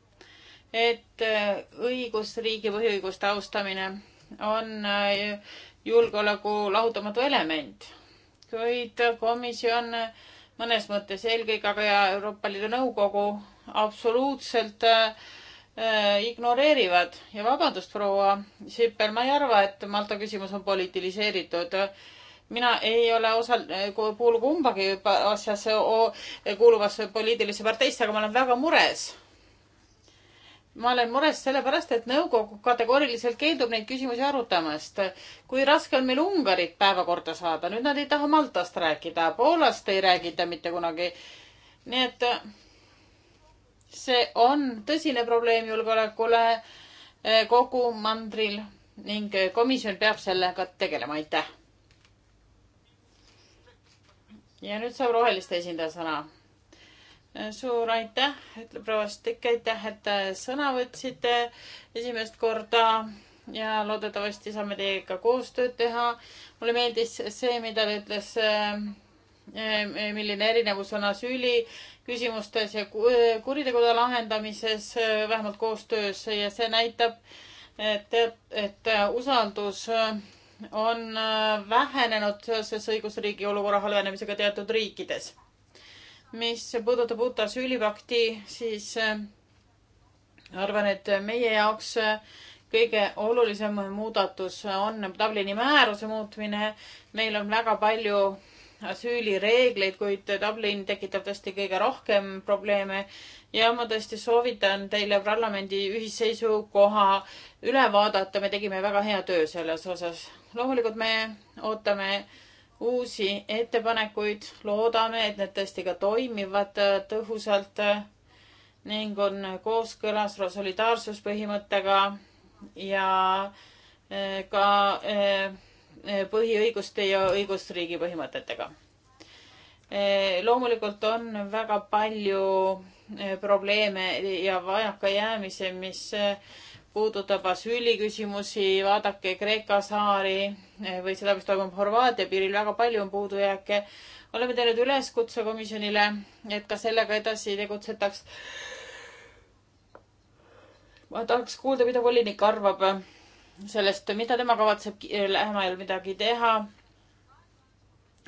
et eh, õigusriigi põhiõiguste austamine on eh, julgeoleku lahutamatu element, kuid komisjon mõnes mõttes eelkõige aga Euroopa Liidu Nõukogu absoluutselt äh, Äh, ignoreerivad ja vabandust, proua Sipper, ma ei arva, et Malta küsimus on politiliseeritud. mina ei ole osal-, kuulu kumbagi asjasse kuuluvasse poliitilisse parteisse, aga ma olen väga mures. ma olen mures sellepärast, et nõukogu kategooriliselt keeldub neid küsimusi arutamast. kui raske on meil Ungarit päevakorda saada, nüüd nad ei taha Maltast rääkida, Poolast ei räägita mitte kunagi. nii et see on tõsine probleem julgeolekule eh, kogu mandril ning eh, komisjon peab sellega tegelema, aitäh. ja nüüd saab roheliste esindaja sõna. Eh, suur aitäh, ütleb proua Stikk, aitäh, et sõna võtsite esimest korda ja loodetavasti saame teiega koostööd teha. mulle meeldis see, mida ta ütles, milline erinevus on asüüli küsimustes ja kuritegude lahendamises vähemalt koostöös ja see näitab, et, et usaldus on vähenenud seoses õigusriigi olukorra halvenemisega teatud riikides. mis puudutab uut asüülipakti, siis arvan, et meie jaoks kõige olulisem muudatus on Dublini määruse muutmine. meil on väga palju asüülireegleid, kuid Dublin tekitab tõesti kõige rohkem probleeme ja ma tõesti soovitan teile parlamendi ühisseisukoha üle vaadata, me tegime väga hea töö selles osas. loomulikult me ootame uusi ettepanekuid, loodame, et need tõesti ka toimivad tõhusalt ning on kooskõlas solidaarsuspõhimõttega ja eh, ka eh, põhiõiguste ja õigusriigi põhimõtetega. Eh, loomulikult on väga palju eh, probleeme ja vajakajäämisi, mis eh, puudutab asüüliküsimusi, vaadake Kreeka saari või seda, mis toimub Horvaatia piiril, väga palju on puudujääke. oleme teinud üleskutse komisjonile, et ka sellega edasi tegutsetaks. ma tahaks kuulda, mida volinik arvab sellest, mida tema kavatseb äh, lähemal midagi teha,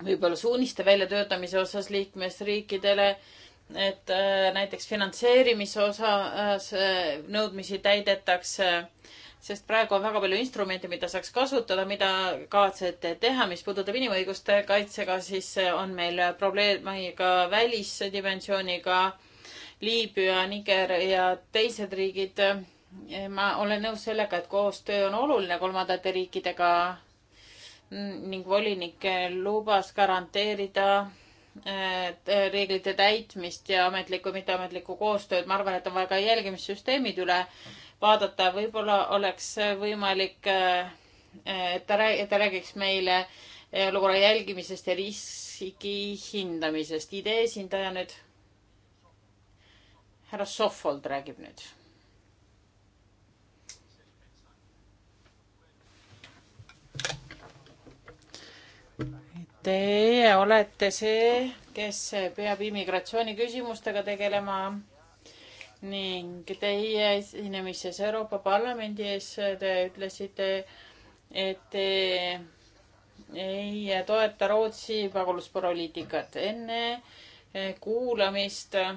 võib-olla suuniste väljatöötamise osas liikmesriikidele, et äh, näiteks finantseerimise osas äh, nõudmisi täidetakse, sest praegu on väga palju instrumente, mida saaks kasutada, mida kavatsete teha, mis puudutab inimõiguste kaitsega, siis on meil probleeme ka välisdimensiooniga, Liibüa, Niger ja teised riigid ma olen nõus sellega, et koostöö on oluline kolmandate riikidega ning volinik lubas garanteerida reeglite täitmist ja ametlikku, mitteametlikku koostööd. ma arvan, et on vaja ka jälgimissüsteemid üle vaadata, võib-olla oleks võimalik, et ta, et ta räägiks meile olukorra jälgimisest ja riski hindamisest. idee esindaja nüüd, härra Sohvold räägib nüüd Teie olete see, kes peab immigratsiooniküsimustega tegelema ning teie esinemises Euroopa Parlamendi ees te ütlesite, et te ei toeta Rootsi pagulaspoliitikat. enne kuulamist eh,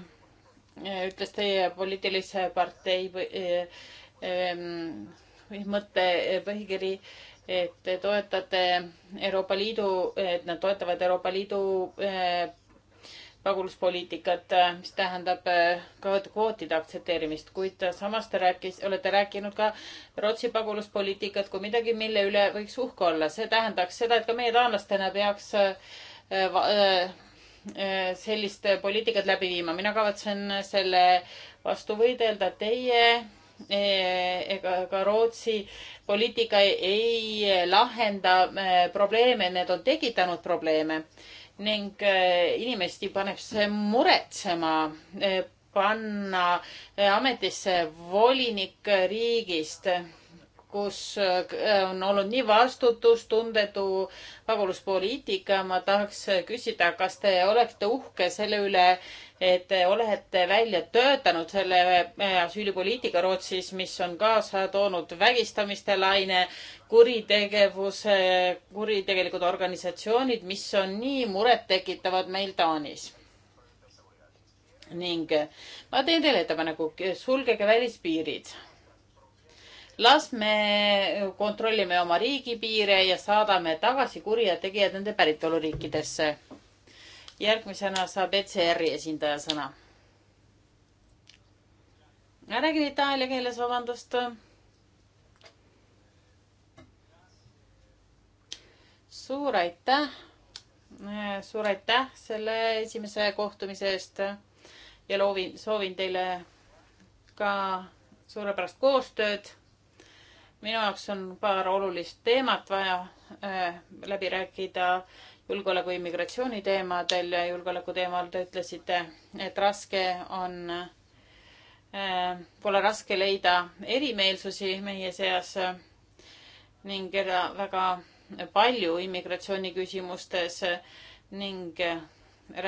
ütles teie poliitilise partei eh, eh, mõte põhikiri, et te toetate Euroopa Liidu, et nad toetavad Euroopa Liidu eh, pagulaspoliitikat, eh, mis tähendab eh, ka kvootide aktsepteerimist, kuid samas te rääkis, olete rääkinud ka Rootsi pagulaspoliitikat kui midagi, mille üle võiks uhke olla. see tähendaks seda, et ka meie taanlastena peaks sellist poliitikat läbi viima. mina kavatsen selle vastu võidelda. Teie ega ka Rootsi poliitika ei lahenda äh, probleeme, need on tekitanud probleeme ning äh, inimesi paneb see muretsema, äh, panna ametisse volinik riigist kus äh, on olnud nii vastutustundetu pagulaspoliitika. ma tahaks küsida, kas te olete uhke selle üle, et te olete välja töötanud selle äh, asüülipoliitika Rootsis, mis on kaasa toonud vägistamiste laine, kuritegevuse, kuritegelikud organisatsioonid, mis on nii murettekitavad meil Taanis ning äh, ma teen teile ettepaneku, sulgege välispiirid las me kontrollime oma riigipiire ja saadame tagasi kurjategijad nende päritoluriikidesse. järgmisena saab ECR-i esindaja sõna. räägin itaalia keeles, vabandust. suur aitäh, suur aitäh selle esimese kohtumise eest ja loovin, soovin teile ka suurepärast koostööd minu jaoks on paar olulist teemat vaja äh, läbi rääkida julgeoleku immigratsiooni teemadel ja julgeoleku teemal te ütlesite, et raske on äh,, pole raske leida erimeelsusi meie seas äh, ning väga palju immigratsiooni küsimustes ning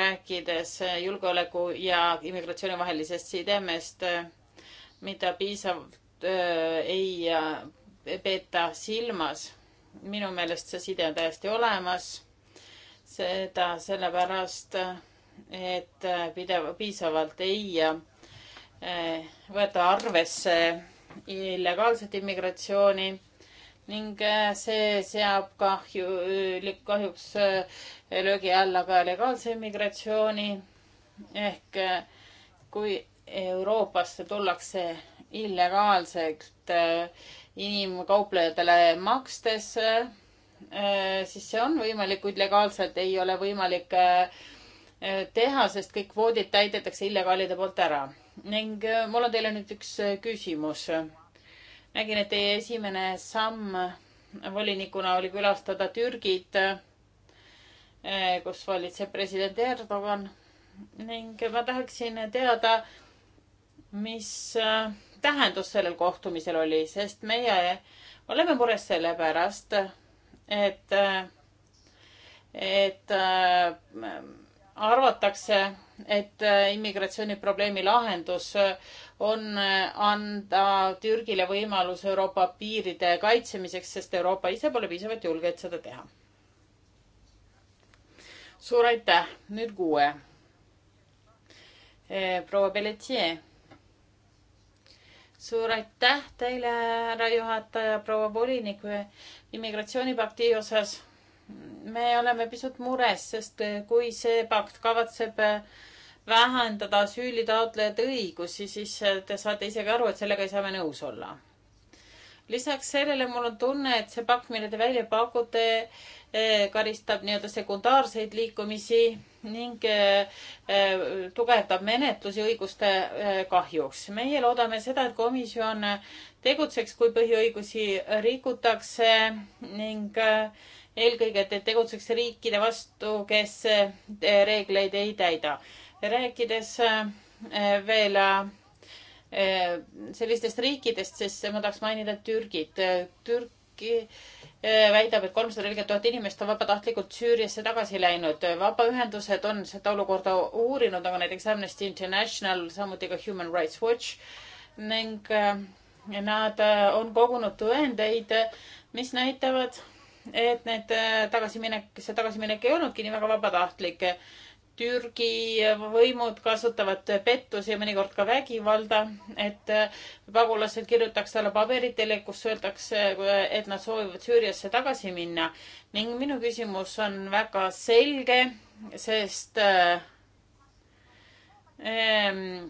rääkides julgeoleku ja immigratsiooni vahelisest sidemest, mida piisavalt äh, ei peeta silmas. minu meelest see side on täiesti olemas. seda sellepärast, et pidev, piisavalt ei eh, võeta arvesse illegaalset immigratsiooni ning eh, see seab kahju, kahjuks eh, löögi alla ka legaalse immigratsiooni ehk kui Euroopasse tullakse illegaalselt inimkauplejatele makstes, äh, siis see on võimalik, kuid legaalselt ei ole võimalik äh, teha, sest kõik kvoodid täidetakse illegaalide poolt ära. ning äh, mul on teile nüüd üks küsimus. nägin, et teie esimene samm volinikuna oli külastada Türgit, kus valitseb president Erdogan ning ma tahaksin teada, mis äh, tähendus sellel kohtumisel oli, sest meie oleme mures selle pärast, et, et äh, arvatakse, et äh, immigratsiooniprobleemi lahendus on äh, anda Türgile võimalus Euroopa piiride kaitsemiseks, sest Euroopa ise pole piisavalt julge, et seda teha. suur aitäh, nüüd kuue. proua Pelletier suur aitäh teile, härra juhataja, proua volinik, immigratsioonipakti osas. me oleme pisut mures, sest kui see pakt kavatseb vähendada asüülitaotlejate õigusi, siis te saate isegi aru, et sellega ei saa me nõus olla lisaks sellele mul on tunne, et see pakk, mille te välja pakute, eh, karistab nii-öelda sekundaarseid liikumisi ning eh, eh, tugevdab menetlusi õiguste kahjuks. meie loodame seda, et komisjon tegutseks, kui põhiõigusi rikutakse ning eelkõige, et tegutseks riikide vastu, kes reegleid ei täida. rääkides veel Eh, sellistest riikidest, siis ma tahaks mainida Türgit. Eh, Türgi eh, väidab, et kolmsada nelikümmend tuhat inimest on vabatahtlikult Süüriasse tagasi läinud. vabaühendused on seda olukorda uurinud, nagu näiteks Amnesty International, samuti ka Human Rights Watch ning nad on kogunud tõendeid, mis näitavad, et need tagasiminek, see tagasiminek ei olnudki nii väga vabatahtlik Türgi võimud kasutavad pettusi ja mõnikord ka vägivalda, et pagulased kirjutaks talle paberitele, kus öeldakse, et nad soovivad Süüriasse tagasi minna. ning minu küsimus on väga selge, sest äh, äh,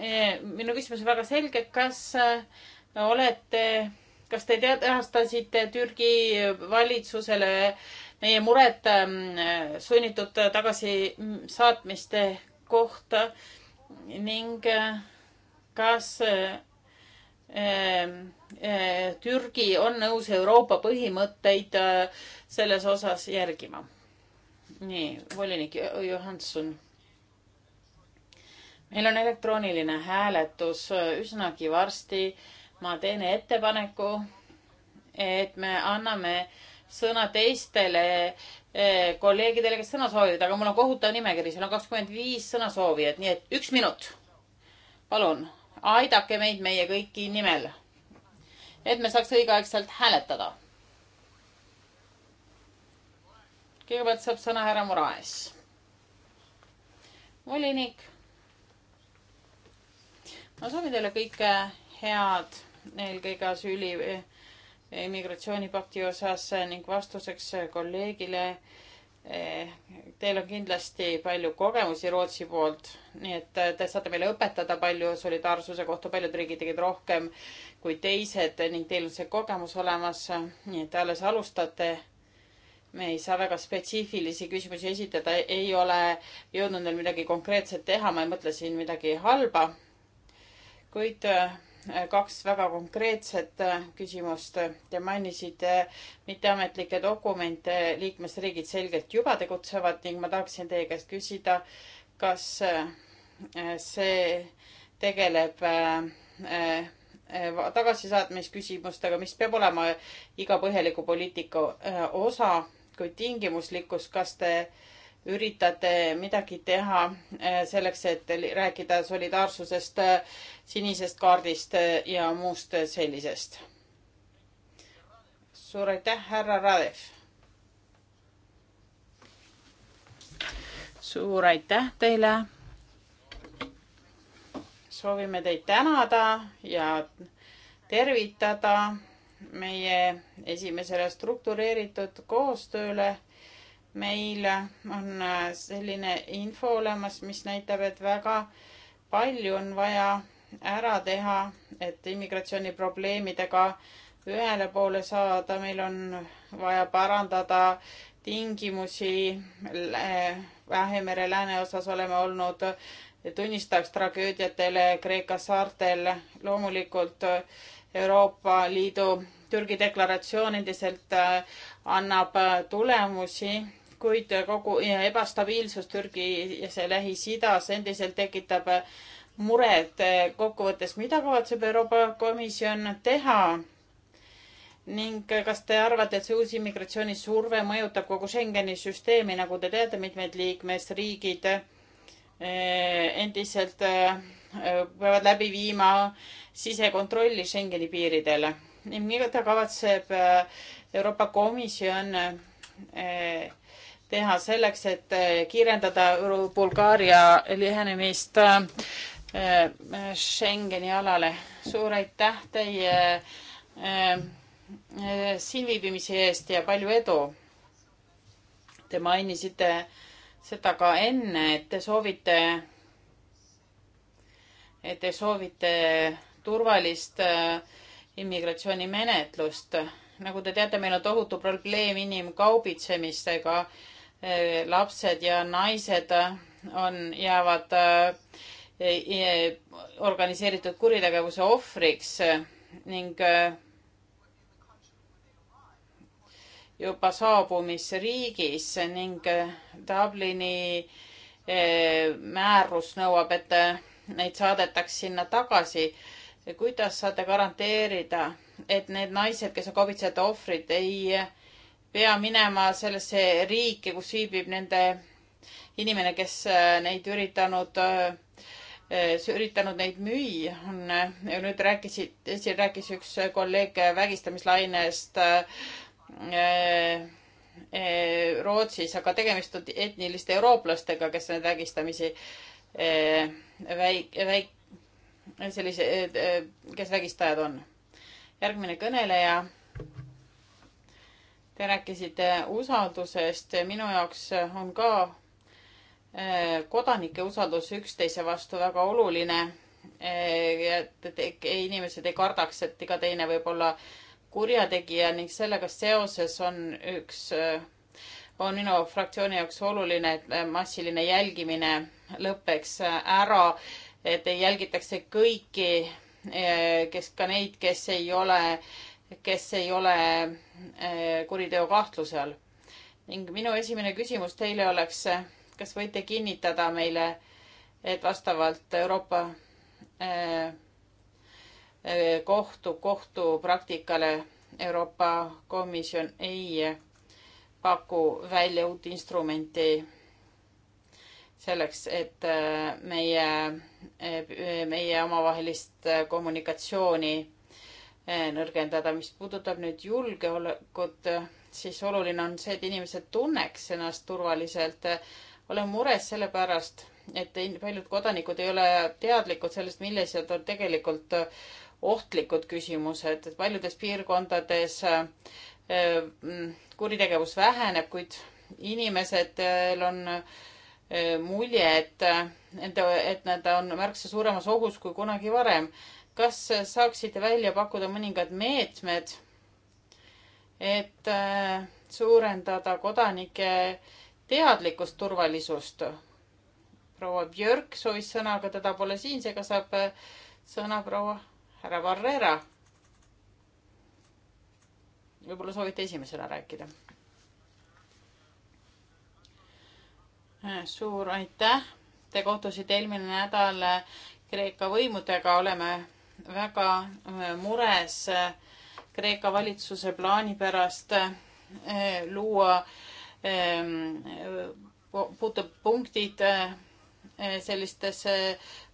äh, minu küsimus on väga selge, kas äh, olete, kas te teadvustasite Türgi valitsusele äh, meie mured ähm, sunnitud tagasisaatmiste kohta ning äh, kas äh, ähm, äh, Türgi on nõus Euroopa põhimõtteid selles osas järgima. nii, volinik Johanson. meil on elektrooniline hääletus üsnagi varsti. ma teen ettepaneku, et me anname äh, sõna teistele eh, kolleegidele, kes sõna soovivad, aga mul on kohutav nimekiri, seal on kakskümmend viis sõnasoovijat, nii et üks minut. palun, aidake meid meie kõiki nimel, et me saaks õigeaegselt hääletada. kõigepealt saab sõna härra Moraes. volinik. ma soovin teile kõike head, eelkõige asüüli immigratsioonipakti osas ning vastuseks kolleegile. Eh, teil on kindlasti palju kogemusi Rootsi poolt, nii et eh, te saate meile õpetada palju solidaarsuse kohta, paljud riigid tegid rohkem kui teised ning teil on see kogemus olemas, nii et te alles alustate me ei saa väga spetsiifilisi küsimusi esitada, ei ole jõudnud veel midagi konkreetset teha, ma ei mõtle siin midagi halba. kuid eh, kaks väga konkreetset äh, küsimust. Te mainisite mitteametlikke dokumente, liikmesriigid selgelt juba tegutsevad ning ma tahaksin teie käest küsida, kas äh, see tegeleb äh, tagasisaatmisküsimustega, mis peab olema iga põhjaliku poliitika osa, kui tingimuslikkus, kas te äh, üritate midagi teha eh, selleks, et rääkida solidaarsusest, eh, sinisest kaardist eh, ja muust sellisest? suur aitäh, härra Radev. suur aitäh teile. soovime teid tänada ja tervitada meie esimesele struktureeritud koostööle meil on äh, selline info olemas, mis näitab, et väga palju on vaja ära teha, et immigratsiooniprobleemidega ühele poole saada, meil on vaja parandada tingimusi Vahemere lääneosas oleme olnud tunnistajaks tragöödiatele Kreeka saartel. loomulikult Euroopa Liidu Türgi deklaratsioon endiselt äh, annab äh, tulemusi, kuid kogu ebastabiilsus Türgi ja see Lähis-Idas endiselt tekitab muret. kokkuvõttes, mida kavatseb Euroopa Komisjon teha? ning kas te arvate, et see uus immigratsioonisurve mõjutab kogu Schengeni süsteemi, nagu te teate, mitmed liikmesriigid eh, endiselt eh, peavad läbi viima sisekontrolli Schengeni piiridel. mida kavatseb eh, Euroopa Komisjon teha selleks, et eh, kiirendada Bulgaaria lihenemist eh, Schengeni alale. suur aitäh teie eh, siin viibimise eest ja palju edu. Te mainisite seda ka enne, et te soovite, et te soovite turvalist immigratsioonimenetlust. nagu te teate, meil on tohutu probleem inimkaubitsemistega Eh, lapsed ja naised eh, on, jäävad eh, organiseeritud kuritegevuse ohvriks ning juba saabumisriigis ning Dublini määrus nõuab, et neid saadetaks sinna tagasi. kuidas saate garanteerida, et need naised, kes on kaubitsejate ohvrid, ei pea minema sellesse riiki, kus viibib nende inimene, kes äh, neid üritanud, äh, üritanud neid müüa on. nüüd rääkisid, siin rääkis üks kolleeg vägistamislainest äh, Rootsis, aga tegemist on etniliste eurooplastega, kes neid vägistamisi väik-, väik-, sellise, kes vägistajad on. järgmine kõneleja Te rääkisite usaldusest, minu jaoks on ka eh, kodanike usaldus üksteise vastu väga oluline. et eh, inimesed ei kardaks, et iga teine võib olla kurjategija ning sellega seoses on üks, eh, on minu fraktsiooni jaoks oluline, et massiline jälgimine lõpeks ära, et jälgitakse kõiki, kes ka neid, kes ei ole äh, kes ei ole eh, kuriteo kahtluse all. ning minu esimene küsimus teile oleks, kas võite kinnitada meile, et vastavalt Euroopa eh, eh, kohtu, kohtupraktikale Euroopa Komisjon ei paku välja uut instrumenti selleks, et meie, meie omavahelist kommunikatsiooni nõrgendada. mis puudutab nüüd julgeolekut, siis oluline on see, et inimesed tunneks ennast turvaliselt. olen mures sellepärast, et paljud kodanikud ei ole teadlikud sellest, millised on tegelikult ohtlikud küsimused, et paljudes piirkondades eh, mm, kuritegevus väheneb, kuid inimesedel on eh, mulje, et nende, et nad on märksa suuremas ohus kui kunagi varem kas saaksite välja pakkuda mõningad meetmed, et äh, suurendada kodanike teadlikkust turvalisust? proua Björk soovis sõna, aga teda pole siin, seega saab äh, sõna proua härra Varrera. võib-olla soovite esimesena rääkida? Äh, suur aitäh, te kohtusite eelmine nädal Kreeka võimudega, oleme väga äh, mures äh, Kreeka valitsuse plaani pärast äh, luua ähm, puutepunktid sellistes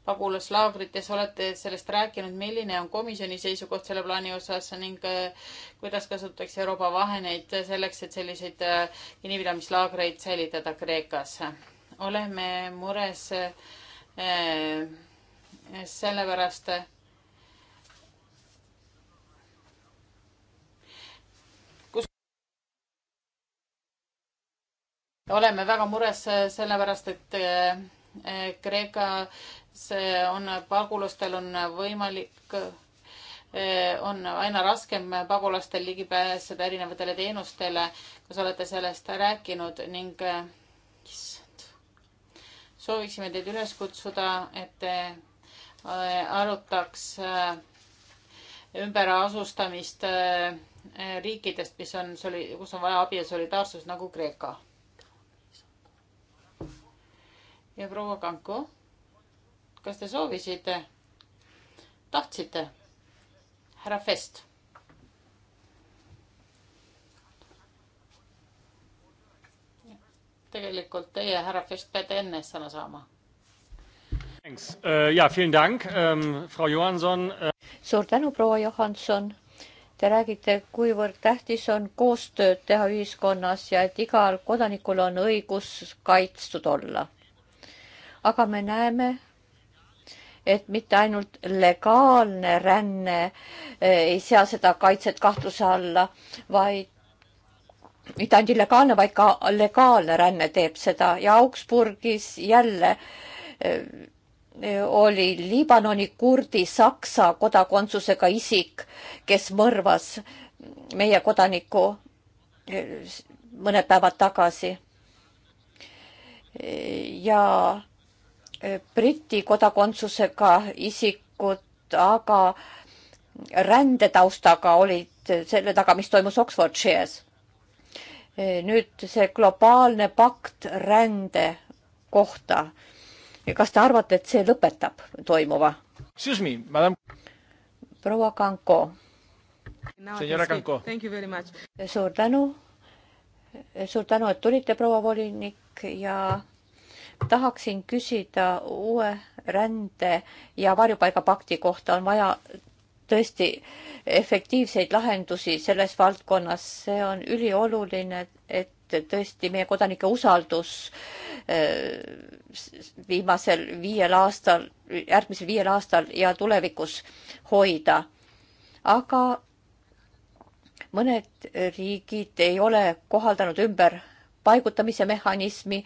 pagulaslaagrites, olete sellest rääkinud, milline on komisjoni seisukoht selle plaani osas ning kuidas kasutatakse Euroopa vahendeid selleks, et selliseid kinnipidamislaagreid säilitada Kreekas? oleme mures sellepärast, oleme väga mures eh, sellepärast, et eh, eh, Kreekas on pagulastel on võimalik, on aina raskem pagulastel ligi pääseda erinevatele teenustele. kas olete sellest rääkinud ning sooviksime teid üles kutsuda, et te arutaks ümberasustamist riikidest, mis on, kus on vaja abi ja solidaarsust nagu Kreeka ja proua Kanko, kas te soovisite, tahtsite? härra Fest. tegelikult teie, härra Fest, peate enne sõna saama. Äh, jaa, vielen dank ähm,, Frau Johanson äh.... suur tänu, proua Johanson te räägite, kuivõrd tähtis on koostööd teha ühiskonnas ja et igal kodanikul on õigus kaitstud olla aga me näeme, et mitte ainult legaalne ränne eh, ei sea seda kaitset kahtluse alla, vaid mitte ainult illegaalne, vaid ka legaalne ränne teeb seda ja Augsburgis jälle eh, oli Liibanoni kurdi Saksa kodakondsusega isik, kes mõrvas meie kodaniku eh, mõned päevad tagasi. ja Briti kodakondsusega isikud, aga rändetaustaga olid selle taga, mis toimus Oxfordshire's. nüüd see globaalne pakt rände kohta. kas te arvate, et see lõpetab toimuva? proua Kanko. suur tänu. suur tänu, et tulite, proua volinik ja tahaksin küsida uue rände ja varjupaigapakti kohta on vaja tõesti efektiivseid lahendusi selles valdkonnas, see on ülioluline, et tõesti meie kodanike usaldus äh, viimasel viiel aastal, järgmisel viiel aastal ja tulevikus hoida. aga mõned riigid ei ole kohaldanud ümberpaigutamise mehhanismi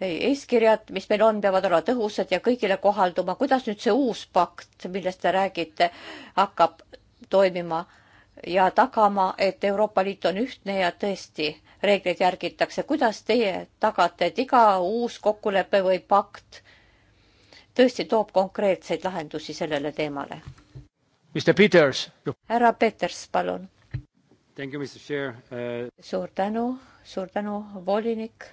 eeskirjad, mis meil on, peavad olema tõhusad ja kõigile kohalduma. kuidas nüüd see uus pakt, millest te räägite, hakkab toimima ja tagama, et Euroopa Liit on ühtne ja tõesti reegleid järgitakse. kuidas teie tagate, et iga uus kokkulepe või pakt tõesti toob konkreetseid lahendusi sellele teemale? härra Peters, palun. Uh... suur tänu, suur tänu, volinik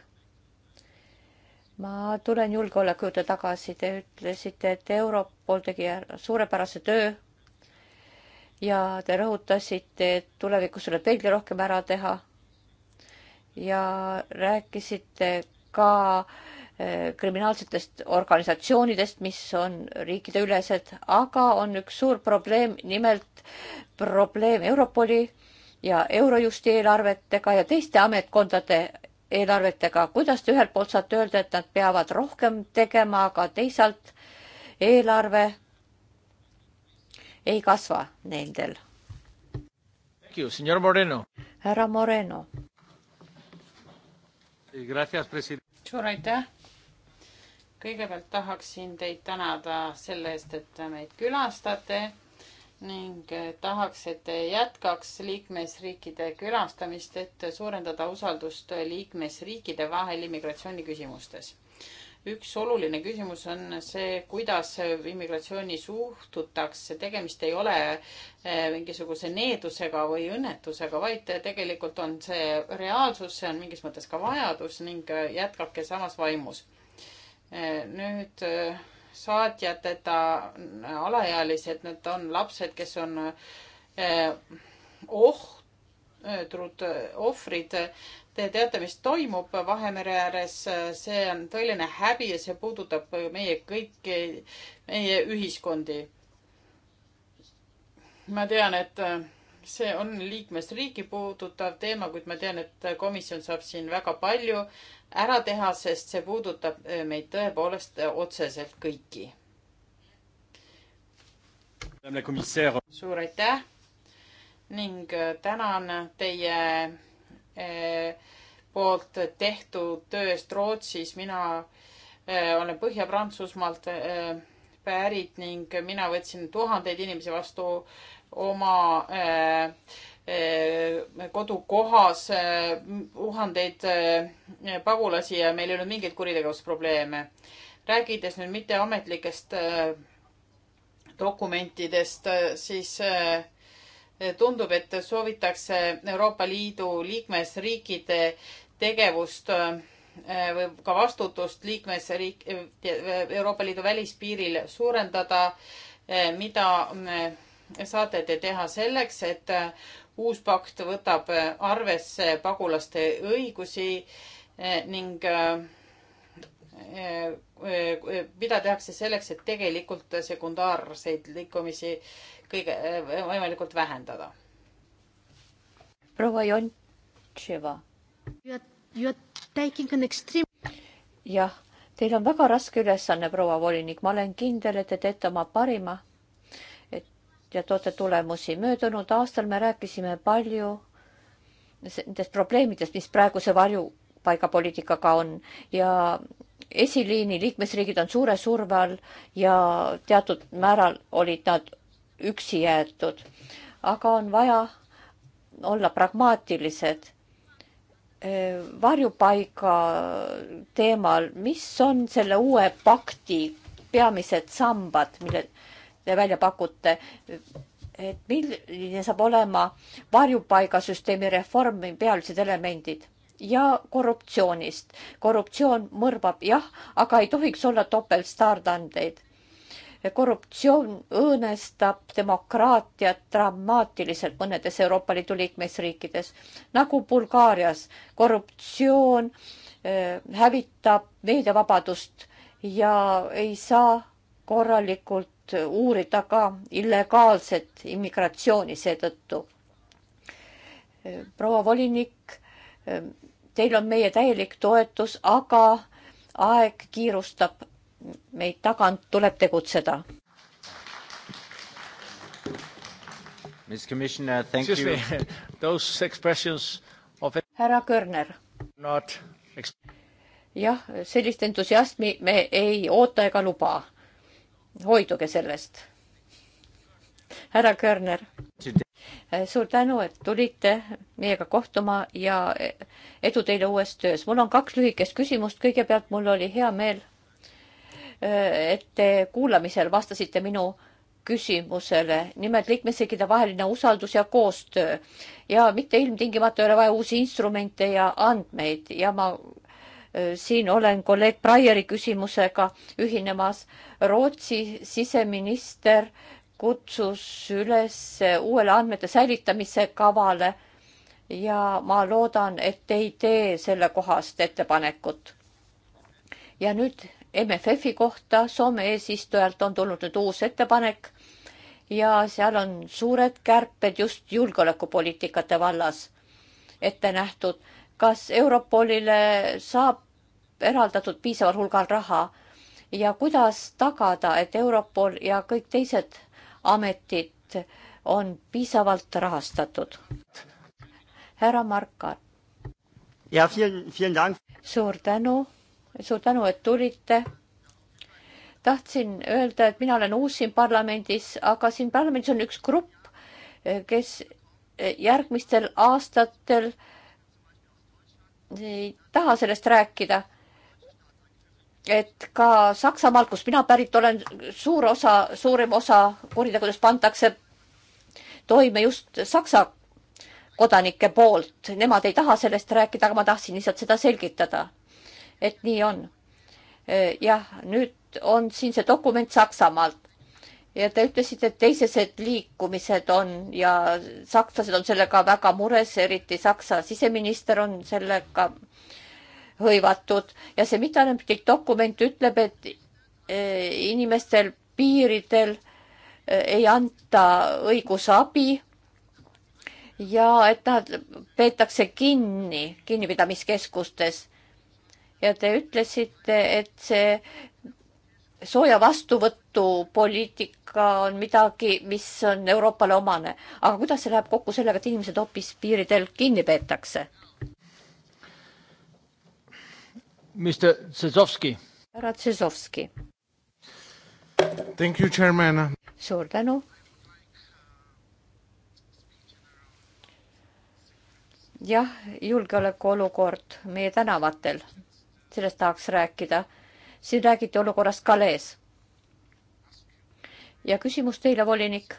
ma tulen julgeoleku juurde tagasi, te ütlesite, et Europol tegi suurepärase töö ja te rõhutasite, et tulevikus tuleb veelgi rohkem ära teha. ja rääkisite ka eh, kriminaalsetest organisatsioonidest, mis on riikideülesed, aga on üks suur probleem, nimelt probleem Europoli ja Eurojusti eelarvetega ja teiste ametkondade eelarvetega, kuidas te ühelt poolt saate öelda, et nad peavad rohkem tegema, aga teisalt eelarve ei kasva nendel? härra Moreno. suur aitäh. kõigepealt tahaksin teid tänada selle eest, et meid külastate ning eh, tahaks, et jätkaks liikmesriikide külastamist, et suurendada usaldust liikmesriikide vahel immigratsiooniküsimustes. üks oluline küsimus on see, kuidas immigratsiooni suhtutakse, tegemist ei ole eh, mingisuguse needusega või õnnetusega, vaid tegelikult on see reaalsus, see on mingis mõttes ka vajadus ning eh, jätkake samas vaimus. nüüd saatjateta alaealised, need on lapsed, kes on eh, ohtrud, eh, ohvrid. Te teate, mis toimub Vahemere ääres, see on tõeline häbi ja see puudutab meie kõiki, meie ühiskondi. ma tean, et eh, see on liikmesriiki puudutav teema, kuid ma tean, et komisjon saab siin väga palju ära teha, sest see puudutab äh, meid tõepoolest äh, otseselt kõiki. suur aitäh ning äh, tänan teie poolt tehtud töö eest Rootsis. mina olen Põhja-Prantsusmaalt pärit ning mina võtsin tuhandeid inimesi vastu oma äh, Eh, kodukohas tuhandeid eh, eh, pagulasi ja meil ei olnud mingeid kuritegevusprobleeme. rääkides nüüd mitteametlikest dokumentidest, siis tundub, et soovitakse Euroopa Liidu liikmesriikide tegevust või ka vastutust liikmesriik, Euroopa Liidu välispiiril suurendada. mida mm, saate te teha selleks, et uus pakt võtab äh, arvesse pagulaste õigusi äh, ning äh, mida tehakse selleks, et tegelikult sekundaarseid liikumisi kõige võimalikult vähendada. proua Jontševa. jah, teil on väga raske ülesanne, proua volinik, ma olen kindel, et te teete oma parima ja toote tulemusi. möödunud aastal me rääkisime palju nendest probleemidest, mis praeguse varjupaigapoliitikaga on ja esiliini liikmesriigid on suure surve all ja teatud määral olid nad üksi jäetud. aga on vaja olla pragmaatilised varjupaiga teemal, mis on selle uue pakti peamised sambad, mille välja pakute, et milline saab olema varjupaigasüsteemi reformi pealised elemendid ja korruptsioonist. korruptsioon mõrvab jah, aga ei tohiks olla topeltstaardandeid. korruptsioon õõnestab demokraatiat dramaatiliselt mõnedes Euroopa Liidu liikmesriikides, nagu Bulgaarias. korruptsioon äh, hävitab meediavabadust ja ei saa korralikult uurida ka illegaalset immigratsiooni seetõttu. proua volinik, teil on meie täielik toetus, aga aeg kiirustab meid tagant, tuleb tegutseda. Miss Commissioner, thank Excuse you. Me. Those expressions of härra Körner. Not jah, sellist entusiasmi me ei oota ega luba hoiduge sellest. härra Körner, suur tänu, et tulite meiega kohtuma ja edu teile uues töös. mul on kaks lühikest küsimust. kõigepealt mul oli hea meel, et te kuulamisel vastasite minu küsimusele, nimelt liikmesriikide vaheline usaldus ja koostöö ja mitte ilmtingimata ei ole vaja uusi instrumente ja andmeid ja ma Äh, siin olen kolleeg Breieri küsimusega ühinemas. Rootsi siseminister kutsus üles uuele andmete säilitamise kavale ja ma loodan, et te ei tee sellekohast ettepanekut. ja nüüd MFF-i kohta Soome eesistujalt on tulnud nüüd uus ettepanek ja seal on suured kärped just julgeolekupoliitikate vallas ette nähtud kas Europolile saab eraldatud piisaval hulgal raha ja kuidas tagada, et Europol ja kõik teised ametid on piisavalt rahastatud? härra Markar. suur tänu, suur tänu, et tulite tahtsin öelda, et mina olen uus siin parlamendis, aga siin parlamendis on üks grupp, kes järgmistel aastatel äh, ei taha sellest rääkida. et ka Saksamaal, kust mina pärit olen, suur osa, suurem osa kuritegudest pandakse toime just Saksa kodanike poolt, nemad ei taha sellest rääkida, aga ma tahtsin lihtsalt seda selgitada. et nii on. jah, nüüd on siin see dokument Saksamaalt ja te ütlesite, et teised liikumised on ja sakslased on sellega väga mures, eriti Saksa siseminister on sellega hõivatud ja see mitteametlik dokument ütleb, et eh, inimestel piiridel eh, ei anta õigusabi ja et nad peetakse kinni kinnipidamiskeskustes. ja te ütlesite, et see sooja vastuvõtupoliitika on midagi, mis on Euroopale omane, aga kuidas see läheb kokku sellega, et inimesed hoopis piiridel kinni peetakse? Mr Tsesovski. härra Tsesovski. Thank you, chairman. suur tänu. jah, julgeolekuolukord meie tänavatel, sellest tahaks rääkida siin räägiti olukorrast Kalees. ja küsimus teile, volinik.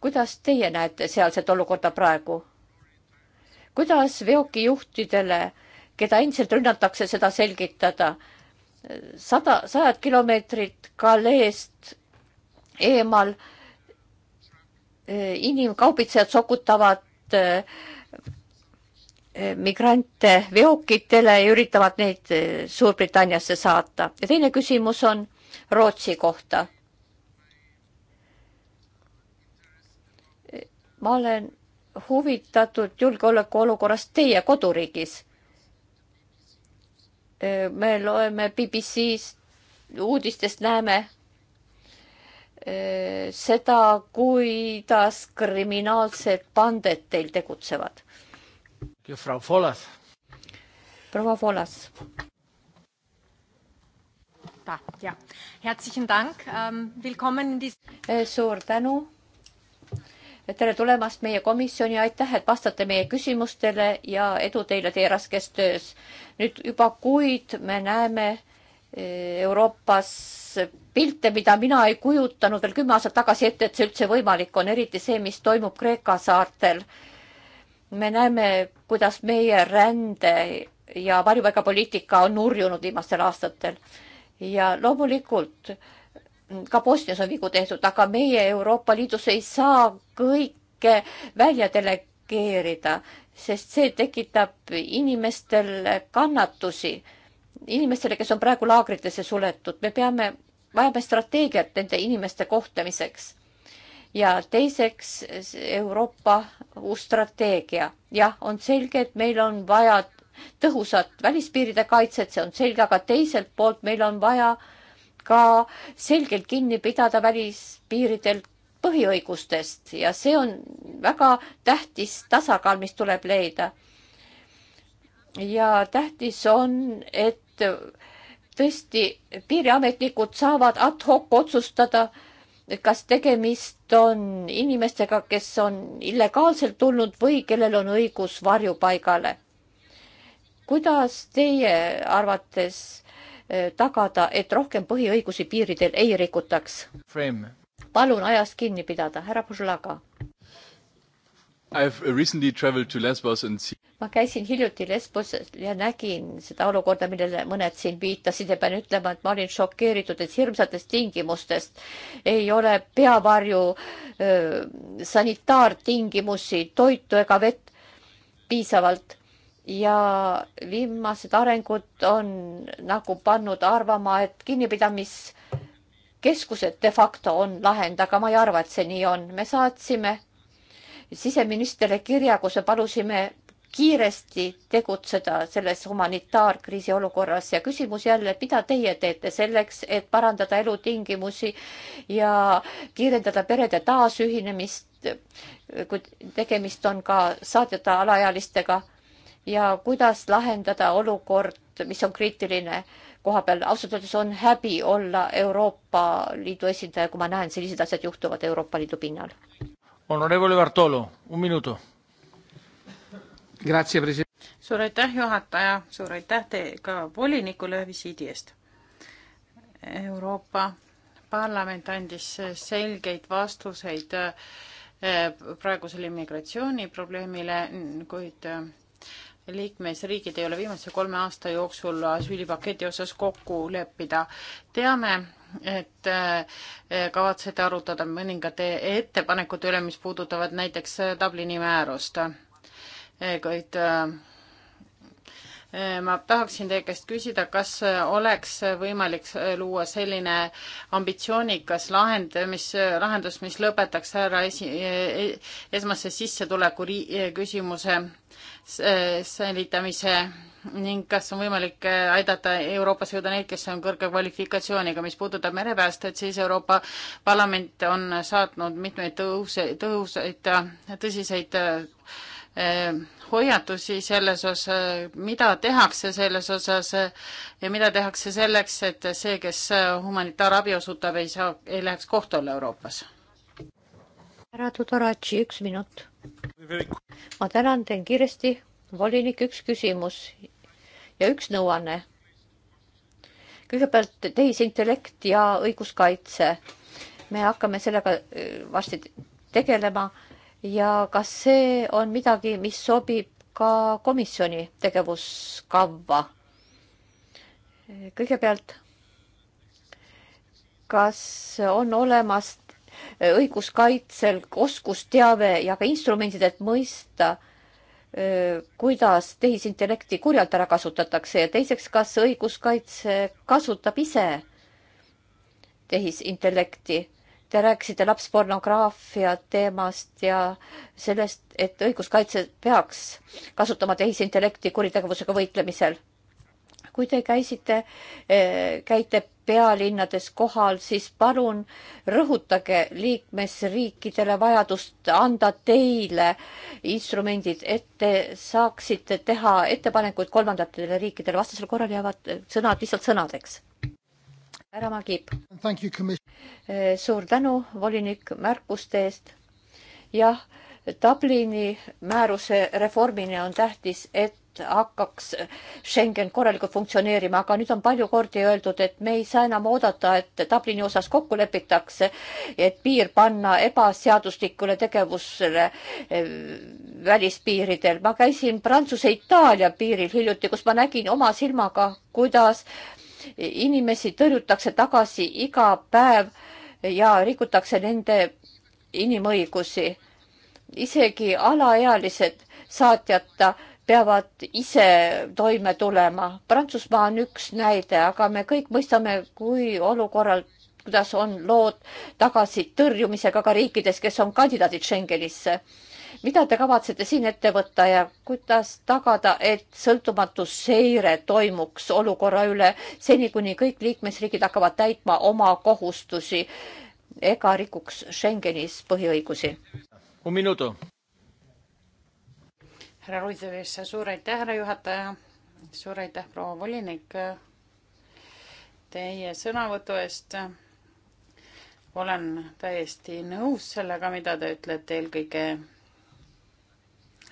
kuidas teie näete sealset olukorda praegu? kuidas veokijuhtidele, keda endiselt rünnatakse, seda selgitada? sada, sajad kilomeetrid Kaleest eemal eh, inimkaubitsejad sokutavad äh, Eh, migrante veokitele ja üritavad neid eh, Suurbritanniasse saata. ja teine küsimus on Rootsi kohta. Eh, ma olen huvitatud julgeolekuolukorrast teie koduriigis. me loeme BBC-st, uudistest näeme seda, kuidas kriminaalsed panded teil tegutsevad Frau Volas. proua Volas. ja, herzlichen Dank ähm,, willkommen in this. Äh, suur tänu. tere tulemast meie komisjoni, aitäh, et vastate meie küsimustele ja edu teile teie raskes töös. nüüd juba kuid me näeme äh, Euroopas pilte, mida mina ei kujutanud veel kümme aastat tagasi ette, et see üldse võimalik on, eriti see, mis toimub Kreeka saartel me näeme, kuidas meie rände ja varjupaigapoliitika on nurjunud viimastel aastatel ja loomulikult mm, ka Bosnias on vigu tehtud, aga meie Euroopa Liidus ei saa kõike välja delegeerida, sest see tekitab inimestele kannatusi, inimestele, kes on praegu laagritesse suletud, me peame, vajame strateegiat nende inimeste kohtlemiseks ja teiseks Euroopa uus strateegia. jah, on selge, et meil on vaja tõhusat välispiiride kaitset, see on selge, aga teiselt poolt meil on vaja ka selgelt kinni pidada välispiiridel põhiõigustest ja see on väga tähtis tasakaal, mis tuleb leida. ja tähtis on, et tõesti piiriametnikud saavad ad hoc otsustada äh, kas tegemist on inimestega, kes on illegaalselt tulnud või kellel on õigus varjupaigale. kuidas teie arvates eh, tagada, et rohkem põhiõigusi piiridel ei rikutaks? palun ajast kinni pidada, härra Pušlaga ma käisin hiljuti Lesboses ja nägin seda olukorda, millele mõned siin viitasid ja pean ütlema, et ma olin šokeeritud, et hirmsatest tingimustest ei ole peavarju äh,, sanitaartingimusi, toitu ega vett piisavalt. ja viimased arengud on nagu pannud arvama, et kinnipidamis keskused de facto on lahend, aga ma ei arva, et see nii on. me saatsime siseministrile kirja, kus me palusime kiiresti tegutseda selles humanitaarkriisi olukorras ja küsimus jälle, mida teie teete selleks, et parandada elutingimusi ja kiirendada perede taasühinemist, kui tegemist on ka saatjata alaealistega ja kuidas lahendada olukord, mis on kriitiline koha peal. ausalt öeldes on häbi olla Euroopa Liidu esindaja, kui ma näen, sellised asjad juhtuvad Euroopa Liidu pinnal onorevole Bartolo, un minuto. suur aitäh, juhataja, suur aitäh te ka volinikule visiidi eest. Euroopa Parlament andis selgeid vastuseid eh, praegusele immigratsiooniprobleemile, kuid eh, liikmesriigid ei ole viimase kolme aasta jooksul asüülipaketi osas kokku leppida. teame, et eh, kavatsete arutada mõningate ettepanekute üle, mis puudutavad näiteks eh, Dublini määrust. Eh, kuid ma tahaksin teie käest küsida, kas oleks võimalik luua selline ambitsioonikas lahend, mis, lahendus, mis lõpetaks ära esi, esmase sissetuleku küsimuse säilitamise ning kas on võimalik äh, aidata Euroopas jõuda neid, kes on kõrge kvalifikatsiooniga. mis puudutab merepäästet, siis Euroopa Parlament on saatnud mitmeid tõuse, tõhusaid, tõsiseid äh, hoiatusi selles osas, mida tehakse selles osas ja mida tehakse selleks, et see, kes humanitaarabi osutab, ei saa, ei läheks kohtu alla Euroopas? härra Tudoratši, üks minut. ma tänan, teen kiiresti volinik, üks küsimus ja üks nõuanne. kõigepealt tehisintellekt ja õiguskaitse. me hakkame sellega äh, varsti tegelema ja kas see on midagi, mis sobib ka komisjoni tegevuskavva? kõigepealt, kas on olemas õiguskaitsel oskusteave ja ka instrumendid, et mõista kuidas tehisintellekti kurjalt ära kasutatakse ja teiseks, kas õiguskaitse kasutab ise tehisintellekti. Te rääkisite lapspornograafia teemast ja sellest, et õiguskaitse peaks kasutama tehisintellekti kuritegevusega võitlemisel kui te käisite, eh, käite pealinnades kohal, siis palun rõhutage liikmesriikidele vajadust anda teile instrumendid, et te saaksite teha ettepanekuid kolmandatele riikidele, vastasel korral jäävad sõnad lihtsalt sõnadeks. härra Magib. Eh, suur tänu, volinik, märkuste eest. jah, Dublini määruse reformine on tähtis, et hakkaks Schengen korralikult funktsioneerima, aga nüüd on palju kordi öeldud, et me ei saa enam oodata, et Dublini osas kokku lepitakse, et piir panna ebaseaduslikule tegevusele eh, välispiiridel. ma käisin Prantsuse-Itaalia piiril hiljuti, kus ma nägin oma silmaga, kuidas inimesi tõrjutakse tagasi iga päev ja rikutakse nende inimõigusi. isegi alaealised saatjata äh, peavad ise toime tulema. Prantsusmaa on üks näide, aga me kõik mõistame, kui olukorral, kuidas on lood tagasitõrjumisega ka riikides, kes on kandidaadid Schengenisse. mida te kavatsete siin ette võtta ja kuidas tagada, et sõltumatu seire toimuks olukorra üle seni, kuni kõik liikmesriigid hakkavad täitma oma kohustusi ega rikuks Schengenis põhiõigusi? Un minuto härra Ruiselisse, suur aitäh, härra juhataja, suur aitäh, proua volinik, teie sõnavõtu eest. olen täiesti nõus sellega, mida te ütlete, eelkõige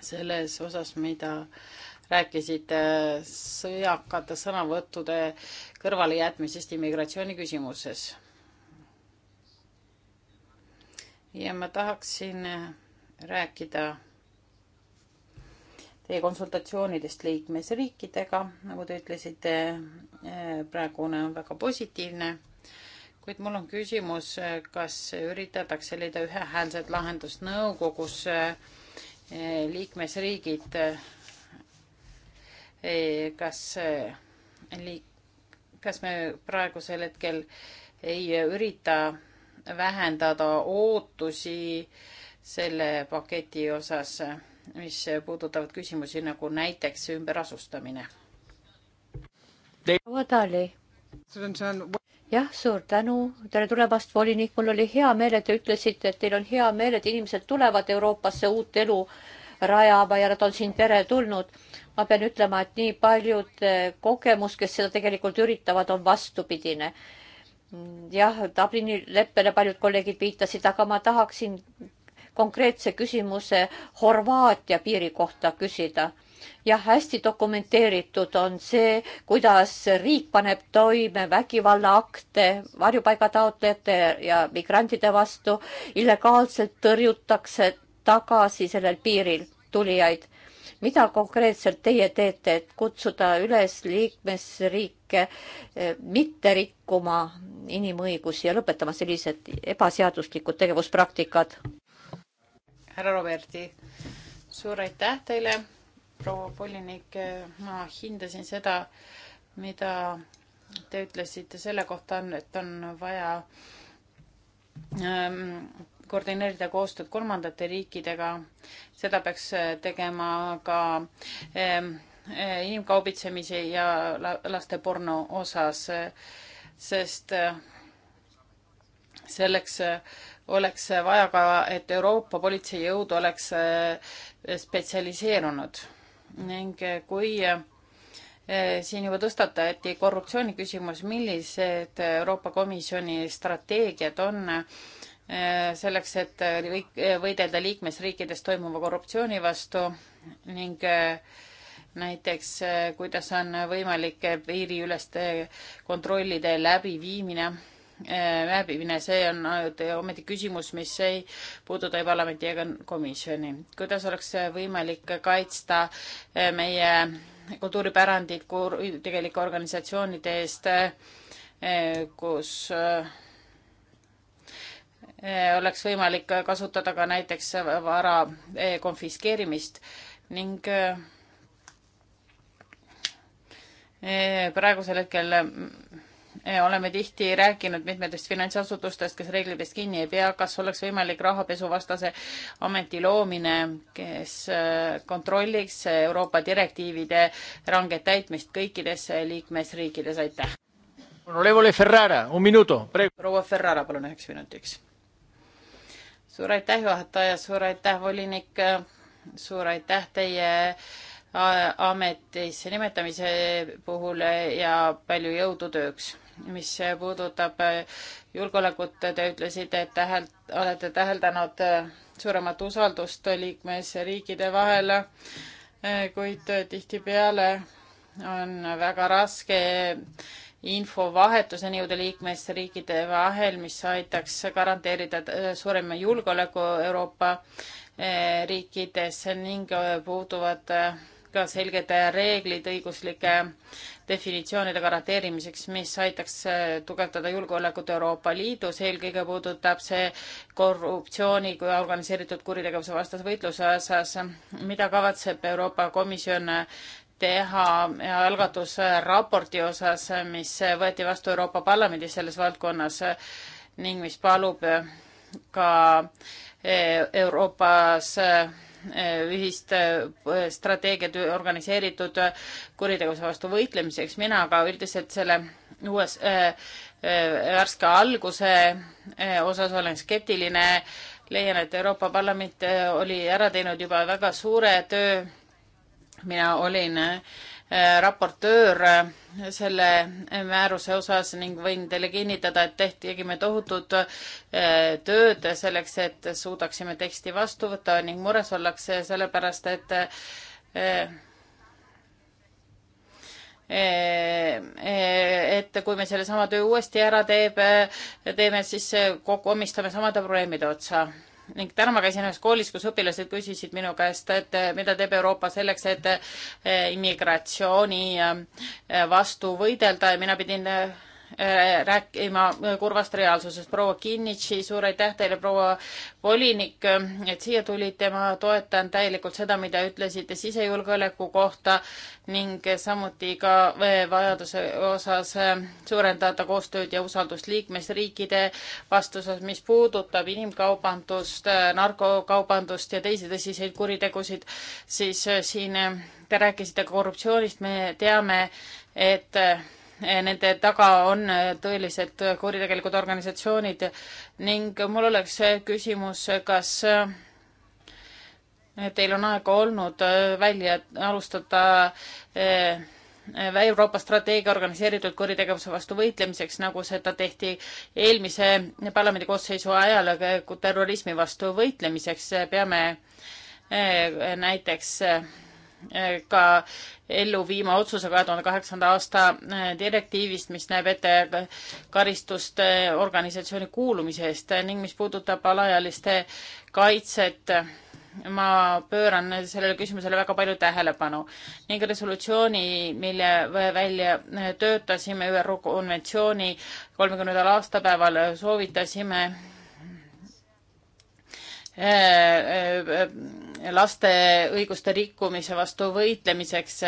selles osas, mida rääkisite sõjakate sõnavõttude kõrvalejätmisest immigratsiooni küsimuses. ja ma tahaksin rääkida teie konsultatsioonidest liikmesriikidega, nagu te ütlesite, eh, praegune on väga positiivne, kuid mul on küsimus, kas üritatakse leida ühehäälset lahendust nõukogus eh, liikmesriigid, eh, kas liik-, kas me praegusel hetkel ei ürita vähendada ootusi selle paketi osas mis puudutavad küsimusi nagu näiteks ümberasustamine. Odali. jah, suur tänu, tere tulemast, volinik, mul oli hea meel, et te ütlesite, et teil on hea meel, et inimesed tulevad Euroopasse uut elu rajama ja nad on siin teretulnud. ma pean ütlema, et nii paljud eh, kogemus, kes seda tegelikult üritavad, on vastupidine mm, jah, Dublini leppele paljud kolleegid viitasid, aga ma tahaksin konkreetse küsimuse Horvaatia piiri kohta küsida. jah, hästi dokumenteeritud on see, kuidas riik paneb toime vägivallaakte varjupaigataotlejate ja migrantide vastu, illegaalselt tõrjutakse tagasi sellel piiril tulijaid mida konkreetselt teie teete, et kutsuda üles liikmesriike eh, mitte rikkuma inimõigusi ja lõpetama sellised ebaseaduslikud tegevuspraktikad? härra Roberti. suur aitäh teile, proua volinik, ma hindasin seda, mida te ütlesite selle kohta, et on vaja ähm, koordineerida koostööd kolmandate riikidega. seda peaks tegema ka ähm, äh, inimkaubitsemise ja laste porno osas, sest äh, selleks oleks vaja ka, et Euroopa politseijõud oleks eh, spetsialiseerunud ning eh, kui eh, siin juba tõstatati korruptsiooni küsimus, millised Euroopa Komisjoni strateegiad on selleks, et võidelda liikmesriikides toimuva korruptsiooni vastu ning näiteks kuidas on võimalik piiriüleste kontrollide läbiviimine Äh, läbimine, see on ometi küsimus, mis ei puuduta ei parlamenti ega komisjoni. kuidas oleks võimalik kaitsta äh, meie kultuuripärandit tegelike organisatsioonide eest, äh, kus oleks võimalik kasutada ka näiteks vara konfiskeerimist ning praegusel hetkel oleme tihti rääkinud mitmetest finantsasutustest, kes reeglitest kinni ei pea, kas oleks võimalik rahapesuvastase ameti loomine, kes äh, kontrolliks Euroopa direktiivide ranget täitmist kõikides liikmesriikides, aitäh. proua Ferrara, palun üheks minutiks. suur aitäh, juhataja, suur aitäh, volinik, suur aitäh teie äh, ametisse nimetamise puhul ja palju jõudu tööks mis puudutab eh, julgeolekut, te ütlesite, et tähel-, olete täheldanud eh, suuremat usaldust liikmesriikide vahel, eh, kuid tihtipeale on väga raske infovahetuseni jõuda liikmesriikide vahel, mis aitaks garanteerida suurema julgeoleku Euroopa riikides ning puuduvad ka selged reeglid õiguslike definitsioonide garanteerimiseks, mis aitaks äh, tugevdada julgeolekut Euroopa Liidus, eelkõige puudutab see korruptsiooni kui organiseeritud kuritegevuse vastase võitluse osas. mida kavatseb Euroopa Komisjon äh, teha algatusraporti osas, mis võeti vastu Euroopa Parlamendis selles valdkonnas äh, ning mis palub ka Euroopas Eh, ühist eh, strateegiat organiseeritud kuritegevuse vastu võitlemiseks. mina aga üldiselt selle uues eh, värske alguse osas olen skeptiline. leian, et Euroopa Parlament oli ära teinud juba väga suure töö. mina olin äh, Äh, raportöör äh, selle äh, määruse osas ning võin teile kinnitada, et tehti, tegime tohutut tööd selleks, et suudaksime teksti vastu võtta ning mures ollakse sellepärast, et et kui me sellesama töö uuesti ära teeb, teeme, siis kokku omistame samade probleemide otsa ning täna ma käisin ühes koolis, kus õpilased küsisid minu käest, et mida teeb Euroopa selleks, et eh, immigratsiooni eh, vastu võidelda ja mina pidin eh, Äh, rääkima kurvast reaalsusest. proua Kinnitši, suur aitäh teile, proua volinik, et siia tulite. ma toetan täielikult seda, mida ütlesite sisejulgeoleku kohta ning samuti ka äh, vajaduse osas äh, suurendada koostööd ja usaldust liikmesriikide vastuses, mis puudutab inimkaubandust, narkokaubandust ja teisi tõsiseid kuritegusid, siis siin te rääkisite korruptsioonist, me teame, et nende taga on tõelised kuritegelikud organisatsioonid ning mul oleks küsimus, kas teil on aega olnud välja alustada eh, Euroopa strateegia organiseeritud kuritegevuse vastu võitlemiseks, nagu seda tehti eelmise parlamendi koosseisu ajal terrorismi vastu võitlemiseks, peame eh, näiteks Eh, ka ellu viima otsuse kahe tuhande kaheksanda aasta eh, direktiivist, mis näeb ette karistust eh, organisatsiooni kuulumise eest ning mis puudutab alaealiste kaitset, ma pööran sellele küsimusele väga palju tähelepanu ning resolutsiooni, mille välja töötasime ÜRO konventsiooni kolmekümnendal aastapäeval, soovitasime Äh, äh, laste õiguste rikkumise vastu võitlemiseks,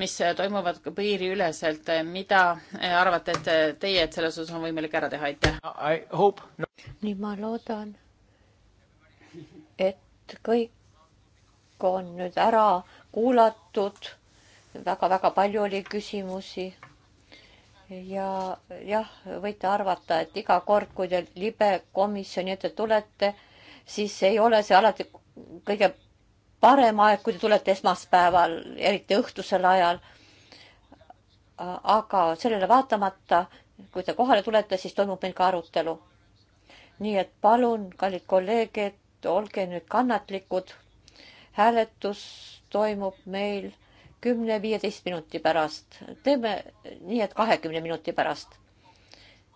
mis toimuvad piiriüleselt. mida arvate, et teie, et selles osas on võimalik ära teha, aitäh? No. nii, ma loodan, et kõik on nüüd ära kuulatud väga,. väga-väga palju oli küsimusi ja jah, võite arvata, et iga kord, kui te libe komisjoni ette tulete, siis ei ole see alati kõige parem aeg, kui te tulete esmaspäeval, eriti õhtusel ajal. aga sellele vaatamata, kui te kohale tulete, siis toimub meil ka arutelu. nii et palun, kallid kolleegid, olge nüüd kannatlikud. hääletus toimub meil kümne-viieteist minuti pärast, teeme nii, et kahekümne minuti pärast,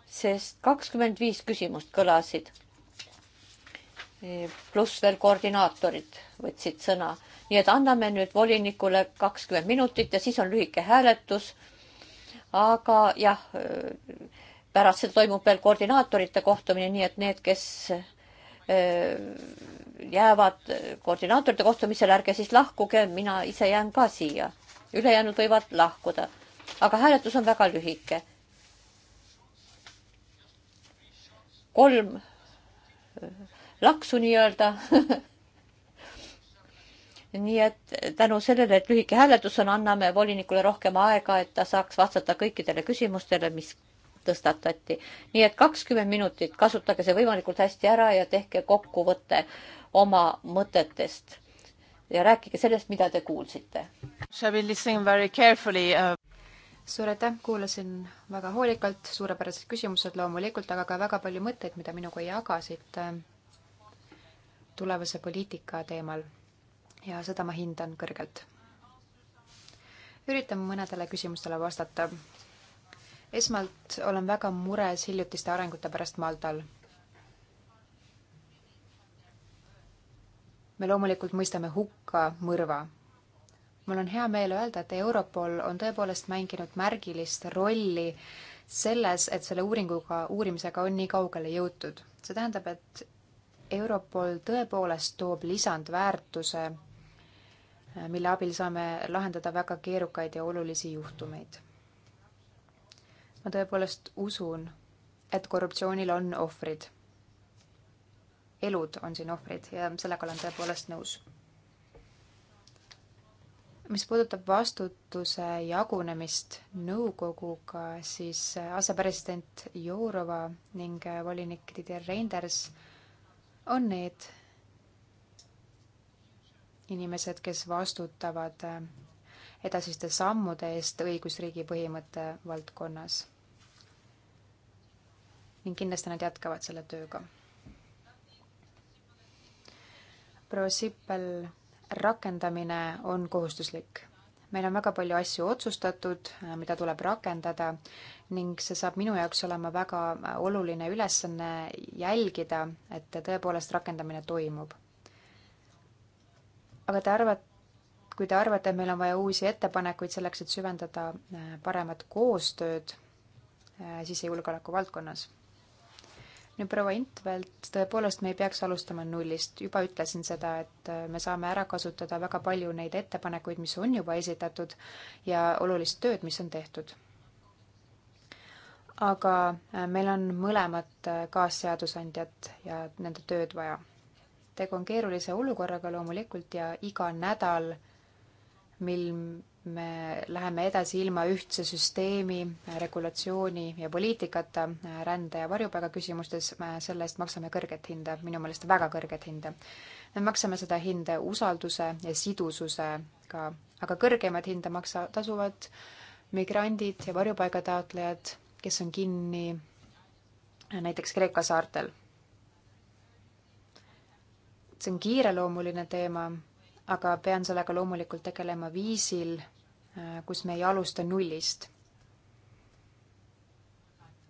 sest kakskümmend viis küsimust kõlasid pluss veel koordinaatorid võtsid sõna. nii et anname nüüd volinikule kakskümmend minutit ja siis on lühike hääletus. aga jah, pärast seda toimub veel koordinaatorite kohtumine, nii et need, kes eh, jäävad koordinaatorite kohtumisel, ärge siis lahkuge, mina ise jään ka siia. ülejäänud võivad lahkuda. aga hääletus on väga lühike. kolm laksu nii-öelda nii et tänu sellele, et lühike hääletus on, anname volinikule rohkem aega, et ta saaks vastata kõikidele küsimustele, mis tõstatati. nii et kakskümmend minutit, kasutage see võimalikult hästi ära ja tehke kokkuvõte oma mõtetest. ja rääkige sellest, mida te kuulsite. Uh, suur aitäh, kuulasin väga hoolikalt, suurepärased küsimused loomulikult, aga ka väga palju mõtteid, mida minuga jagasite tulevase poliitika teemal ja seda ma hindan kõrgelt. üritan mõnedele küsimustele vastata. esmalt olen väga mures hiljutiste arengute pärast Maltal. me loomulikult mõistame hukka mõrva mul on hea meel öelda, et Europol on tõepoolest mänginud märgilist rolli selles, et selle uuringuga, uurimisega on nii kaugele jõutud. see tähendab, et Europol tõepoolest toob lisandväärtuse, mille abil saame lahendada väga keerukaid ja olulisi juhtumeid. ma tõepoolest usun, et korruptsioonil on ohvrid. elud on siin ohvrid ja sellega olen tõepoolest nõus. mis puudutab vastutuse jagunemist nõukoguga, siis asepresident Jourova ning volinik Didier Reinders on need inimesed, kes vastutavad äh, edasiste sammude eest õigusriigi põhimõtte valdkonnas. ning kindlasti nad jätkavad selle tööga. proua Sippel, rakendamine on kohustuslik meil on väga palju asju otsustatud, äh, mida tuleb rakendada ning see saab minu jaoks olema väga äh, oluline ülesanne jälgida, et tõepoolest rakendamine toimub. aga te arvate, kui te arvate, et meil on vaja uusi ettepanekuid selleks, et süvendada äh, paremat koostööd sisejulgeoleku valdkonnas nüüd proua Intvelt, tõepoolest me ei peaks alustama nullist, juba ütlesin seda, et äh, me saame ära kasutada väga palju neid ettepanekuid, mis on juba esitatud ja olulist tööd, mis on tehtud. aga äh, meil on mõlemad äh, kaasseadusandjad ja nende tööd vaja. tegu on keerulise olukorraga loomulikult ja iga nädal, mil me läheme edasi ilma ühtse süsteemi, regulatsiooni ja poliitikata rände- ja varjupaiga küsimustes, selle eest maksame kõrget hinda, minu meelest väga kõrget hinda. me maksame seda hinda usalduse ja sidususega, aga kõrgemat hinda maksa-, tasuvad migrandid ja varjupaigataotlejad, kes on kinni näiteks Kreeka saartel. see on kiireloomuline teema aga pean sellega loomulikult tegelema viisil, Äh, kus me ei alusta nullist.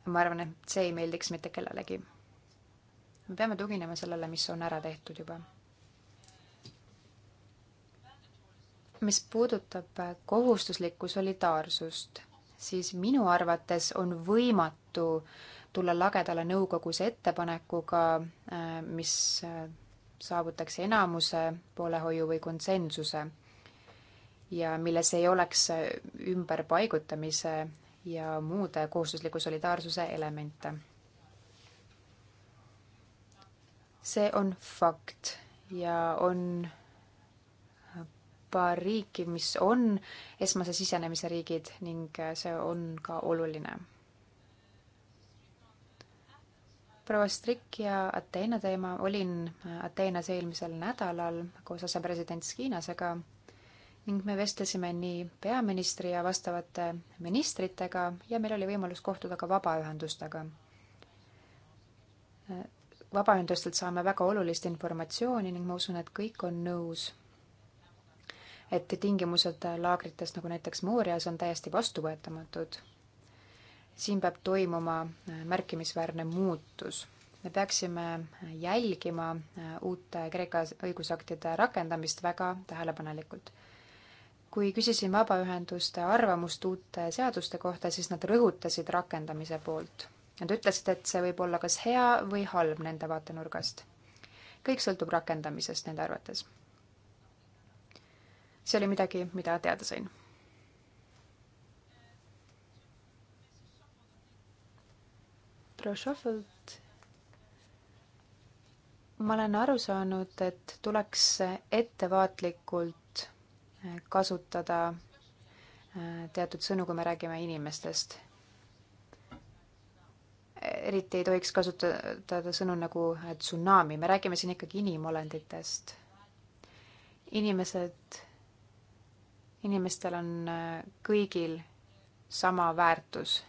ma arvan, et see ei meeldiks mitte kellelegi. me peame tuginema sellele, mis on ära tehtud juba. mis puudutab äh, kohustuslikku solidaarsust, siis minu arvates on võimatu tulla lagedale nõukogus ettepanekuga, äh, mis saavutaks enamuse poolehoiu või konsensuse ja milles ei oleks ümberpaigutamise ja muude kohustusliku solidaarsuse elemente. see on fakt ja on paar riiki, mis on esmase sisenemise riigid ning see on ka oluline. proua Strik ja Ateena teema, olin Ateenas eelmisel nädalal koos asepresident Skiinasega ning me vestlesime nii peaministri ja vastavate ministritega ja meil oli võimalus kohtuda ka vabaühendustega. vabaühendustelt saame väga olulist informatsiooni ning ma usun, et kõik on nõus, et tingimused laagrites, nagu näiteks Muurias, on täiesti vastuvõetamatud. siin peab toimuma märkimisväärne muutus me peaksime jälgima uute Kreeka õigusaktide rakendamist väga tähelepanelikult kui küsisin vabaühenduste arvamust uute seaduste kohta, siis nad rõhutasid rakendamise poolt. Nad ütlesid, et see võib olla kas hea või halb nende vaatenurgast. kõik sõltub rakendamisest nende arvates. see oli midagi, mida teada sain. Prošovõlt ma olen aru saanud, et tuleks ettevaatlikult kasutada äh, teatud sõnu, kui me räägime inimestest. eriti ei tohiks kasutada sõnu nagu äh, tsunami, me räägime siin ikkagi inimolenditest. inimesed, inimestel on äh, kõigil sama väärtus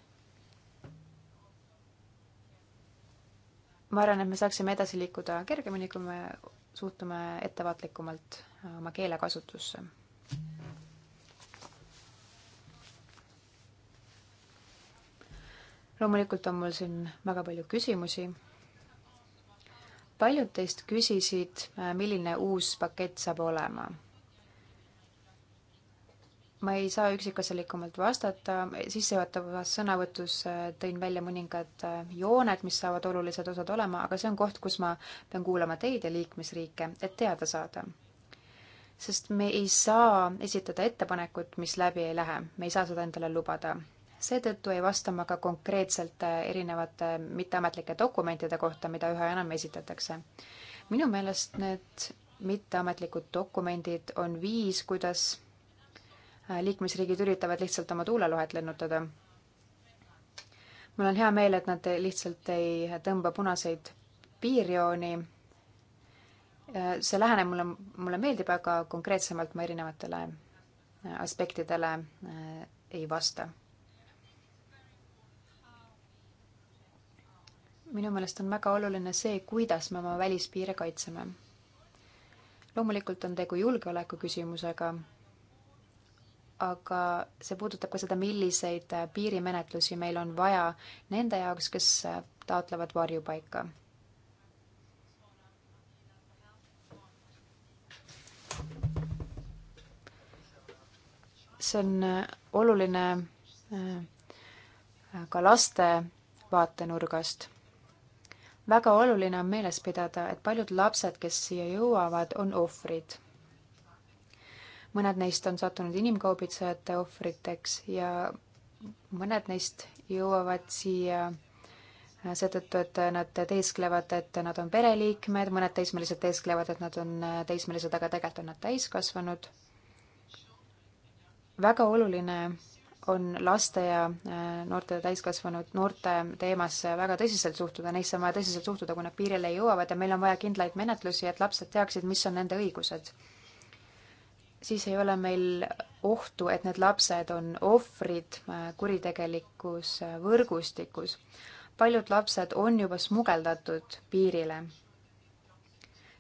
ma arvan, et me saaksime edasi liikuda kergemini, kui me suhtume ettevaatlikumalt oma keelekasutusse loomulikult on mul siin väga palju küsimusi. paljud teist küsisid, äh, milline uus pakett saab olema ma ei saa üksikasjalikumalt vastata, sissejuhatavas sõnavõtus äh, tõin välja mõningad äh, jooned, mis saavad olulised osad olema, aga see on koht, kus ma pean kuulama teid ja liikmesriike, et teada saada. sest me ei saa esitada ettepanekut, mis läbi ei lähe, me ei saa seda endale lubada seetõttu ei vasta ma ka konkreetselt äh, erinevate mitteametlike dokumentide kohta, mida üha enam esitatakse. minu meelest need mitteametlikud dokumendid on viis, kuidas äh, liikmesriigid üritavad lihtsalt oma tuulelohet lennutada. mul on hea meel, et nad lihtsalt ei tõmba punaseid piirjooni. Äh, see lähenemine mulle, mulle meeldib, aga konkreetsemalt ma erinevatele aspektidele ei vasta minu meelest on väga oluline see, kuidas me oma välispiire kaitseme. loomulikult on tegu julgeoleku küsimusega, aga see puudutab ka seda, milliseid piirimenetlusi meil on vaja nende jaoks, kes taotlevad varjupaika. see on oluline äh, ka laste vaatenurgast väga oluline on meeles pidada, et paljud lapsed, kes siia jõuavad, on ohvrid. mõned neist on sattunud inimkaubitsejate ohvriteks ja mõned neist jõuavad siia seetõttu, et nad teesklevad, et nad on pereliikmed, mõned teismelised teesklevad, et nad on teismelised, aga tegelikult on nad täiskasvanud. väga oluline on laste ja äh, noorte täiskasvanud noorte teemasse väga tõsiselt suhtuda, neisse on vaja tõsiselt suhtuda, kui nad piirile jõuavad ja meil on vaja kindlaid menetlusi, et lapsed teaksid, mis on nende õigused. siis ei ole meil ohtu, et need lapsed on ohvrid äh, kuritegelikus äh, võrgustikus. paljud lapsed on juba smugeldatud piirile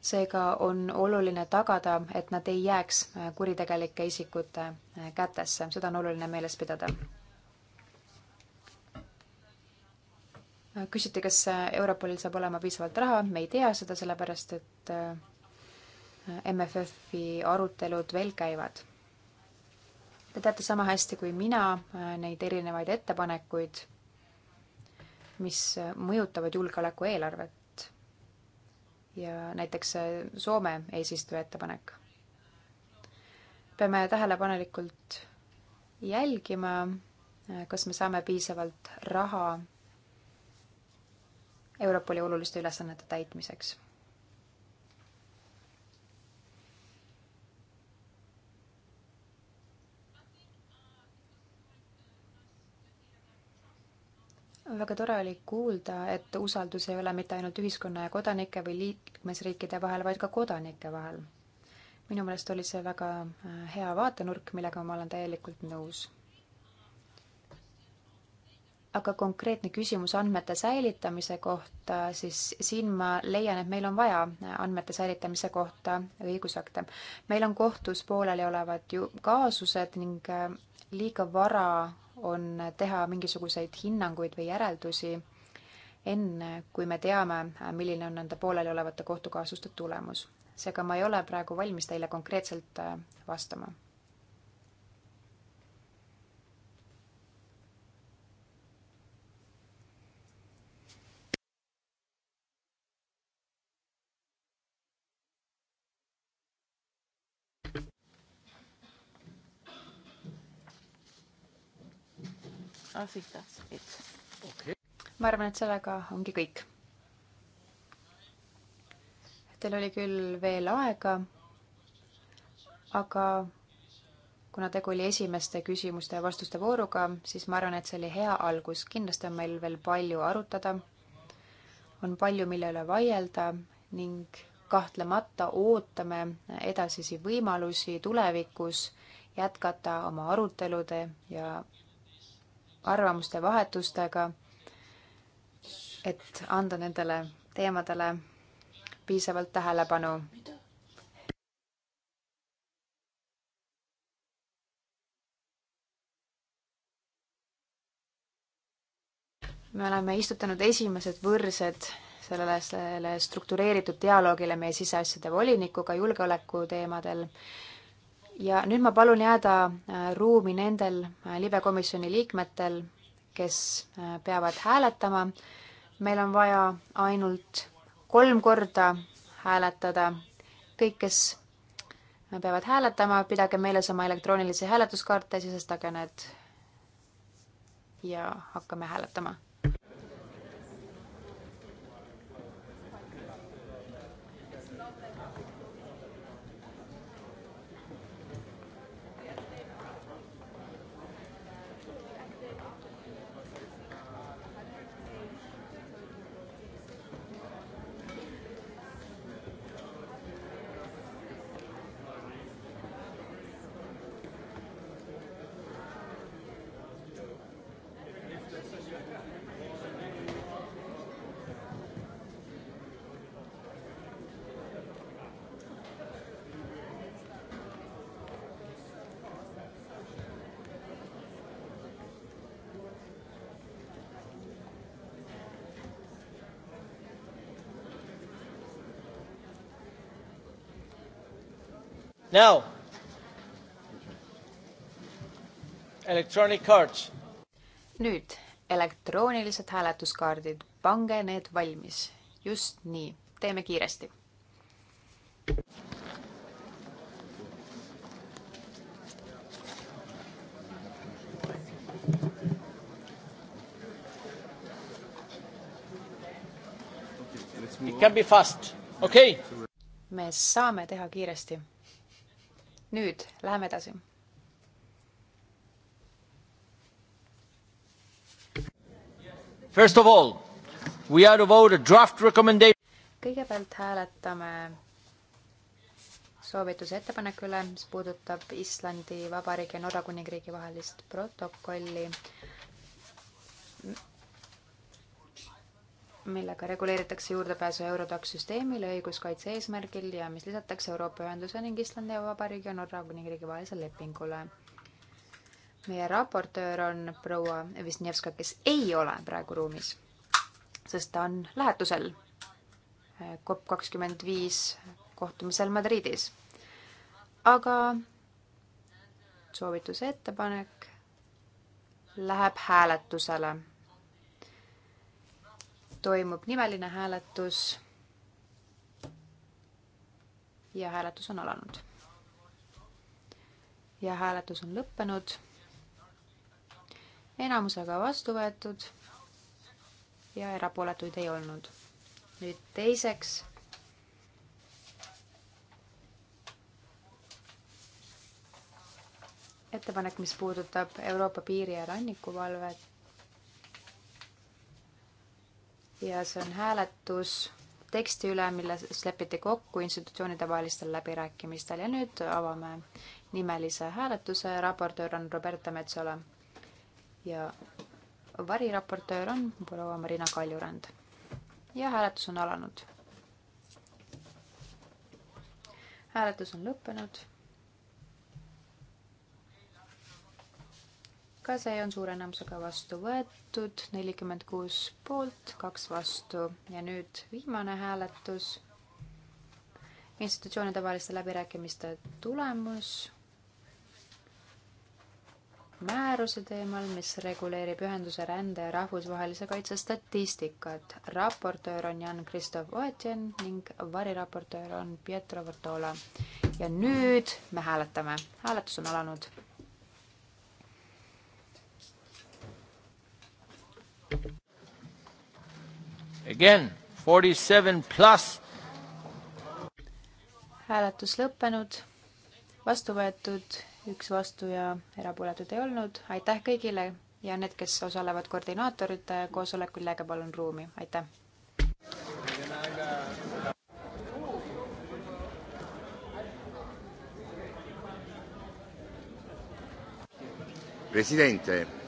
seega on oluline tagada, et nad ei jääks äh, kuritegelike isikute äh, kätesse, seda on oluline meeles pidada. Äh, küsiti, kas Europolil saab olema piisavalt raha, me ei tea seda, sellepärast et MFF-i arutelud veel käivad. Te teate sama hästi kui mina neid erinevaid ettepanekuid, mis mõjutavad julgeolekueelarvet ja näiteks äh, Soome eesistuja ettepanek. peame tähelepanelikult jälgima, äh, kas me saame piisavalt raha Europoli oluliste ülesannete täitmiseks. väga tore oli kuulda, et usaldus ei ole mitte ainult ühiskonna ja kodanike või liit, liikmesriikide vahel, vaid ka kodanike vahel. minu meelest oli see väga äh, hea vaatenurk, millega ma olen täielikult nõus. aga konkreetne küsimus andmete säilitamise kohta, siis siin ma leian, et meil on vaja äh, andmete säilitamise kohta õigusakte. meil on kohtus pooleliolevad ju kaasused ning äh, liiga vara on teha mingisuguseid hinnanguid või järeldusi enne kui me teame, milline on nende pooleliolevate kohtukaasuste tulemus. seega ma ei ole praegu valmis teile konkreetselt äh, vastama. I think that's it. Okay ma arvan, et sellega ongi kõik. Teil oli küll veel aega, aga kuna tegu oli esimeste küsimuste ja vastuste vooruga, siis ma arvan, et see oli hea algus. kindlasti on meil veel palju arutada, on palju, mille üle vaielda ning kahtlemata ootame edasisi võimalusi tulevikus jätkata oma arutelude ja arvamuste vahetustega et anda nendele teemadele piisavalt tähelepanu. me oleme istutanud esimesed võrsed sellele, sellele struktureeritud dialoogile meie siseasjade volinikuga julgeoleku teemadel ja nüüd ma palun jääda äh, ruumi nendel äh, libekomisjoni liikmetel, kes äh, peavad hääletama meil on vaja ainult kolm korda hääletada. kõik, kes peavad hääletama, pidage meeles oma elektroonilisi hääletuskaarte, sisestage need ja hakkame hääletama Now, electronic cards. nüüd elektroonilised hääletuskaardid, pange need valmis. just nii, teeme kiiresti. It can be fast, okei okay.. me saame teha kiiresti nüüd läheme edasi. First of all, we are to vote a draft recommendation. kõigepealt hääletame soovituse ettepaneku üle, mis puudutab Islandi Vabariigi ja Norra Kuningriigi vahelist protokolli millega reguleeritakse juurdepääsu Eurodax süsteemile õiguskaitse eesmärgil ja mis lisatakse Euroopa Ühenduse ning Islandi Vabariigi ja Norra Kuningriigi vahelisele lepingule. meie raportöör on proua Visnjevska, kes ei ole praegu ruumis, sest ta on lähetusel eh, COP kakskümmend viis kohtumisel Madridis. aga soovituse ettepanek läheb hääletusele toimub nimeline hääletus. ja hääletus on alanud. ja hääletus on lõppenud. enamusega vastu võetud ja erapooletuid ei olnud. nüüd teiseks ettepanek, mis puudutab Euroopa piiri- ja rannikuvalvet. ja see on hääletus teksti üle, milles lepiti kokku institutsioonide vahelistel läbirääkimistel ja nüüd avame nimelise hääletuse. raportöör on Roberta Metsola ja variraportöör on proua Marina Kaljurand. ja hääletus on alanud. hääletus on lõppenud ka see on suure enamusega vastu võetud, nelikümmend kuus poolt, kaks vastu ja nüüd viimane hääletus. institutsioonide vaheliste läbirääkimiste tulemus. määruse teemal, mis reguleerib ühenduse rände ja rahvusvahelise kaitse statistikat. raportöör on Jan-Kristof Oetjen ning variraportöör on Pietro Vartola. ja nüüd me hääletame. hääletus on alanud Again, forty-seven pluss. hääletus lõppenud, vastu võetud, üks vastu ja erapooletud ei olnud. aitäh kõigile ja need, kes osalevad koordinaatorite koosolekul, jääge palun ruumi, aitäh. Presidente